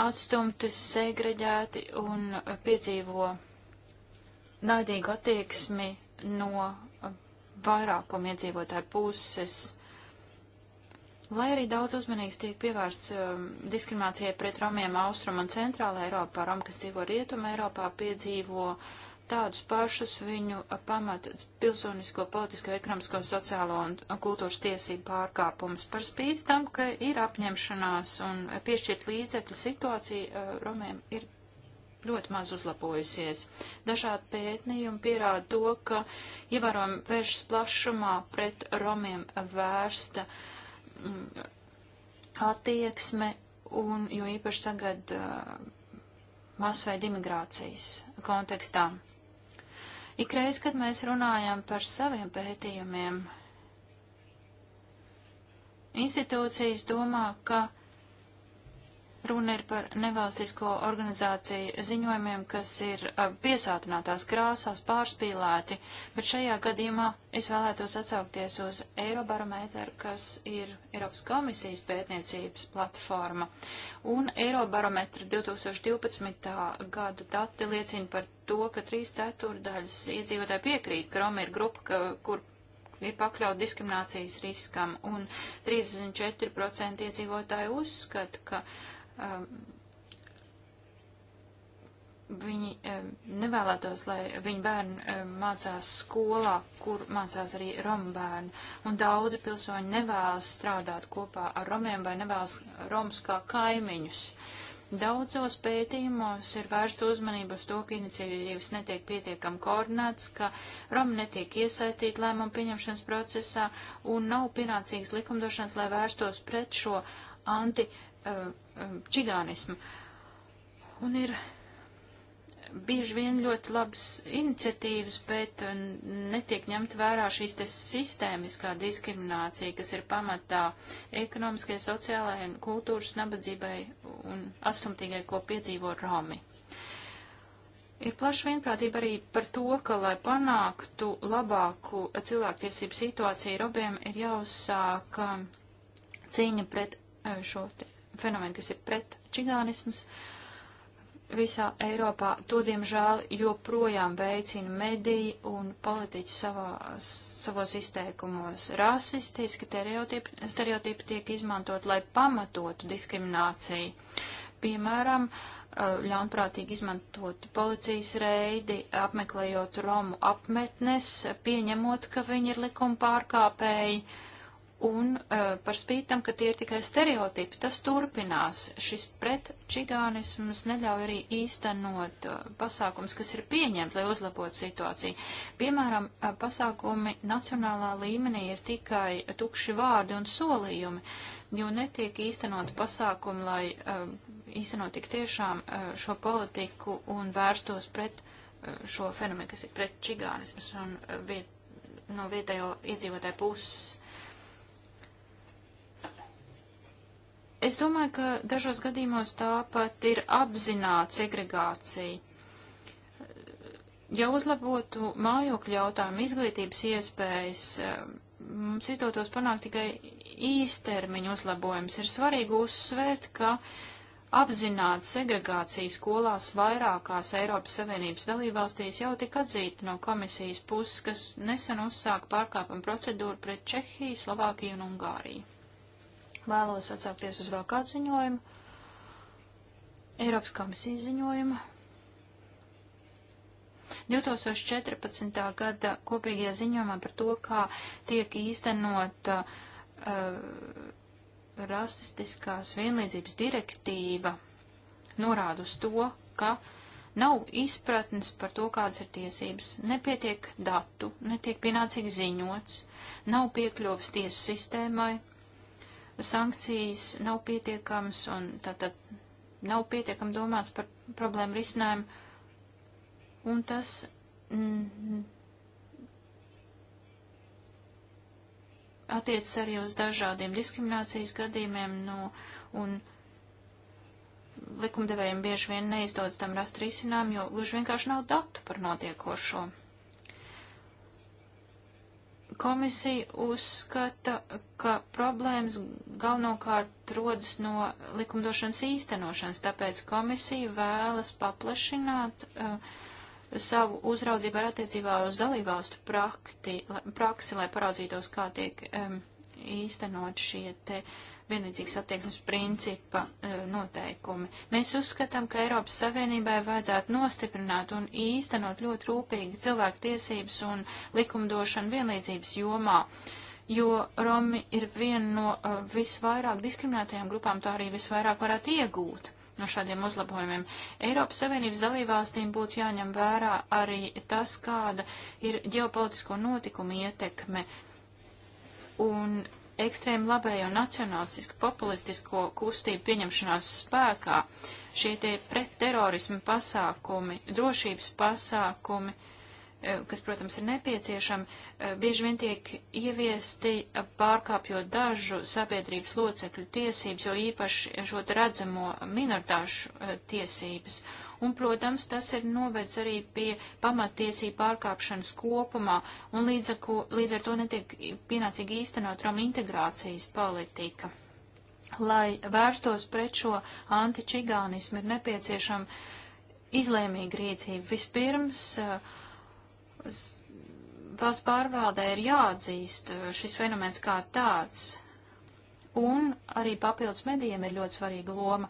atstumti, segreģēti un piedzīvo naidīgu attieksmi no vairākuma iedzīvotāju puses. Lai arī daudz uzmanīgs tiek pievērsts um, diskriminācijai pret romiem Austrum un Centrāla Eiropā, rom, kas dzīvo Rietuma Eiropā, piedzīvo uh, tādus pašus viņu pamat pilsonisko, politisko, ekonomisko, sociālo un kultūras tiesību pārkāpumus. Par spīti tam, ka ir apņemšanās un piešķirt līdzekļu situācija eh, Romiem ir ļoti maz uzlabojusies. Dažādi pētījumi pierāda to, ka ievērojami vēršas plašumā pret Romiem vērsta mm, attieksme un jo īpaši tagad uh, masveida imigrācijas kontekstā. Ikreiz, kad mēs runājam par saviem pētījumiem, institūcijas domā, ka runa ir par nevalstisko organizāciju ziņojumiem, kas ir piesātinātās krāsās, pārspīlēti, bet šajā gadījumā es vēlētos atsaukties uz Eirobarometru, kas ir Eiropas komisijas pētniecības platforma. Un Eirobarometra 2012. gada dati liecina par to, ka trīs ceturdaļas iedzīvotāji piekrīt, ka Roma ir grupa, ka, kur ir pakļaut diskriminācijas riskam, un 34% iedzīvotāji uzskata, ka um, viņi um, nevēlētos, lai viņu bērni um, mācās skolā, kur mācās arī Roma bērni, un daudzi pilsoņi nevēlas strādāt kopā ar Romiem vai nevēlas Romus kā kaimiņus. Uh, Daudzos pētījumos ir vērsta uzmanība uz to, ka iniciatīvas netiek pietiekam koordinētas, ka Roma netiek iesaistīta lēmumu pieņemšanas procesā un nav pienācīgas likumdošanas, lai vērstos pret šo anti-čigānismu. Uh, um, un ir bieži vien ļoti labas iniciatīvas, bet uh, netiek ņemt vērā šīs te sistēmiskā diskriminācija, kas ir pamatā ekonomiskajai, sociālajai un kultūras nabadzībai un astumtīgai, ko piedzīvo Romi. Ir plaša vienprātība arī par to, ka, lai panāktu labāku cilvēktiesību situāciju Robiem, ir jāuzsāk uh, cīņa pret uh, šo fenomenu, kas ir pret čigānisms. Uh, visā Eiropā. To, diemžēl, joprojām veicina mediji un politiķi savā, savos izteikumos. Rasistiski stereotipi, stereotipi tiek izmantot, lai pamatotu diskrimināciju. Piemēram, ļaunprātīgi izmantot policijas reidi, apmeklējot Romu apmetnes, pieņemot, ka viņi ir likuma pārkāpēji. Uh, Un uh, par spītam, ka tie ir tikai stereotipi, tas turpinās. Šis pretčigānisms neļauj arī īstenot uh, pasākums, kas ir pieņemti, lai uzlabotu situāciju. Piemēram, uh, pasākumi nacionālā līmenī ir tikai tukši vārdi un solījumi, jo netiek īstenot pasākumi, lai uh, īstenot tik tiešām uh, šo politiku un vērstos pret uh, šo fenomenu, kas ir pretčigānisms un uh, viet, no vietējo iedzīvotāju puses. Es domāju, ka dažos gadījumos tāpat ir apzināta segregācija. Ja uzlabotu mājokļu jautājumu izglītības iespējas, mums izdotos panākt tikai īstermiņu uzlabojums. Ir svarīgi uzsvērt, ka apzināta segregācija skolās vairākās Eiropas Savienības dalībvalstīs jau tika atzīta no komisijas puses, kas nesen uzsāka pārkāpuma procedūru pret Čehiju, Slovākiju un Ungāriju. Vēlos atsaukties uz vēl kādu ziņojumu. Eiropas komisijas ziņojumu. 2014. gada kopīgajā ziņojumā par to, kā tiek īstenot uh, rasistiskās vienlīdzības direktīva, norāda uz to, ka nav izpratnes par to, kādas ir tiesības, nepietiek datu, netiek pienācīgi ziņots, nav piekļuvas tiesu sistēmai, sankcijas nav pietiekams un tātad nav pietiekam domāts par problēmu risinājumu. Un tas mm, attiecas arī uz dažādiem diskriminācijas gadījumiem no, nu, un likumdevējiem bieži vien neizdodas tam rast risinājumu, jo gluži vienkārši nav datu par notiekošo. Komisija uzskata, ka problēmas galvenokārt rodas no likumdošanas īstenošanas, tāpēc komisija vēlas paplašināt uh, savu uzraudzību ar attiecībā uz dalībvalstu praksi, lai paraudzītos, kā tiek um, īstenot šie te vienlīdzīgas attieksmes principa e, noteikumi. Mēs uzskatām, ka Eiropas Savienībai vajadzētu nostiprināt un īstenot ļoti rūpīgi cilvēku tiesības un likumdošanu vienlīdzības jomā, jo Romi ir viena no e, visvairāk diskriminētajām grupām, tā arī visvairāk varētu iegūt. No šādiem uzlabojumiem Eiropas Savienības dalībvalstīm būtu jāņem vērā arī tas, kāda ir ģeopolitisko notikumu ietekme un ekstrēma labējo nacionālistisku populistisko kustību pieņemšanās spēkā, šie tie pretterorismu pasākumi, drošības pasākumi, eh, kas, protams, ir nepieciešami, eh, bieži vien tiek ieviesti eh, pārkāpjot dažu sabiedrības locekļu tiesības, jo īpaši šo redzamo minoritāšu tiesības un, protams, tas ir novedis arī pie pamatiesību pārkāpšanas kopumā, un līdz ar, ko, līdz ar to netiek pienācīgi īstenot Roma integrācijas politika. Lai vērstos pret šo antičigānismu, ir nepieciešama izlēmīga rīcība. Vispirms, eh, valsts pārvaldē ir jāatzīst eh, šis fenomens kā tāds, un arī papildus medijiem ir ļoti svarīga loma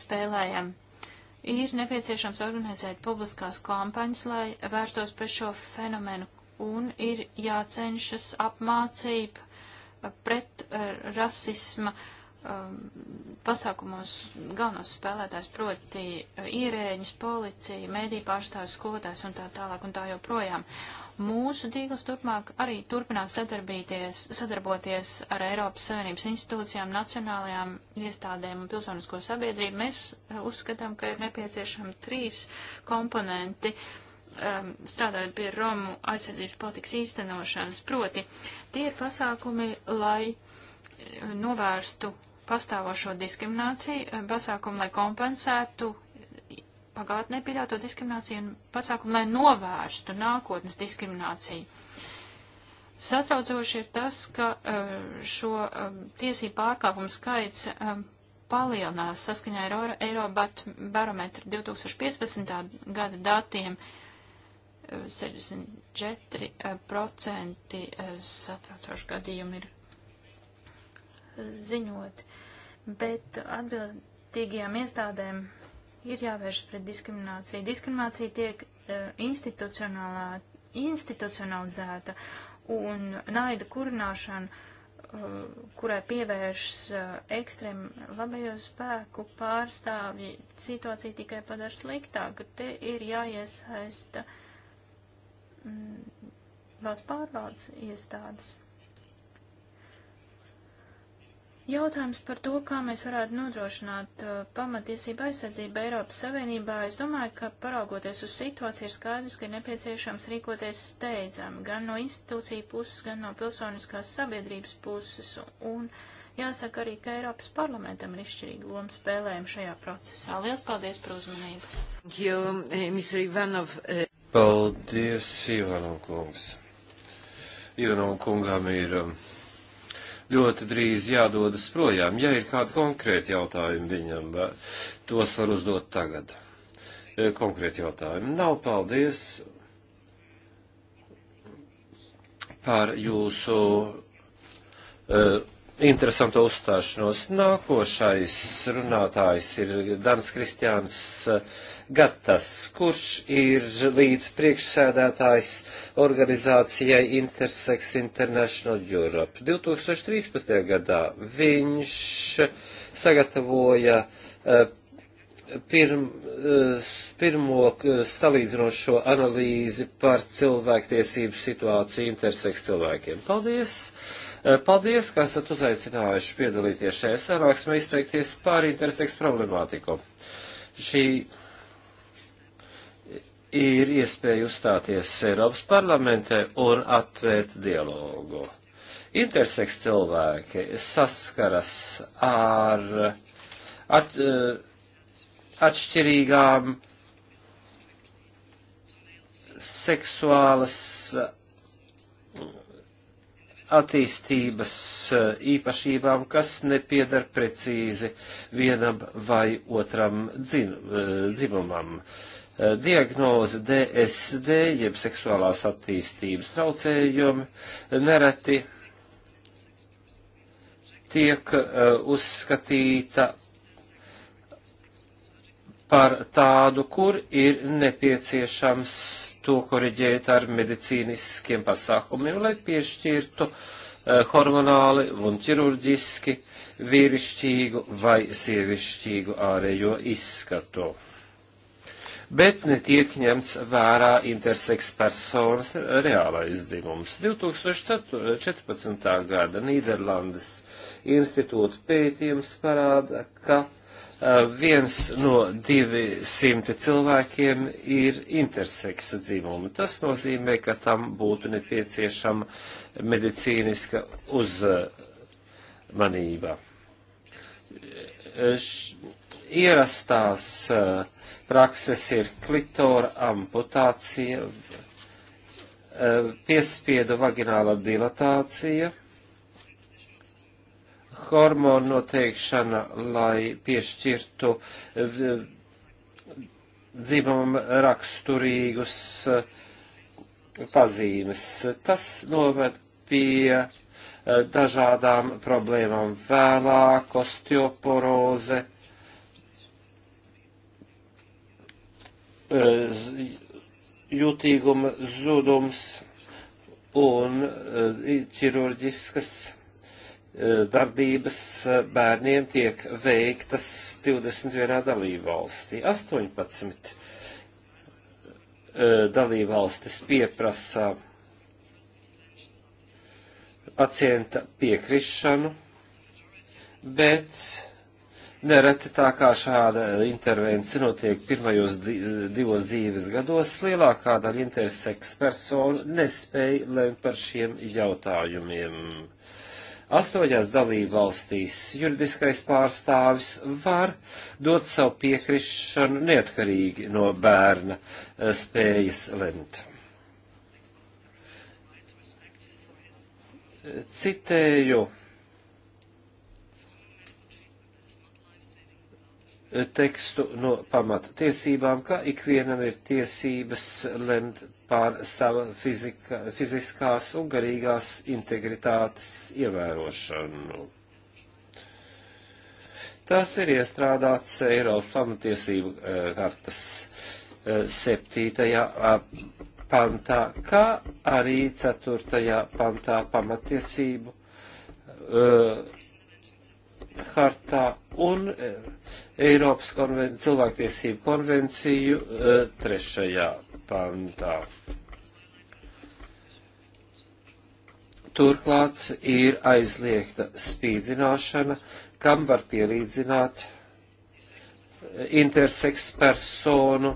spēlējama. Ir nepieciešams organizēt publiskās kampaņas, lai vērstos pret šo fenomenu, un ir jācenšas apmācība pret eh, rasisma um, pasākumos galvenos spēlētājs, proti eh, ierēģis, policija, mēdī pārstāvis, skolotājs un tā tālāk un tā joprojām. Mūsu tīkls turpmāk arī turpinās sadarboties ar Eiropas Savienības institūcijām, nacionālajām iestādēm un pilsonisko sabiedrību. Mēs eh, uzskatām, ka ir nepieciešami trīs komponenti um, strādājot pie Romu aizsardzības politikas īstenošanas. Proti, tie ir pasākumi, lai eh, novērstu pastāvošo diskrimināciju, eh, pasākumu, lai kompensētu pagātnē pieļauto diskrimināciju un pasākumu, lai novērstu nākotnes diskrimināciju. Satraucoši ir tas, ka eh, šo eh, tiesību pārkāpumu skaits eh, palielinās saskaņā ar Eirobat barometru 2015. gada datiem. 64% satraucošu gadījumu ir ziņot, bet atbildīgajām iestādēm ir jāvērš pret diskrimināciju. Diskriminācija tiek e, institucionālā, institucionalizēta un naida kurināšana, e, kurai pievēršas e, ekstrem labējo spēku pārstāvji, situācija tikai padara sliktāku. Te ir jāiesaista mm, valsts pārvaldes iestādes. Jautājums par to, kā mēs varētu nodrošināt uh, pamatiesību aizsardzību Eiropas Savienībā, es domāju, ka paraugoties uz situāciju ir skaidrs, ka ir nepieciešams rīkoties steidzami gan no institūciju puses, gan no pilsoniskās sabiedrības puses. Un jāsaka arī, ka Eiropas parlamentam ir izšķirīga loma spēlējuma šajā procesā. Lielas paldies par uzmanību. You, eh, eh. paldies, Ivanov kungs. Ivanov kungam ir. Um, ļoti drīz jādodas projām. Ja ir kādi konkrēti jautājumi viņam, tos var uzdot tagad. E, konkrēti jautājumi. Nav paldies par jūsu uh, interesantu uzstāšanos. Nākošais runātājs ir Dans Kristiāns. Uh, Gatas, kurš ir līdz priekšsēdētājs organizācijai Intersex International Europe. 2013. gadā viņš sagatavoja eh, pirm, eh, pirmo eh, salīdzinošo analīzi par cilvēktiesību situāciju intersex cilvēkiem. Paldies! Paldies, ka esat uzaicinājuši piedalīties šajā sarāksmē izteikties par intersex problemātiku. Šī ir iespēja uzstāties Eiropas parlamentē un atvērt dialogu. Interseks cilvēki saskaras ar at, eh, atšķirīgām seksuālas attīstības eh, īpašībām, kas nepiedar precīzi vienam vai otram eh, dzimumam. Dzin, Eh, diagnoze DSD, jeb seksuālās attīstības traucējumi, eh, nereti tiek eh, uzskatīta par tādu, kur ir nepieciešams to koriģēt ar medicīniskiem pasākumiem, lai piešķirtu hormonāli un ķirurģiski vīrišķīgu vai sievišķīgu ārējo izskatu bet netiek ņemts vērā interseks personas reālais dzimums. 2014. gada Nīderlandes institūta pētījums parāda, ka eh, viens no 200 cilvēkiem ir interseksa dzimuma. Tas nozīmē, ka tam būtu nepieciešama medicīniska uzmanība. Ierastās uh, prakses ir klitora amputācija, e, piespiedu vagināla dilatācija, hormonu noteikšana, lai piešķirtu e, dzimumam raksturīgus e, pazīmes. Tas noved pie dažādām problēmām vēlāk, osteoporoze, Eh, jūtīguma zudums un eh, ķirurģiskas eh, darbības bērniem tiek veiktas 21 dalībvalstī. 18 dalībvalstis pieprasa pacienta piekrišanu, bet Nereti tā kā šāda intervence notiek pirmajos di divos dzīves gados, lielākā daļa interseks personu nespēja lemt par šiem jautājumiem. Astoņās dalību valstīs juridiskais pārstāvis var dot savu piekrišanu neatkarīgi no bērna eh, spējas lemt. Citēju tekstu no pamata tiesībām, ka ikvienam ir tiesības lemt pār sava fizika, fiziskās un garīgās integritātes ievērošanu. Tas ir iestrādāts Eiropas pamatiesību kartas eh, eh, septītajā pantā, kā arī ceturtajā pantā pamatiesību eh, hartā un e, Eiropas konven cilvēktiesību konvenciju e, trešajā pantā. Turklāt ir aizliegta spīdzināšana, kam var pielīdzināt e, interseks personu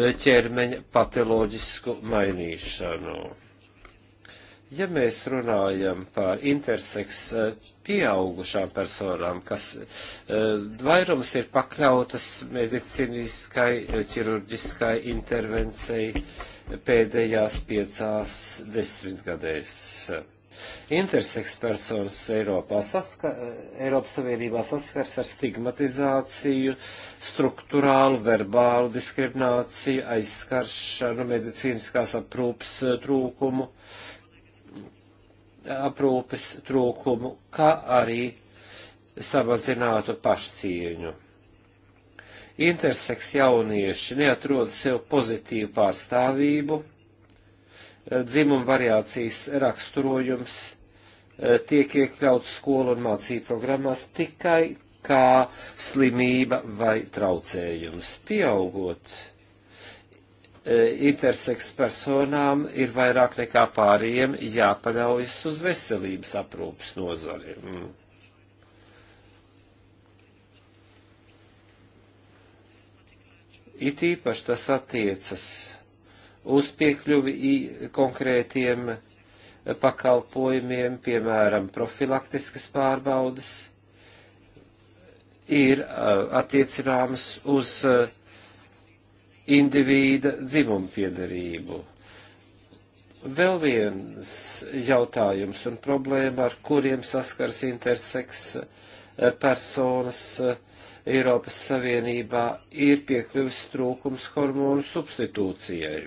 ķermeņa patoloģisku mainīšanu. Ja mēs runājam par interseks eh, pieaugušām personām, kas eh, vairums ir pakļautas medicīniskai, eh, ķirurģiskai intervencijai pēdējās piecās desmitgadēs. Interseks personas Eiropā saska, Eiropas Savienībā saskars ar stigmatizāciju, struktūrālu, verbālu diskrimināciju, aizskaršanu, medicīniskās aprūpas trūkumu. Uh, aprūpes trūkumu, kā arī samazinātu pašcieņu. Interseks jaunieši neatrod sev pozitīvu pārstāvību, dzimuma variācijas raksturojums eh, tiek iekļauts skolu un mācību programmās tikai kā slimība vai traucējums. Pieaugot E, interseks personām ir vairāk nekā pāriem jāpaļaujas uz veselības aprūpas nozari. Mm. It īpaši tas attiecas uz piekļuvi konkrētiem pakalpojumiem, piemēram, profilaktiskas pārbaudas, ir attiecināmas uz uh, indivīda dzimumu piedarību. Vēl viens jautājums un problēma, ar kuriem saskars interseks eh, personas eh, Eiropas Savienībā, ir piekļuvis trūkums hormonu substitūcijai.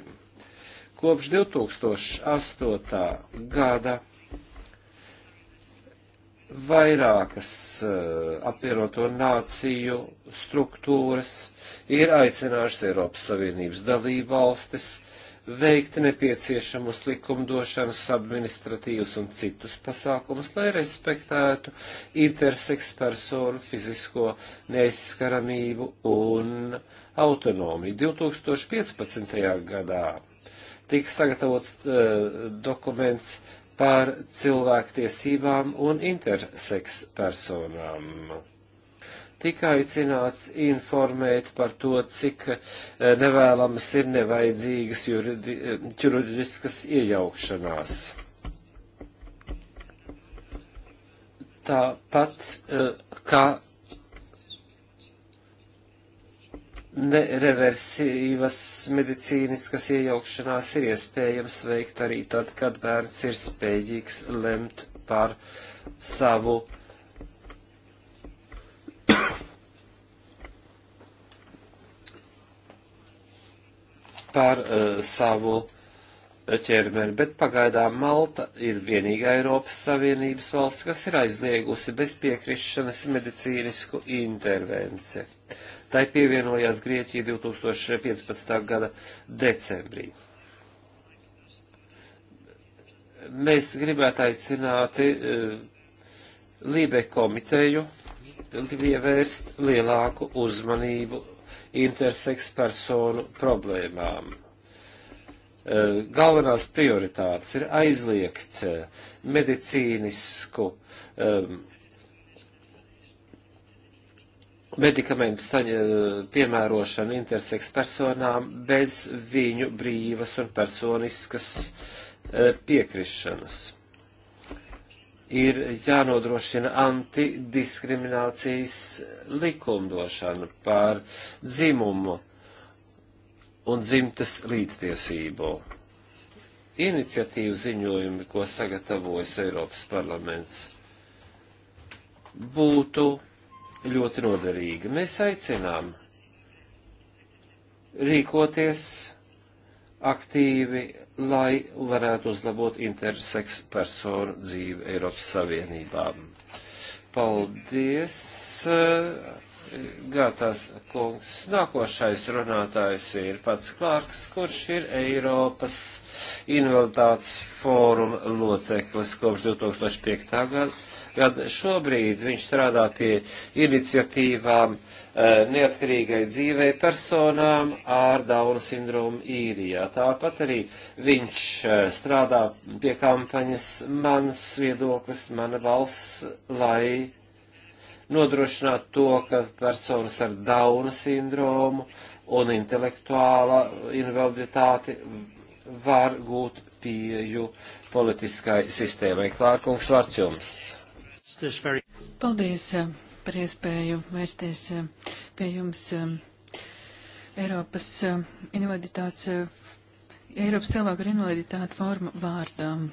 Kopš 2008. gada vairākas uh, apvienoto nāciju struktūras ir aicinājušas Eiropas Savienības dalību valstis veikt nepieciešamus likumdošanas, administratīvus un citus pasākumus, lai respektētu interseks personu fizisko neaizskaramību un autonomiju. 2015. gadā tika sagatavots uh, dokuments par cilvēktiesībām un interseks personām. Tika aicināts informēt par to, cik eh, nevēlamas ir nevajadzīgas juridi, eh, juridiskas iejaukšanās. Tāpat eh, kā nereversivas medicīniskas iejaukšanās ir iespējams veikt arī tad, kad bērns ir spējīgs lemt par savu [coughs] par uh, savu ķermeni, bet pagaidām Malta ir vienīgā Eiropas Savienības valsts, kas ir aizliegusi bez piekrišanas medicīnisku intervenciju. Tai pievienojās Grieķija 2015. gada decembrī. Mēs gribētu aicināt eh, Lībe komiteju pievērst lielāku uzmanību interseks personu problēmām. Eh, galvenās prioritātes ir aizliegt eh, medicīnisku um, medikamentu saņa, piemērošanu interseks personām bez viņu brīvas un personiskas eh, piekrišanas. Ir jānodrošina antidiskriminācijas likumdošana pār dzimumu un dzimtas līdztiesību. Iniciatīvu ziņojumi, ko sagatavojas Eiropas parlaments, būtu ļoti noderīga. Mēs aicinām rīkoties aktīvi, lai varētu uzlabot interseks personu dzīvi Eiropas Savienībām. Paldies, eh, Gātās kungs. Nākošais runātājs ir pats Klārks, kurš ir Eiropas invaliditātes fóruma loceklis kopš 2005. gada Gan šobrīd viņš strādā pie iniciatīvām eh, neatkarīgai dzīvē personām ar Dauna sindromu īrijā. Tāpat arī viņš eh, strādā pie kampaņas Mans viedoklis, mana valsts, lai nodrošinātu to, ka personas ar Dauna sindromu un intelektuāla invaliditāti var gūt pieju politiskai sistēmai. Klārkungs, vārds jums! very... Paldies eh, par iespēju vērsties eh, pie jums eh, Eiropas invaliditātes, Eiropas cilvēku ar invaliditāti formu vārdām.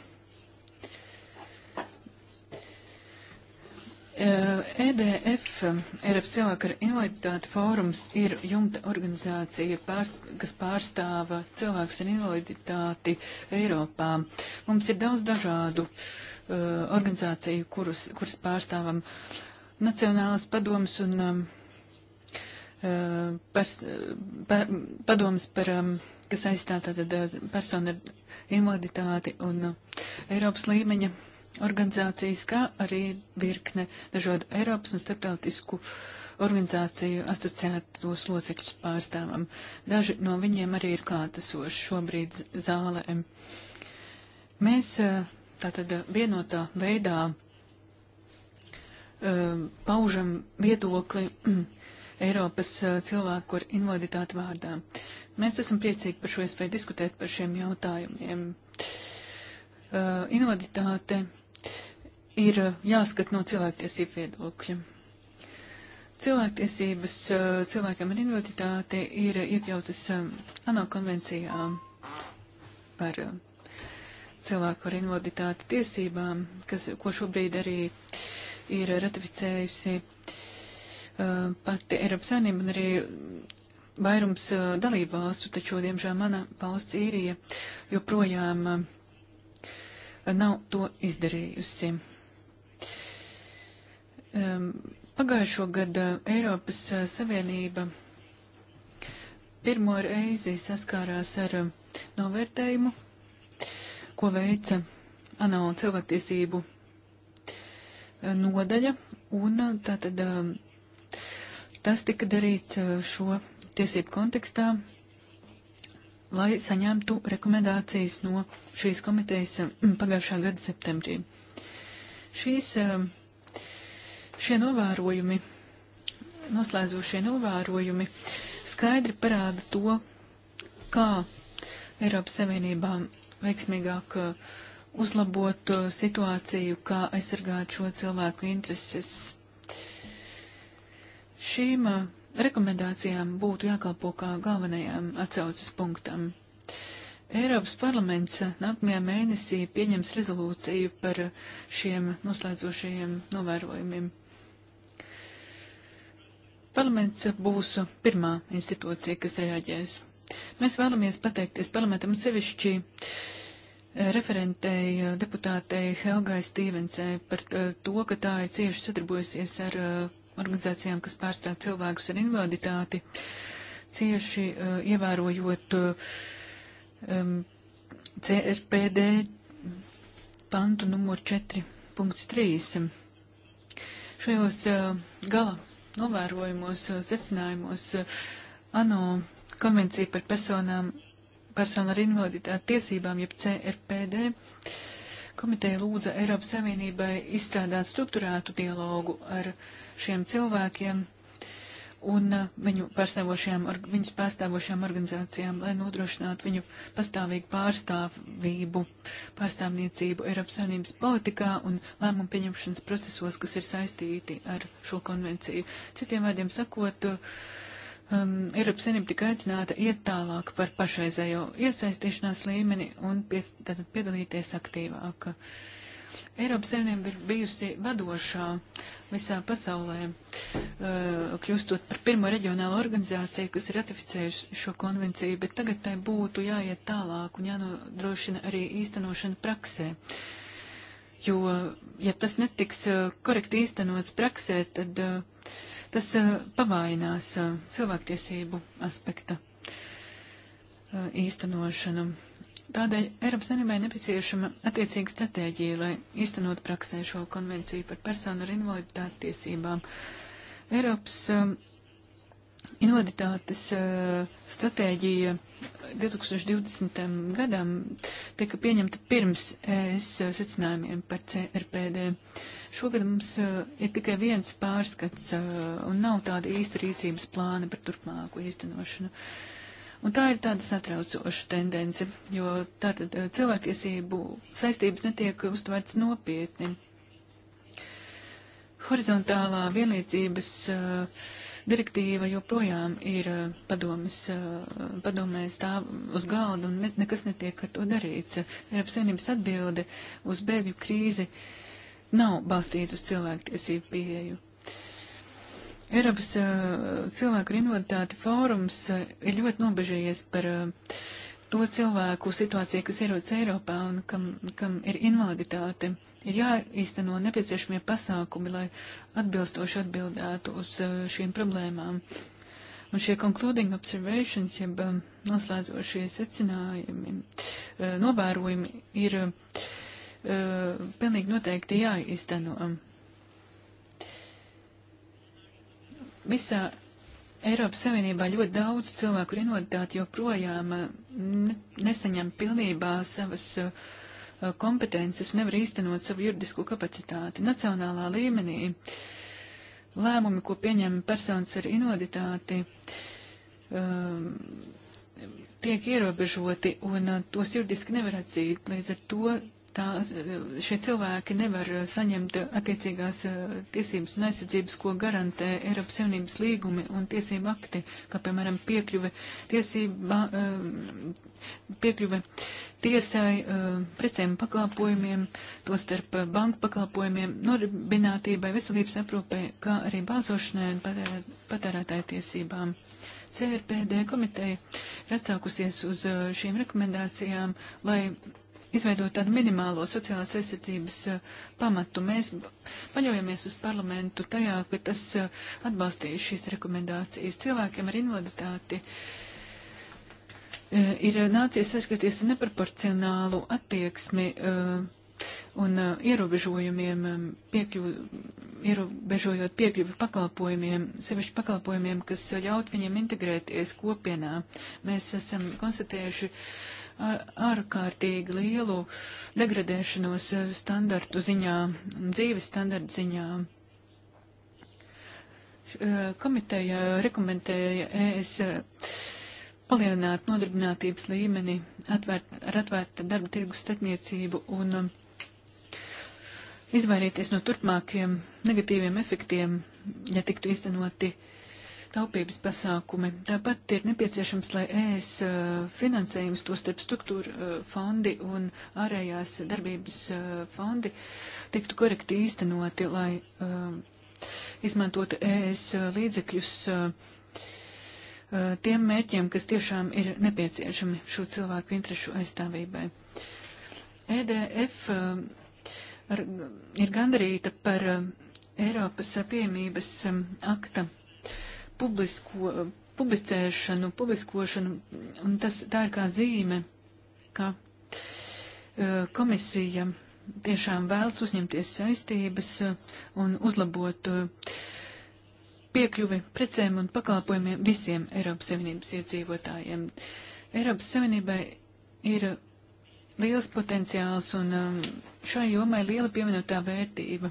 EDF, e Eiropas cilvēku ar invaliditāti fórums, ir jumta organizācija, pārs, kas pārstāva cilvēkus ar invaliditāti Eiropā. Mums ir daudz dažādu uh, Uh, organizāciju, kurus, kuras pārstāvam Nacionālas padomas un um, uh, pers, pa, padomas par, um, kas aizstāv tātad uh, personu ar invaliditāti un uh, Eiropas līmeņa organizācijas, kā arī virkne dažādu Eiropas un starptautisku organizāciju asociētos locekļus pārstāvam. Daži no viņiem arī ir klātesoši šobrīd zālēm. Mēs uh, tātad eh, vienotā veidā eh, paužam viedokli [clears throat] Eiropas eh, cilvēku ar invaliditāti vārdā. Mēs esam priecīgi par šo iespēju diskutēt par šiem jautājumiem. Invaliditāte ir jāskat no cilvēktiesību viedokļa. Cilvēktiesības cilvēkam ar invaliditāti ir iekļautas ANO konvencijā par cilvēku ar invaliditāti tiesībām, kas, ko šobrīd arī ir ratificējusi uh, pati Eiropas Savienība un arī vairums uh, dalību valstu, taču, diemžēl, mana valsts īrija joprojām uh, nav to izdarījusi. Um, pagājušo gadu Eiropas uh, Savienība pirmo reizi saskārās ar novērtējumu ko veica ANO cilvēktiesību eh, nodaļa, un eh, tātad eh, tas tika darīts šo tiesību kontekstā, lai saņemtu rekomendācijas no šīs komitejas pagājušā gada septembrī. Šīs, šie novērojumi, noslēdzošie novērojumi skaidri parāda to, kā Eiropas Savienībā veiksmīgāk uh, uzlabot uh, situāciju, kā aizsargāt šo cilvēku intereses. Šīm uh, rekomendācijām būtu jākalpo kā galvenajām atsaucas punktam. Eiropas parlaments nākamajā mēnesī pieņems rezolūciju par šiem noslēdzošajiem novērojumiem. Parlaments būs pirmā institūcija, kas reaģēs Mēs vēlamies pateikties parlamentam sevišķi eh, referentei eh, deputātei Helgai Stīvensai par eh, to, ka tā ir cieši sadarbojusies ar organizācijām, kas pārstāv cilvēkus ar invaliditāti, cieši ievērojot um, CRPD pantu numur 4.3. Šajos gala novērojumos, secinājumos ANO konvencija par personām, personu ar invaliditāti tiesībām, jeb CRPD, komiteja lūdza Eiropas Savienībai izstrādāt struktūrētu dialogu ar šiem cilvēkiem un uh, viņu pārstāvošajām, viņus pārstāvošajām organizācijām, lai nodrošinātu viņu pastāvīgu pārstāvību, pārstāvniecību Eiropas Savienības politikā un lēmumu pieņemšanas procesos, kas ir saistīti ar šo konvenciju. Citiem vārdiem sakot, uh, um, Eiropas Savienība tika aicināta iet tālāk par pašreizējo iesaistīšanās līmeni un pies, tātad piedalīties aktīvāk. Eiropas Savienība ir bijusi vadošā visā pasaulē, uh, kļūstot par pirmo reģionālo organizāciju, kas ir ratificējusi šo konvenciju, bet tagad tai būtu jāiet tālāk un jānodrošina arī īstenošana praksē. Jo, ja tas netiks uh, korekti īstenots praksē, tad uh, Tas eh, pavainās eh, cilvēktiesību aspekta eh, īstenošanu. Tādēļ Eiropas Savienībai nepieciešama attiecīga stratēģija, lai īstenot praksē šo konvenciju par personu ar invaliditāti tiesībām. Eiropas invaliditātes uh, eh, stratēģija 2020. gadam tika pieņemta pirms ES eh, secinājumiem par CRPD. Šogad mums uh, ir tikai viens pārskats uh, un nav tāda īsta rīcības plāna par turpmāku īstenošanu. Un tā ir tāda satraucoša tendence, jo tātad cilvēktiesību saistības netiek uztverts nopietni. Horizontālā vienlīdzības uh, Direktīva joprojām ir eh, padomis, eh, padomē stāv uz galda un ne, nekas netiek ar to darīts. Eiropas Savienības atbilde uz bēgļu krīzi nav balstīta uz cilvēktiesību pieeju. Eiropas eh, cilvēku invaliditāte fórums ir ļoti nobežījies par to cilvēku situācija, kas ierodas Eiropā un kam, kam ir invaliditāte, ir jāīsteno nepieciešamie pasākumi, lai atbilstoši atbildētu uz eh, šīm problēmām. Un šie concluding observations, jeb eh, noslēdzošie secinājumi, eh, novērojumi ir uh, pilnīgi noteikti jāizteno. Visā Eiropas Savienībā ļoti daudz cilvēku ar invaliditāti joprojām eh, nesaņem pilnībā savas eh, kompetences un nevar īstenot savu juridisko kapacitāti nacionālā līmenī. Lēmumi, ko pieņem personas ar invaliditāti, um, tiek ierobežoti un tos juridiski nevar atzīt. Līdz ar to tās, šie cilvēki nevar saņemt attiecīgās eh, tiesības un aizsardzības, ko garantē Eiropas Savienības līgumi un tiesība akti, kā piemēram piekļuve tiesība, eh, piekļuve tiesai, eh, precēm pakalpojumiem, to starp banku pakalpojumiem, nodarbinātībai, veselības aprūpē, kā arī bāzošanai un patērētāju tiesībām. CRPD komiteja ir atsākusies uz šīm rekomendācijām, lai izveidot tādu minimālo sociālās aizsardzības eh, pamatu. Mēs paļaujamies uz parlamentu tajā, ka tas eh, atbalstīs šīs rekomendācijas. Cilvēkiem ar invaliditāti eh, ir nācies saskaties neproporcionālu attieksmi un uh, ierobežojumiem, piekļu, ierobežojot piekļuvi pakalpojumiem, sevišķi pakalpojumiem, kas ļaut viņiem integrēties kopienā. Mēs esam konstatējuši ārkārtīgi lielu degradēšanos standartu ziņā, dzīves standartu ziņā. Eh, komiteja rekomendēja ES eh, palielināt nodarbinātības līmeni atvērt, ar atvērta darba tirgus starpniecību un eh, izvairīties no turpmākiem negatīviem efektiem, ja tiktu iztenoti uh, taupības pasākumi. Tāpat ir nepieciešams, lai ES finansējums, to starp struktūra fondi un ārējās darbības fondi, tiktu korekti īstenoti, lai izmantot ES līdzekļus tiem mērķiem, kas tiešām ir nepieciešami šo cilvēku interešu aizstāvībai. EDF ar, ir gandarīta par Eiropas pieejamības akta publisko, publicēšanu, publiskošanu, un tas tā ir kā zīme, ka e, komisija tiešām vēlas uzņemties saistības e, un uzlabot e, piekļuvi precēm un pakalpojumiem visiem Eiropas Savienības iedzīvotājiem. Eiropas Savienībai ir liels potenciāls un šai jomai liela pieminotā vērtība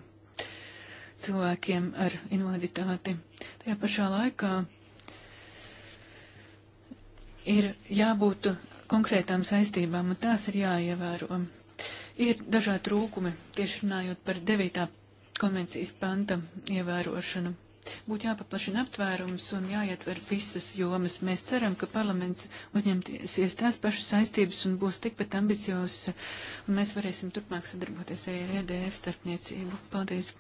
cilvēkiem ar invaliditāti. Tajā pašā laikā ir jābūt konkrētām saistībām, un tās ir jāievēro. Ir dažādi trūkumi, tieši runājot par 9. konvencijas panta ievērošanu būtu jāpaplašina aptvērums un jāietver visas jomas. Mēs ceram, ka parlaments uzņemsies tās pašas saistības un būs tikpat ambiciozs, un mēs varēsim turpmāk sadarboties ar EDF starpniecību. Paldies!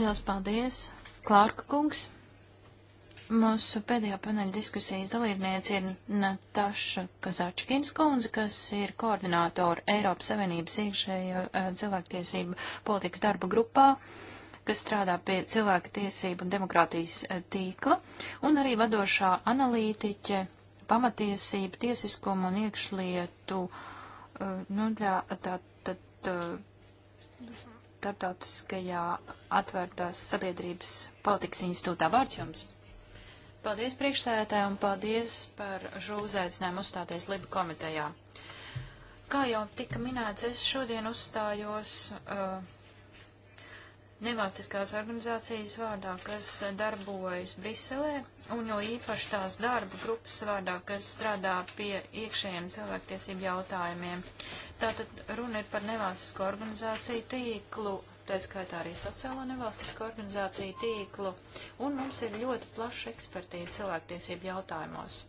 Liels paldies! Klārka kungs! Mūsu pēdējā paneļa diskusijas dalībniece ir Nataša Kazačkins kundze, kas ir koordinātora Eiropas Savienības iekšējo eh, cilvēktiesību politikas darba grupā. Uh, kas strādā pie cilvēka tiesību un demokrātijas eh, tīkla, un arī vadošā analītiķe pamatiesību, tiesiskumu un iekšlietu, eh, nu, tā, tā, tā, tā starptautiskajā atvērtās sabiedrības politikas institūtā. Vārds jums! Paldies priekšstādātājiem, paldies par šo uzaicinājumu uzstāties Liba komitejā. Kā jau tika minēts, es šodien uzstājos uh, nevalstiskās organizācijas vārdā, kas darbojas Briselē, un jo īpaši tās darba grupas vārdā, kas strādā pie iekšējiem cilvēktiesību jautājumiem. Tātad runa ir par nevalstisko organizāciju tīklu, tā skaitā arī sociālo nevalstisko organizāciju tīklu, un mums ir ļoti plaša ekspertīze cilvēktiesību jautājumos.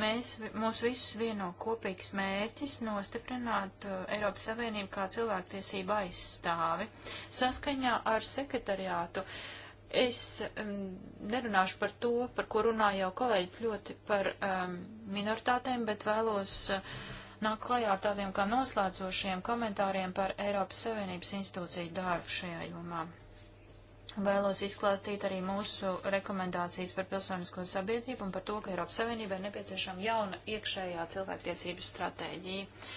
Mēs, mūs visus vieno kopīgs mērķis nostiprināt uh, Eiropas Savienību kā cilvēktiesību aizstāvi. Saskaņā ar sekretariātu es um, nerunāšu par to, par ko runā jau kolēģi ļoti par um, minoritātēm, bet vēlos uh, nāk klajā ar tādiem kā noslēdzošiem komentāriem par Eiropas Savienības institūciju darbu šajā jomā. Vēlos izklāstīt arī mūsu rekomendācijas par pilsonisko sabiedrību un par to, ka Eiropas Savienībai nepieciešama jauna iekšējā cilvēktiesību stratēģija.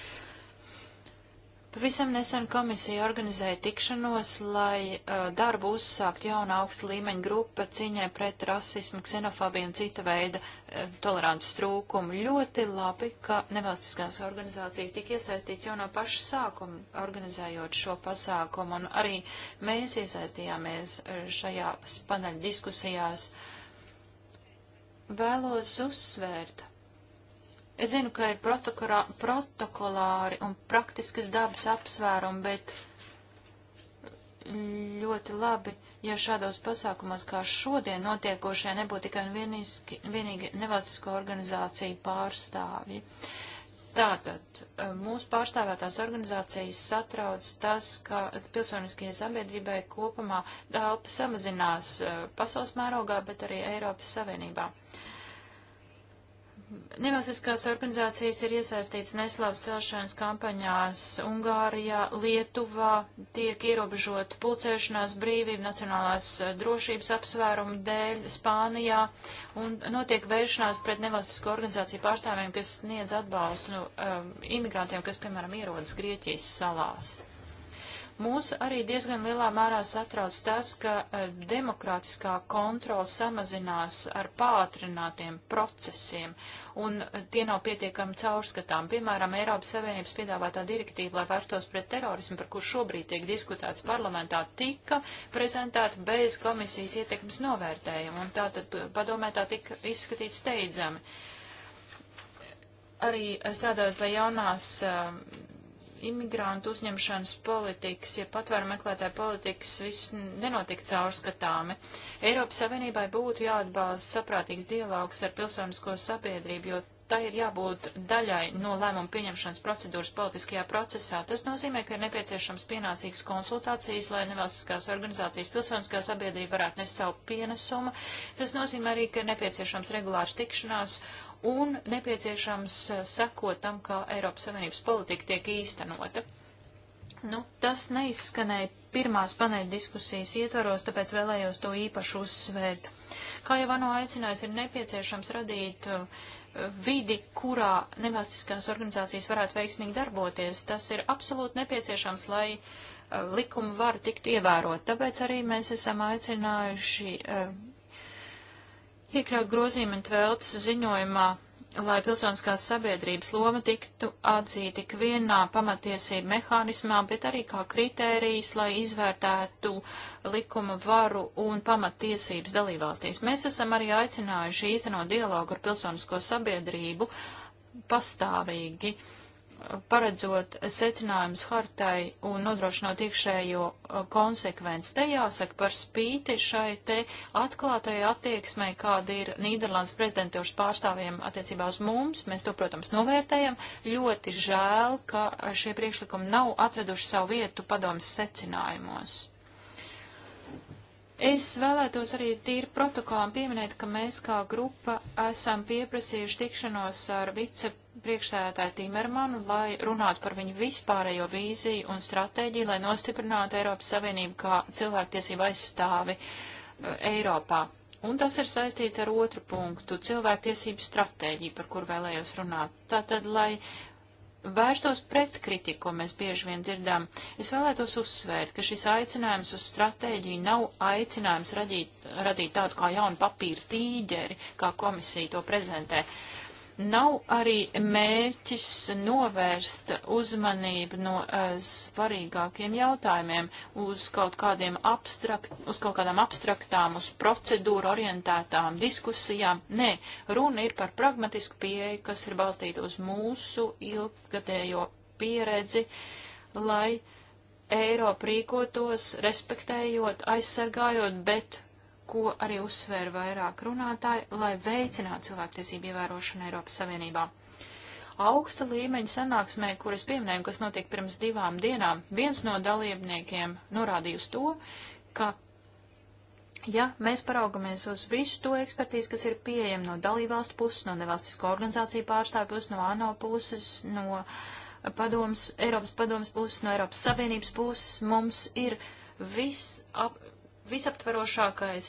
Pavisam nesen komisija organizēja tikšanos, lai uh, darbu uzsākt jauna augsta līmeņa grupa cīņai pret rasismu, ksenofobiju un cita veida uh, tolerants trūkumu. Ļoti labi, ka nevalstiskās organizācijas tika iesaistīts jau no paša sākuma, organizējot šo pasākumu, un arī mēs iesaistījāmies šajā paneļa diskusijās. Vēlos uzsvērt, Es zinu, ka ir protokolāri un praktiskas dabas apsvērumi, bet ļoti labi, ja šādos pasākumos kā šodien notiekošie nebūtu tikai un vienīgi, vienīgi nevalstisko organizāciju pārstāvji. Tātad eh, mūsu pārstāvētās organizācijas satrauc tas, ka pilsoniskajai sabiedrībai kopumā telpa samazinās eh, pasaules mērogā, bet arī Eiropas Savienībā. Uh, Nevalstiskās organizācijas ir iesaistīts neslāpes celšanas kampaņās Ungārijā, Lietuvā, tiek ierobežot pulcēšanās brīvība nacionālās eh, drošības apsvērumu dēļ Spānijā un notiek vēršanās pret nevalstisko organizāciju pārstāvjiem, kas sniedz atbalstu nu, um, imigrantiem, kas, piemēram, ierodas Grieķijas salās. Mūs arī diezgan lielā mērā satrauc tas, ka e, demokrātiskā kontrola samazinās ar pātrinātiem procesiem, un e, tie nav pietiekami caurskatām. Piemēram, Eiropas Savienības piedāvātā direktīva, lai vērtos pret terorismu, par kur šobrīd tiek diskutēts parlamentā, tika prezentēta bez komisijas ietekmes novērtējuma, un tātad e, padomē tā tika izskatīts steidzami arī strādājot pie jaunās uh, imigrantu uzņemšanas politikas, ja patvēru meklētāju politikas viss nenotika caurskatāmi. Eiropas Savienībai būtu jāatbalsta saprātīgs dialogs ar pilsonisko sabiedrību, jo tā ir jābūt daļai no lēmumu pieņemšanas procedūras politiskajā procesā. Tas nozīmē, ka ir nepieciešams pienācīgas konsultācijas, lai nevalstiskās organizācijas pilsoniskā sabiedrība varētu nest savu pienesumu. Tas nozīmē arī, ka ir nepieciešams regulārs tikšanās un nepieciešams eh, sekot tam, kā Eiropas Savienības politika tiek īstenota. Nu, tas neizskanēja pirmās paneļa diskusijas ietvaros, tāpēc vēlējos to īpaši uzsvērt. Kā jau Vano aicinājis, ir nepieciešams radīt uh, vidi, kurā nevalstiskās organizācijas varētu veiksmīgi darboties. Tas ir absolūti nepieciešams, lai uh, likuma var tikt ievērot. Tāpēc arī mēs esam aicinājuši uh, Iekļaut grozījumu un tvēltas ziņojumā, lai pilsoniskās sabiedrības loma tiktu atzīta tik vienā pamatiesību mehānismā, bet arī kā kritērijas, lai izvērtētu likuma varu un pamatiesības dalībvalstīs. Mēs esam arī aicinājuši īstenot dialogu ar pilsonisko sabiedrību pastāvīgi. Uh, paredzot secinājumus hartai un nodrošinot iekšējo uh, konsekvenci. Te jāsaka par spīti šai te atklātai attieksmai, kāda ir Nīderlandes prezidentūras pārstāvjiem attiecībā uz mums. Mēs to, protams, novērtējam. Ļoti žēl, ka šie priekšlikumi nav atraduši savu vietu padomas secinājumos. Es vēlētos arī tīri protokolam pieminēt, ka mēs kā grupa esam pieprasījuši tikšanos ar vice priekšsēdētāju Timermanu, lai runātu par viņu vispārējo vīziju un stratēģiju, lai nostiprinātu Eiropas Savienību kā cilvēktiesību aizstāvi uh, Eiropā. Un tas ir saistīts ar otru punktu - cilvēktiesību stratēģiju, par kur vēlējos runāt. Tātad, lai vērstos pret kritiku, ko mēs bieži vien dzirdām, es vēlētos uzsvērt, ka šis aicinājums uz stratēģiju nav aicinājums radīt, radīt tādu kā jaunu papīra tīģeri, kā komisija to prezentē. Uh, Nav arī mērķis novērst uzmanību no uh, svarīgākiem jautājumiem uz kaut, kādiem abstrakt, uz kaut kādām abstraktām, uz procedūru orientētām diskusijām. Nē, runa ir par pragmatisku pieeju, kas ir balstīta uz mūsu ilgadējo pieredzi, lai Eiropa rīkotos, respektējot, aizsargājot, bet ko arī uzsvēra vairāk runātāji, lai veicinātu cilvēktiesību ievērošanu Eiropas Savienībā. Augsta līmeņa sanāksmē, kuras pieminēju, kas notiek pirms divām dienām, viens no dalībniekiem norādīja uz to, ka, ja mēs paraugamies uz visu to ekspertīzi, kas ir pieejama no dalībvalstu puses, no nevalstisko organizāciju pārstāvju puses, no ANO puses, no padoms, Eiropas padomas puses, no Eiropas Savienības puses, mums ir viss ap, visaptverošākais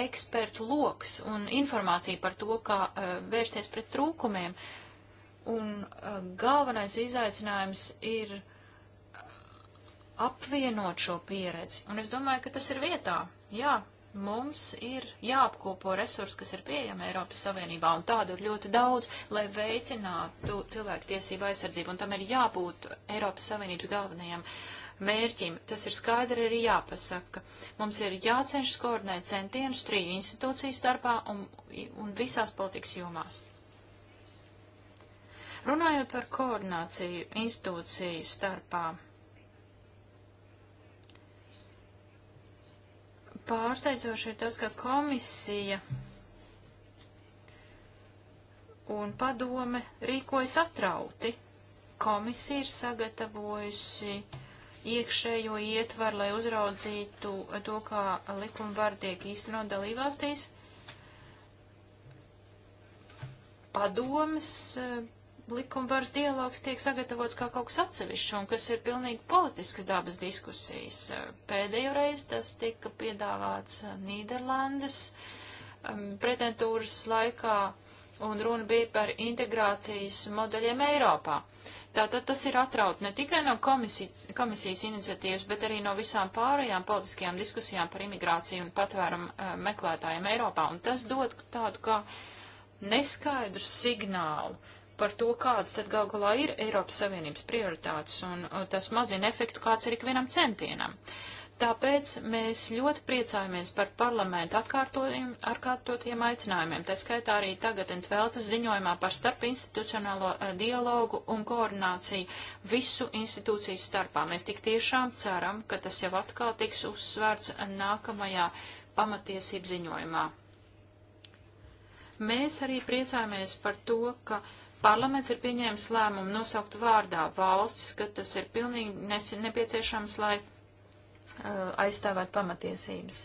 ekspertu loks un informācija par to, kā uh, vērsties pret trūkumiem. Un uh, galvenais izaicinājums ir eh, apvienot šo pieredzi. Un es domāju, ka tas ir vietā. Jā, mums ir jāapkopo resursi, kas ir pieejami Eiropas Savienībā, un tādu ir ļoti daudz, lai veicinātu cilvēku tiesību aizsardzību, un tam ir jābūt Eiropas Savienības galvenajam uh, mērķim. Tas ir skaidri arī jāpasaka. Mums ir jācenšas koordinēt centienus triju institūciju starpā un, un visās politikas jomās. Runājot par koordināciju institūciju starpā, pārsteidzoši ir tas, ka komisija un padome rīkojas atrauti. Komisija ir sagatavojusi uh, iekšējo ietvaru, lai uzraudzītu to, kā likuma var tiek īstenot dalībvalstīs. Padomas e, likumvaras dialogs tiek sagatavots kā kaut kas atsevišķs un kas ir pilnīgi politiskas dabas diskusijas. E, pēdējo reizi tas tika piedāvāts e, Nīderlandes pretendūras laikā un runa bija par integrācijas modeļiem Eiropā. Tātad tas ir atraut ne tikai no komisijas, komisijas iniciatīvas, bet arī no visām pārējām politiskajām diskusijām par imigrāciju un patvērumu uh, meklētājiem Eiropā. Un tas dod tādu kā neskaidru signālu par to, kādas tad gal galā ir Eiropas Savienības prioritātes, un, un eh, tas mazina efektu, kāds ir ikvienam centienam. Uh, Tāpēc mēs ļoti priecājamies par parlamentu atkārtotiem aicinājumiem, tā skaitā arī tagad Entveltas ziņojumā par starpinstitucionālo eh, dialogu un koordināciju visu institūciju starpā. Mēs tik tiešām ceram, ka tas jau atkal tiks uzsvērts nākamajā pamatiesību ziņojumā. Mēs arī priecājamies par to, ka. Parlaments ir pieņēmis lēmumu nosaukt vārdā valsts, ka tas ir pilnīgi nepieciešams, lai Uh, aizstāvēt pamatiesības.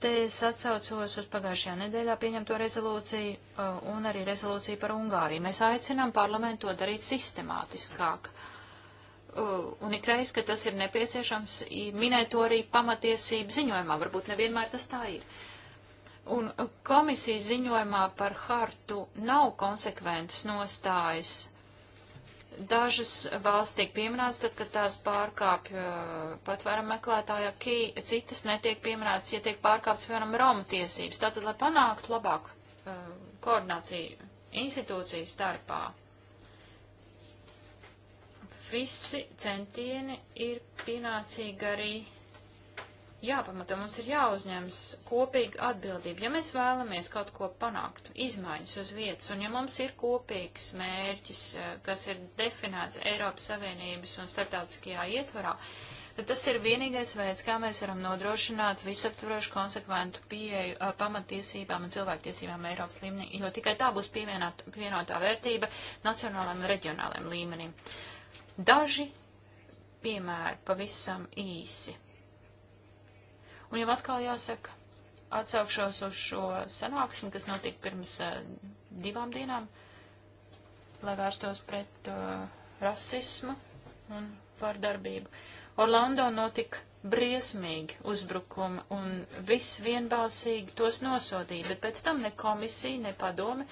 Te es atsaucos uz pagājušajā nedēļā pieņemto rezolūciju uh, un arī rezolūciju par Ungāriju. Mēs aicinām parlamentu to darīt sistemātiskāk. Uh, un ikreiz, kad tas ir nepieciešams, minēt to arī pamatiesību ziņojumā. Varbūt nevienmēr tas tā ir. Un komisijas ziņojumā par hartu nav konsekventas nostājas Dažas valsts tiek pieminētas, tad, kad tās pārkāpj uh, patvēram meklētājā, citas netiek pieminētas, ja tiek pārkāptas, piemēram, Roma tiesības. Tātad, lai panāktu labāku uh, koordināciju institūciju starpā, visi centieni ir pienācīgi arī jāpamato, mums ir jāuzņems kopīga atbildība. Ja mēs vēlamies kaut ko panākt, izmaiņas uz vietas, un ja mums ir kopīgs mērķis, eh, kas ir definēts Eiropas Savienības un starptautiskajā ietvarā, tad tas ir vienīgais veids, kā mēs varam nodrošināt visaptvarošu konsekventu pieeju eh, pamatiesībām un cilvēktiesībām Eiropas līmenī, jo tikai tā būs pievienot, pievienotā vērtība nacionālajiem un reģionālajiem līmenim. Daži piemēri pavisam īsi Un jau atkal jāsaka, atsaukšos uz šo sanāksmi, kas notika pirms uh, divām dienām, lai vērstos pret uh, rasismu un vardarbību. Orlando notika briesmīgi uzbrukumi un viss vienbalsīgi tos nosodīja, bet pēc tam ne komisija, ne padome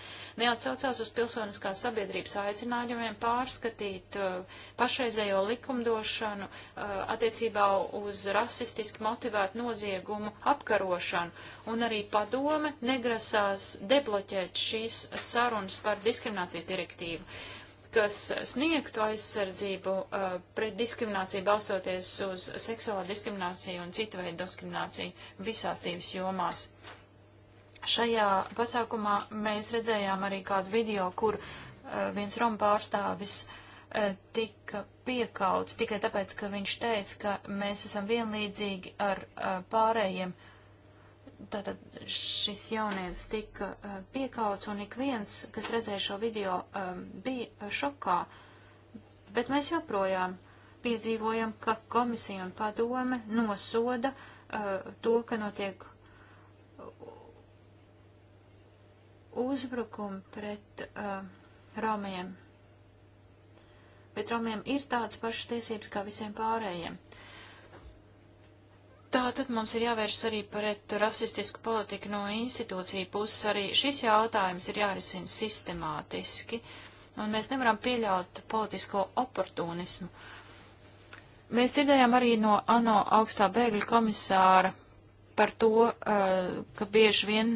neatsaucās uz pilsoniskās sabiedrības aicinājumiem pārskatīt uh, pašreizējo likumdošanu uh, attiecībā uz rasistiski motivētu noziegumu apkarošanu. Un arī padome negrasās debloķēt šīs sarunas par diskriminācijas direktīvu. Uh, kas sniegtu aizsardzību uh, pret diskrimināciju balstoties uz seksuālo diskrimināciju un citu veidu diskrimināciju visās dzīves jomās. Šajā pasākumā mēs redzējām arī kādu video, kur uh, viens Roma pārstāvis uh, tika piekauts tikai tāpēc, ka viņš teica, ka mēs esam vienlīdzīgi ar uh, pārējiem uh, Tātad šis jaunietis tika eh, piekauts un ik viens, kas redzēja šo video, eh, bija šokā. Bet mēs joprojām piedzīvojam, ka komisija un padome nosoda eh, to, ka notiek uzbrukumi pret romiem. Bet romiem ir tādas pašas tiesības kā visiem pārējiem. Tātad mums ir jāvēršas arī pret rasistisku politiku no institūciju puses. Arī šis jautājums ir jārisina sistemātiski, un mēs nevaram pieļaut politisko oportunismu. Mēs dzirdējām arī no ANO augstā bēgļa komisāra par to, eh, ka bieži vien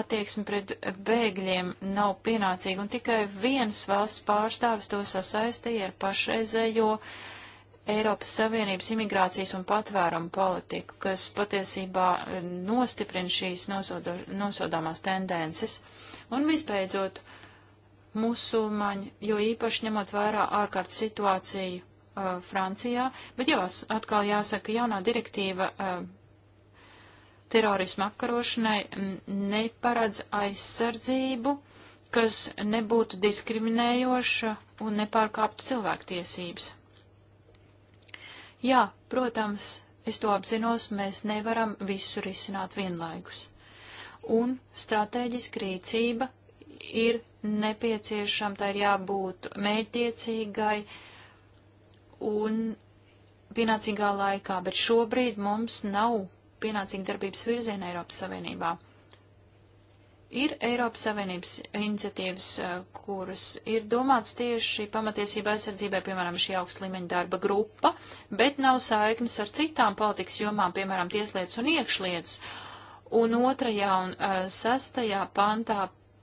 attieksme pret bēgļiem nav pienācīga, un tikai viens valsts pārstāvis to sasaistīja ar pašreizējo. Jo Eiropas Savienības imigrācijas un patvērumu politiku, kas patiesībā eh, nostiprina šīs nosodo, nosodāmās tendences. Un visbeidzot, musulmaņi, jo īpaši ņemot vērā ārkārtas situāciju uh, Francijā, bet jau atkal jāsaka, jaunā direktīva uh, eh, terorismu apkarošanai mm, neparedz aizsardzību, kas nebūtu diskriminējoša un nepārkāptu cilvēktiesības. Jā, protams, es to apzinos, mēs nevaram visu risināt vienlaikus. Un stratēģiska rīcība ir nepieciešama, tā ir jābūt mērķtiecīgai un pienācīgā laikā, bet šobrīd mums nav pienācīga darbības virziena Eiropas Savienībā. Ir Eiropas Savienības iniciatīvas, eh, kuras ir domāts tieši pamatiesība aizsardzībai, piemēram, šī augsta līmeņa darba grupa, bet nav saiknes ar citām politikas jomām, piemēram, tieslietas un iekšlietas. Un otrajā un uh, sastajā pantā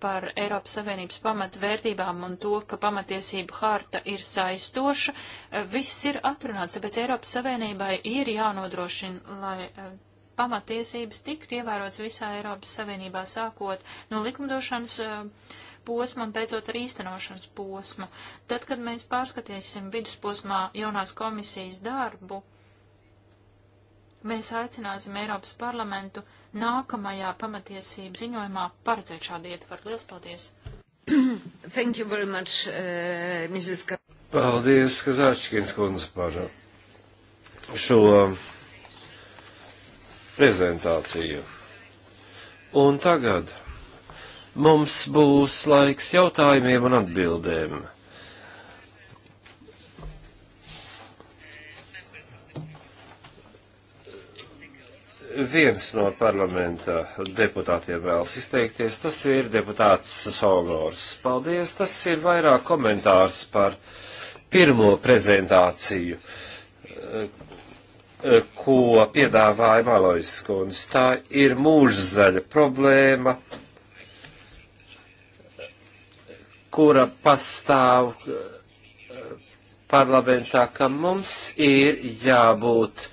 par Eiropas Savienības pamatvērtībām un to, ka pamatiesība harta ir saistoša, eh, viss ir atrunāts, tāpēc Eiropas Savienībai ir jānodrošina, lai pamatiesības tiktu ievērots visā Eiropas Savienībā, sākot no likumdošanas eh, posma un beidzot ar īstenošanas posmu. Tad, kad mēs pārskatīsim vidusposmā jaunās komisijas darbu, mēs aicināsim Eiropas parlamentu nākamajā pamatiesību ziņojumā paredzēt šādu ietvaru. Lielas paldies! [clears throat] Thank you very much, uh, Mrs. Ka Paldies, Kazāčkins kundze, par šo prezentāciju. Un tagad mums būs laiks jautājumiem un atbildēm. viens no parlamenta deputātiem vēlas izteikties. Tas ir deputāts Sogors. Paldies. Tas ir vairāk komentārs par pirmo prezentāciju, ko piedāvāja Malojas kundze. Tā ir mūžzaļa problēma, kura pastāv eh, parlamentā, ka mums ir jābūt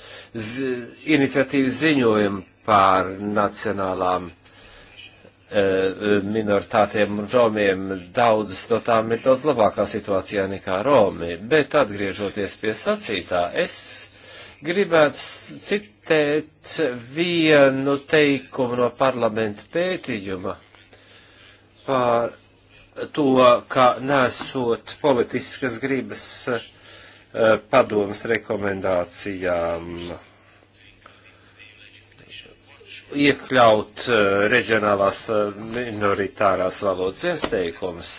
zi iniciatīvas ziņojumu pār nacionālām eh, minoritātiem un romiem daudzas no tām ir daudz labākā situācijā nekā romi. Bet atgriežoties pie sacītā, es gribētu citēt vienu teikumu no parlamenta pētījuma par to, ka nesot politiskas gribas eh, padomas rekomendācijām iekļaut eh, reģionālās eh, minoritārās valodas viens teikums,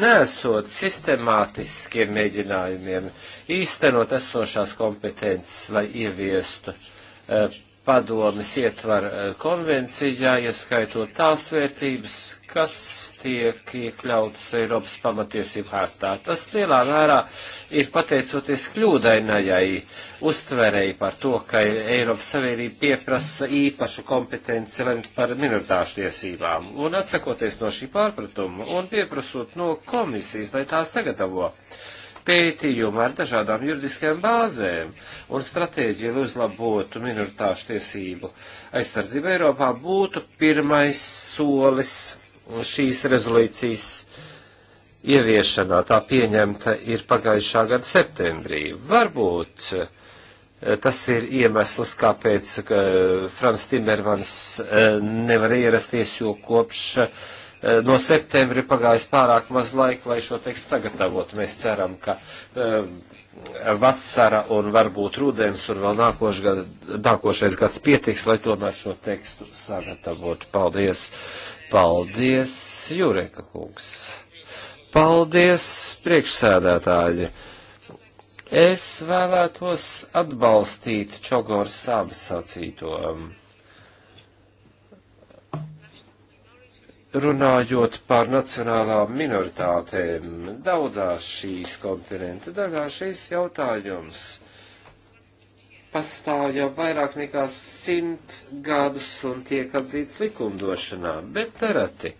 nesot sistemātiskiem mēģinājumiem uh, īstenot esošās kompetences, lai ieviestu eh, padomis ietvar eh, konvencijā, ieskaitot tās vērtības, kas tiek iekļautas Eiropas pamatiesību hartā. Tas lielā mērā ir pateicoties kļūdainajai uztverei par to, ka Eiropas Savienība pieprasa īpašu kompetenci lemt par minoritāšu tiesībām. Un atsakoties no šī pārpratuma un pieprasot no komisijas, lai tā sagatavo pētījumu ar dažādām juridiskajām bāzēm un stratēģiju, lai uzlabotu minoritāšu tiesību aizsardzību Eiropā, būtu pirmais solis šīs rezolīcijas ieviešanā. Tā pieņemta ir pagājušā gada septembrī. Varbūt eh, tas ir iemesls, kāpēc eh, Frans Timermans eh, nevar ierasties, jo kopš Eh, no septembra ir pagājis pārāk maz laika, lai šo tekstu sagatavotu. Mēs ceram, ka eh, vasara un varbūt rudens un vēl gada, nākošais gads pietiks, lai tomēr šo tekstu sagatavotu. Paldies! Paldies, Jureka kungs! Paldies, priekšsēdētāji! Es vēlētos atbalstīt Čogors sābas sacīto. Um, Runājot par nacionālām minoritātēm, daudzās šīs kontinenta daļās šis jautājums pastāv jau vairāk nekā simt gadus un tiek atzīts likumdošanā, bet nereti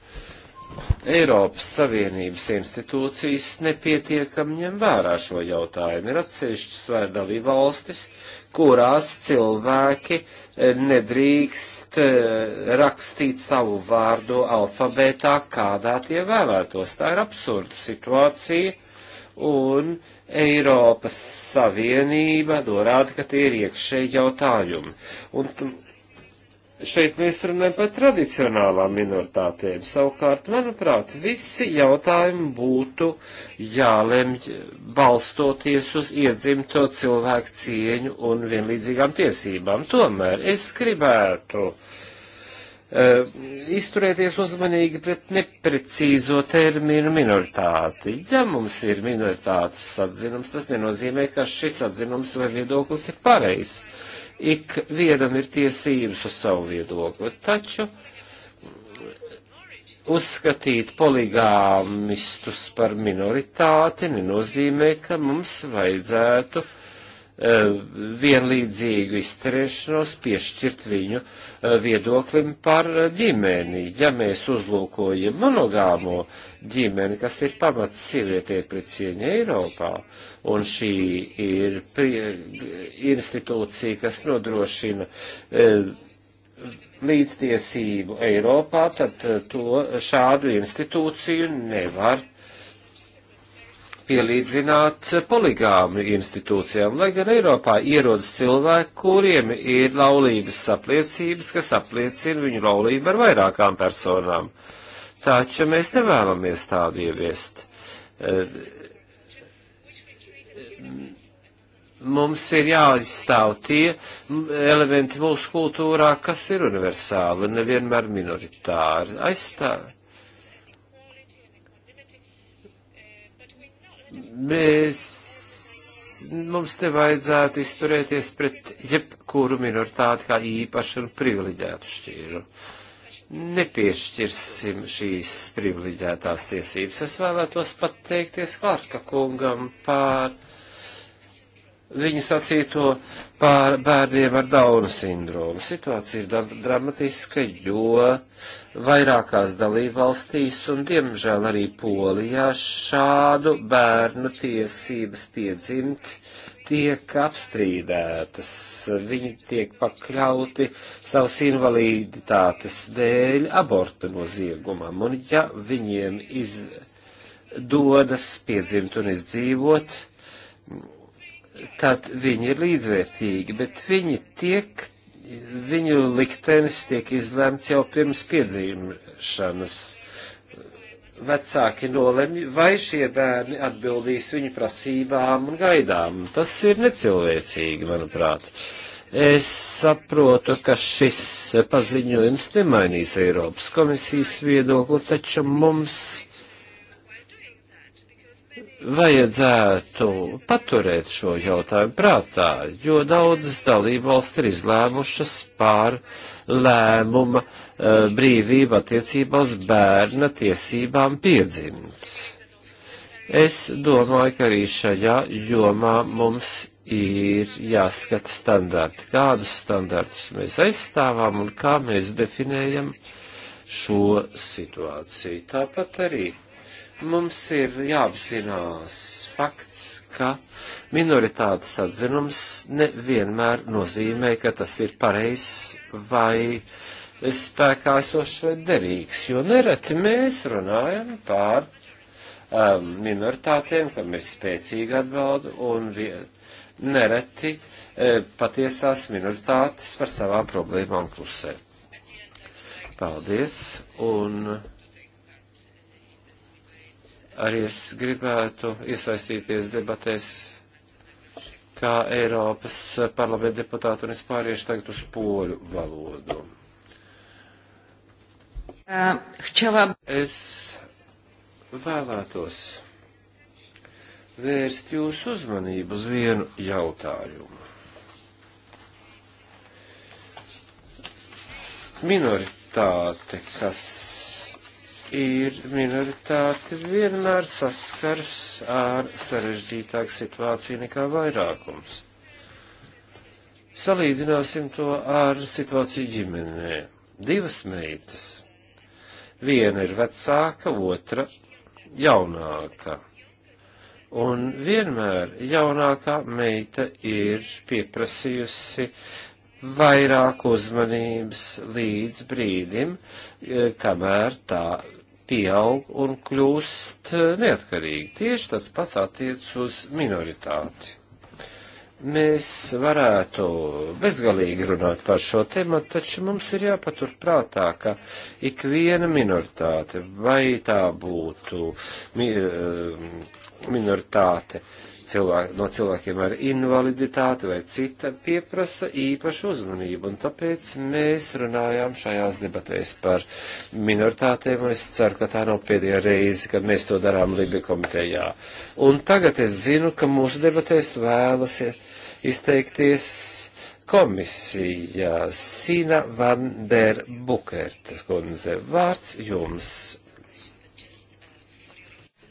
Eiropas Savienības institūcijas nepietiekam ņem vērā šo jautājumu. Ir atsevišķas vai dalība valstis, kurās cilvēki e, nedrīkst e, rakstīt savu vārdu alfabētā, kādā tie vēlētos. Tā ir absurda situācija, un Eiropas Savienība norāda, ka tie ir iekšēji jautājumi. Un Šeit mēs runājam par tradicionālām minoritātēm. Savukārt, manuprāt, visi jautājumi būtu jālemj balstoties uz iedzimto cilvēku cieņu un vienlīdzīgām tiesībām. Tomēr es gribētu uh, izturēties uzmanīgi pret neprecīzo terminu minoritāti. Ja mums ir minoritātes atzinums, tas nenozīmē, ka šis atzinums vai viedoklis ir pareizs ik vienam ir tiesības uz savu viedokli, taču uzskatīt poligāmistus par minoritāti nenozīmē, ka mums vajadzētu uh, Eh, vienlīdzīgu izturēšanos piešķirt viņu eh, viedoklim par ģimeni. Ja mēs uzlūkojam monogāmo ģimeni, kas ir pamats sievietē pret cieņu Eiropā, un šī ir institūcija, kas nodrošina eh, līdztiesību Eiropā, tad to šādu institūciju nevar pielīdzināt poligāmu institūcijām, lai gan Eiropā ierodas cilvēki, kuriem ir laulības apliecības, kas apliecina viņu laulību ar vairākām personām. Taču mēs nevēlamies tādu ieviest. Mums ir jāizstāv tie elementi mūsu kultūrā, kas ir universāli un nevienmēr minoritāri. Aizstāv Mēs, mums nevajadzētu izturēties pret jebkuru minoritāti kā īpašu un privileģētu šķīru. Nepiešķirsim šīs privileģētās tiesības. Es vēlētos pateikties Klārka kungam par viņa sacīto par bērniem ar Dauna sindromu. Situācija ir dramatiska, jo vairākās dalībvalstīs un, diemžēl, arī Polijā šādu bērnu tiesības piedzimt tiek apstrīdētas. Viņi tiek pakļauti savas invaliditātes dēļ abortu noziegumam, un ja viņiem izdodas piedzimt un izdzīvot, tad viņi ir līdzvērtīgi, bet viņi tiek, viņu liktenis tiek izlēmts jau pirms piedzīvšanas. Vecāki nolemj, vai šie bērni atbildīs viņu prasībām un gaidām. Tas ir necilvēcīgi, manuprāt. Es saprotu, ka šis paziņojums nemainīs Eiropas komisijas viedokli, taču mums vajadzētu paturēt šo jautājumu prātā, jo daudzas dalībvalsts ir izlēmušas pār lēmuma eh, brīvību attiecībā uz bērna tiesībām piedzimt. Es domāju, ka arī šajā jomā mums ir jāskata standarti, kādus standartus mēs aizstāvām un kā mēs definējam šo situāciju. Tāpat arī Mums ir jāapzinās fakts, ka minoritātes atzinums nevienmēr nozīmē, ka tas ir pareizs vai spēkā esošs vai derīgs, jo nereti mēs runājam pār um, minoritātiem, kam ir spēcīga atbalda un vieta nereti e, patiesās minoritātes par savām problēmām klusē. Paldies, un Arī es gribētu iesaistīties debatēs kā Eiropas parlamenta deputāti, un es pāriešu tagad uz poļu valodu. Uh, es vēlētos vērst jūsu uzmanību uz vienu jautājumu. Minoritāte, kas ir minoritāte, vienmēr saskars ar sarežģītāku situāciju nekā vairākums. Salīdzināsim to ar situāciju ģimenē. Divas meitas. Viena ir vecāka, otra jaunāka. Un vienmēr jaunākā meita ir pieprasījusi vairāk uzmanības līdz brīdim, eh, kamēr tā pieaug un kļūst eh, neatkarīgi. Tieši tas pats attiec uz minoritāti. Mēs varētu bezgalīgi runāt par šo tēmu, taču mums ir jāpatur prātā, ka ikviena minoritāte, vai tā būtu mi eh, minoritāte, uh, cilvēki, no cilvēkiem ar invaliditāti vai cita pieprasa īpašu uzmanību, un tāpēc mēs runājām šajās debatēs par minoritātēm, un es ceru, ka tā nav pēdējā reize, kad mēs to darām Libi komitejā. Un tagad es zinu, ka mūsu debatēs vēlas izteikties komisijā Sina van der Bukerta kundze. Vārds jums.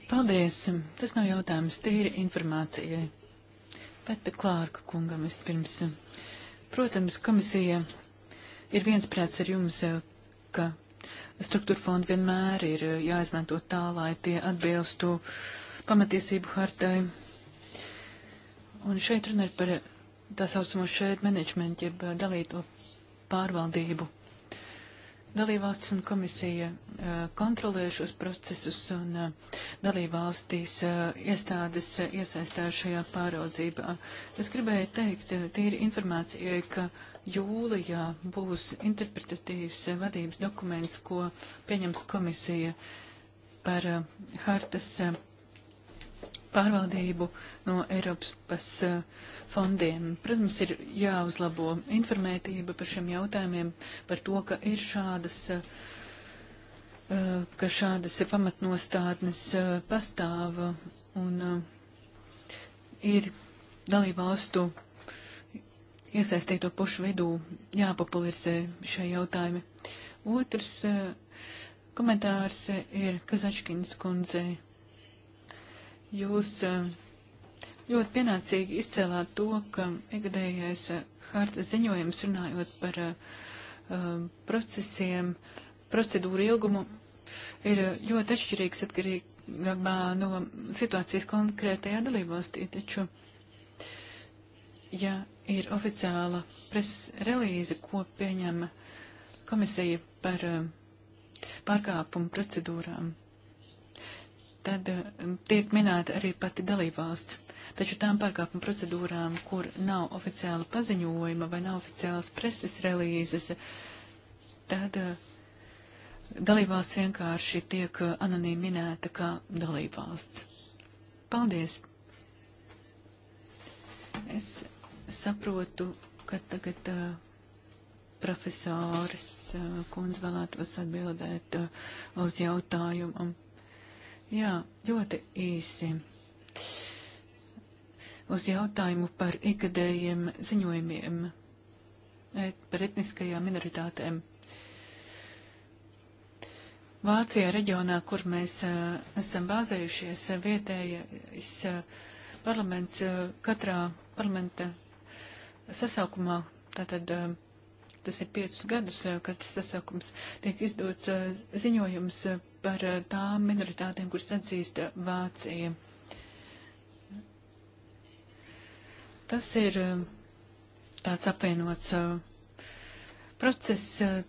Paldies. Tas nav jautājums, tīri informācijai. Bet Klārka kungam vispirms. Protams, komisija ir viensprāts ar jums, ka struktūra fondi vienmēr ir jāizmanto tā, lai tie atbilstu pamatiesību hartai. Un šeit runa ir par tā saucamo šeit menedžmentu, jeb dalīto pārvaldību. Dalībvalstis un komisija eh, kontrolē šos procesus un eh, dalībvalstīs eh, iestādes iesaistās šajā pāraudzībā. Es gribēju teikt, tīri informācijai, ka jūlijā būs interpretatīvs vadības dokuments, ko pieņems komisija par hartas pārvaldību no Eiropas pas, eh, fondiem. Protams, ir jāuzlabo informētība par šiem jautājumiem, par to, ka ir šādas, eh, eh, ka šādas pamatnostādnes pastāv un ir dalībvalstu iesaistīto pušu vidū jāpopularizē šie jautājumi. Otrs komentārs ir Kazačkins kundzei Jūs eh, ļoti pienācīgi izcēlāt to, ka ikgadējais eh, hartas ziņojums runājot par eh, procesiem, procedūru ilgumu ir ļoti atšķirīgs atkarībā no situācijas konkrētajā dalībvalstī. Taču, ja ir oficiāla preses relīze, ko pieņem komisija par pārkāpumu procedūrām, tad um, tiek minēta arī pati dalībvalsts. Taču tām pārkāpuma procedūrām, kur nav oficiāla paziņojuma vai nav oficiālas preses relīzes, tad uh, dalībvalsts vienkārši tiek uh, anonīmi minēta kā dalībvalsts. Paldies! Es saprotu, ka tagad uh, profesors uh, kundze vēlētos atbildēt uh, uz jautājumu. Jā, ļoti īsi. Uz jautājumu par ikgadējiem ziņojumiem et, par etniskajām minoritātēm. Vācijā reģionā, kur mēs a, e, esam bāzējušies, e, vietējais a, e, parlaments a, katrā parlamenta sasaukumā, tātad tas ir piecus gadus, kad tas sasaukums tiek izdots ziņojums par eh, tām minoritātēm, kuras atzīst Vācija. Tas ir eh, tāds apvienots eh, process.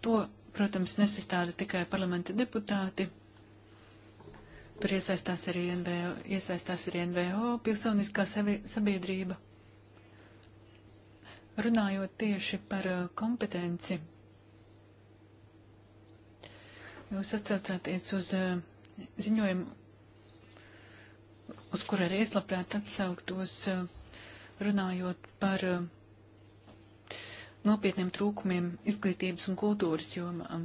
To, protams, nesastāda tikai parlamenta deputāti. Tur iesaistās arī NVO, iesaistās arī NVO pilsoniskā sabiedrība. Runājot tieši par kompetenci Jūs atcaucāties uz eh, ziņojumu, uz kuru arī es labprāt atsauktos, eh, runājot par eh, nopietniem trūkumiem izglītības un kultūras jomā,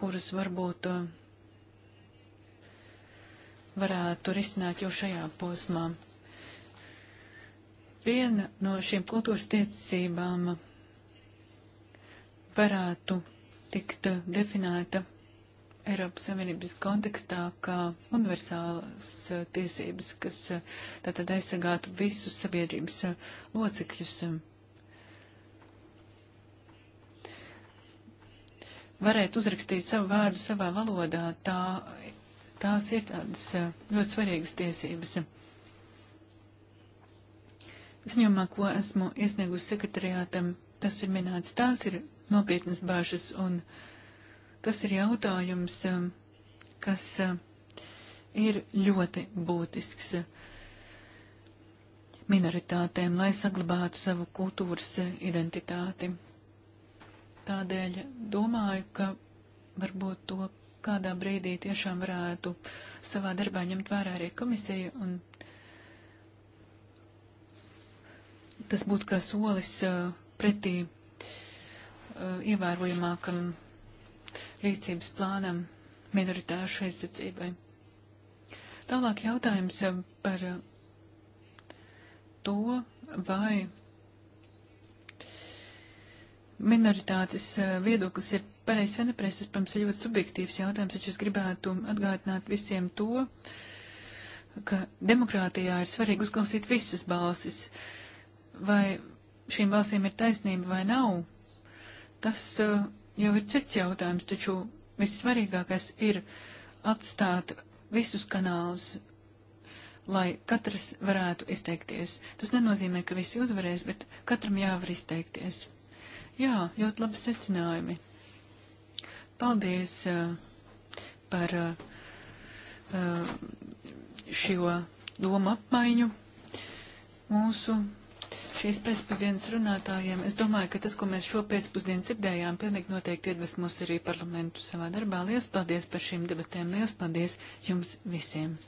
kurus varbūt varētu risināt jau šajā posmā. Viena no šīm kultūras tiecībām varētu tikt eh, definēta Eiropas Savienības kontekstā kā universālas eh, tiesības, kas eh, tātad aizsargātu visus sabiedrības locekļus. Varētu uzrakstīt savu vārdu savā valodā, tā, tās ir tādas ļoti svarīgas tiesības. Ziņojumā, ko esmu iesniegusi sekretariātam, tas ir minēts. Tās ir nopietnas bāžas, un tas ir jautājums, um, kas um, ir ļoti būtisks uh, minoritātēm, lai saglabātu savu kultūras uh, identitāti. Tādēļ domāju, ka varbūt to kādā brīdī tiešām varētu savā darbā ņemt vērā arī komisija, un tas būtu kā solis uh, pretī Eh, ievērojamākam rīcības plānam minoritāšu aizsardzībai. Tālāk jautājums eh, par eh, to, vai minoritātes viedoklis ir pareizs vai nepareizs. Tas, protams, ir ļoti subjektīvs jautājums, taču es gribētu atgādināt visiem to, ka demokrātijā ir svarīgi uzklausīt visas balsis. Vai šīm balsīm ir taisnība vai nav, Tas uh, eh, jau ir cits jautājums, taču vissvarīgākais ir atstāt visus kanālus, lai katrs varētu izteikties. Tas nenozīmē, ka visi uzvarēs, bet katram jāvar izteikties. Jā, ļoti labi secinājumi. Paldies uh, par uh, šo domu apmaiņu mūsu šīs pēcpusdienas runātājiem. Es domāju, ka tas, ko mēs šo pēcpusdienu dzirdējām, pilnīgi noteikti iedvesmos arī parlamentu savā darbā. Lielas paldies par šīm debatēm. Lielas paldies jums visiem!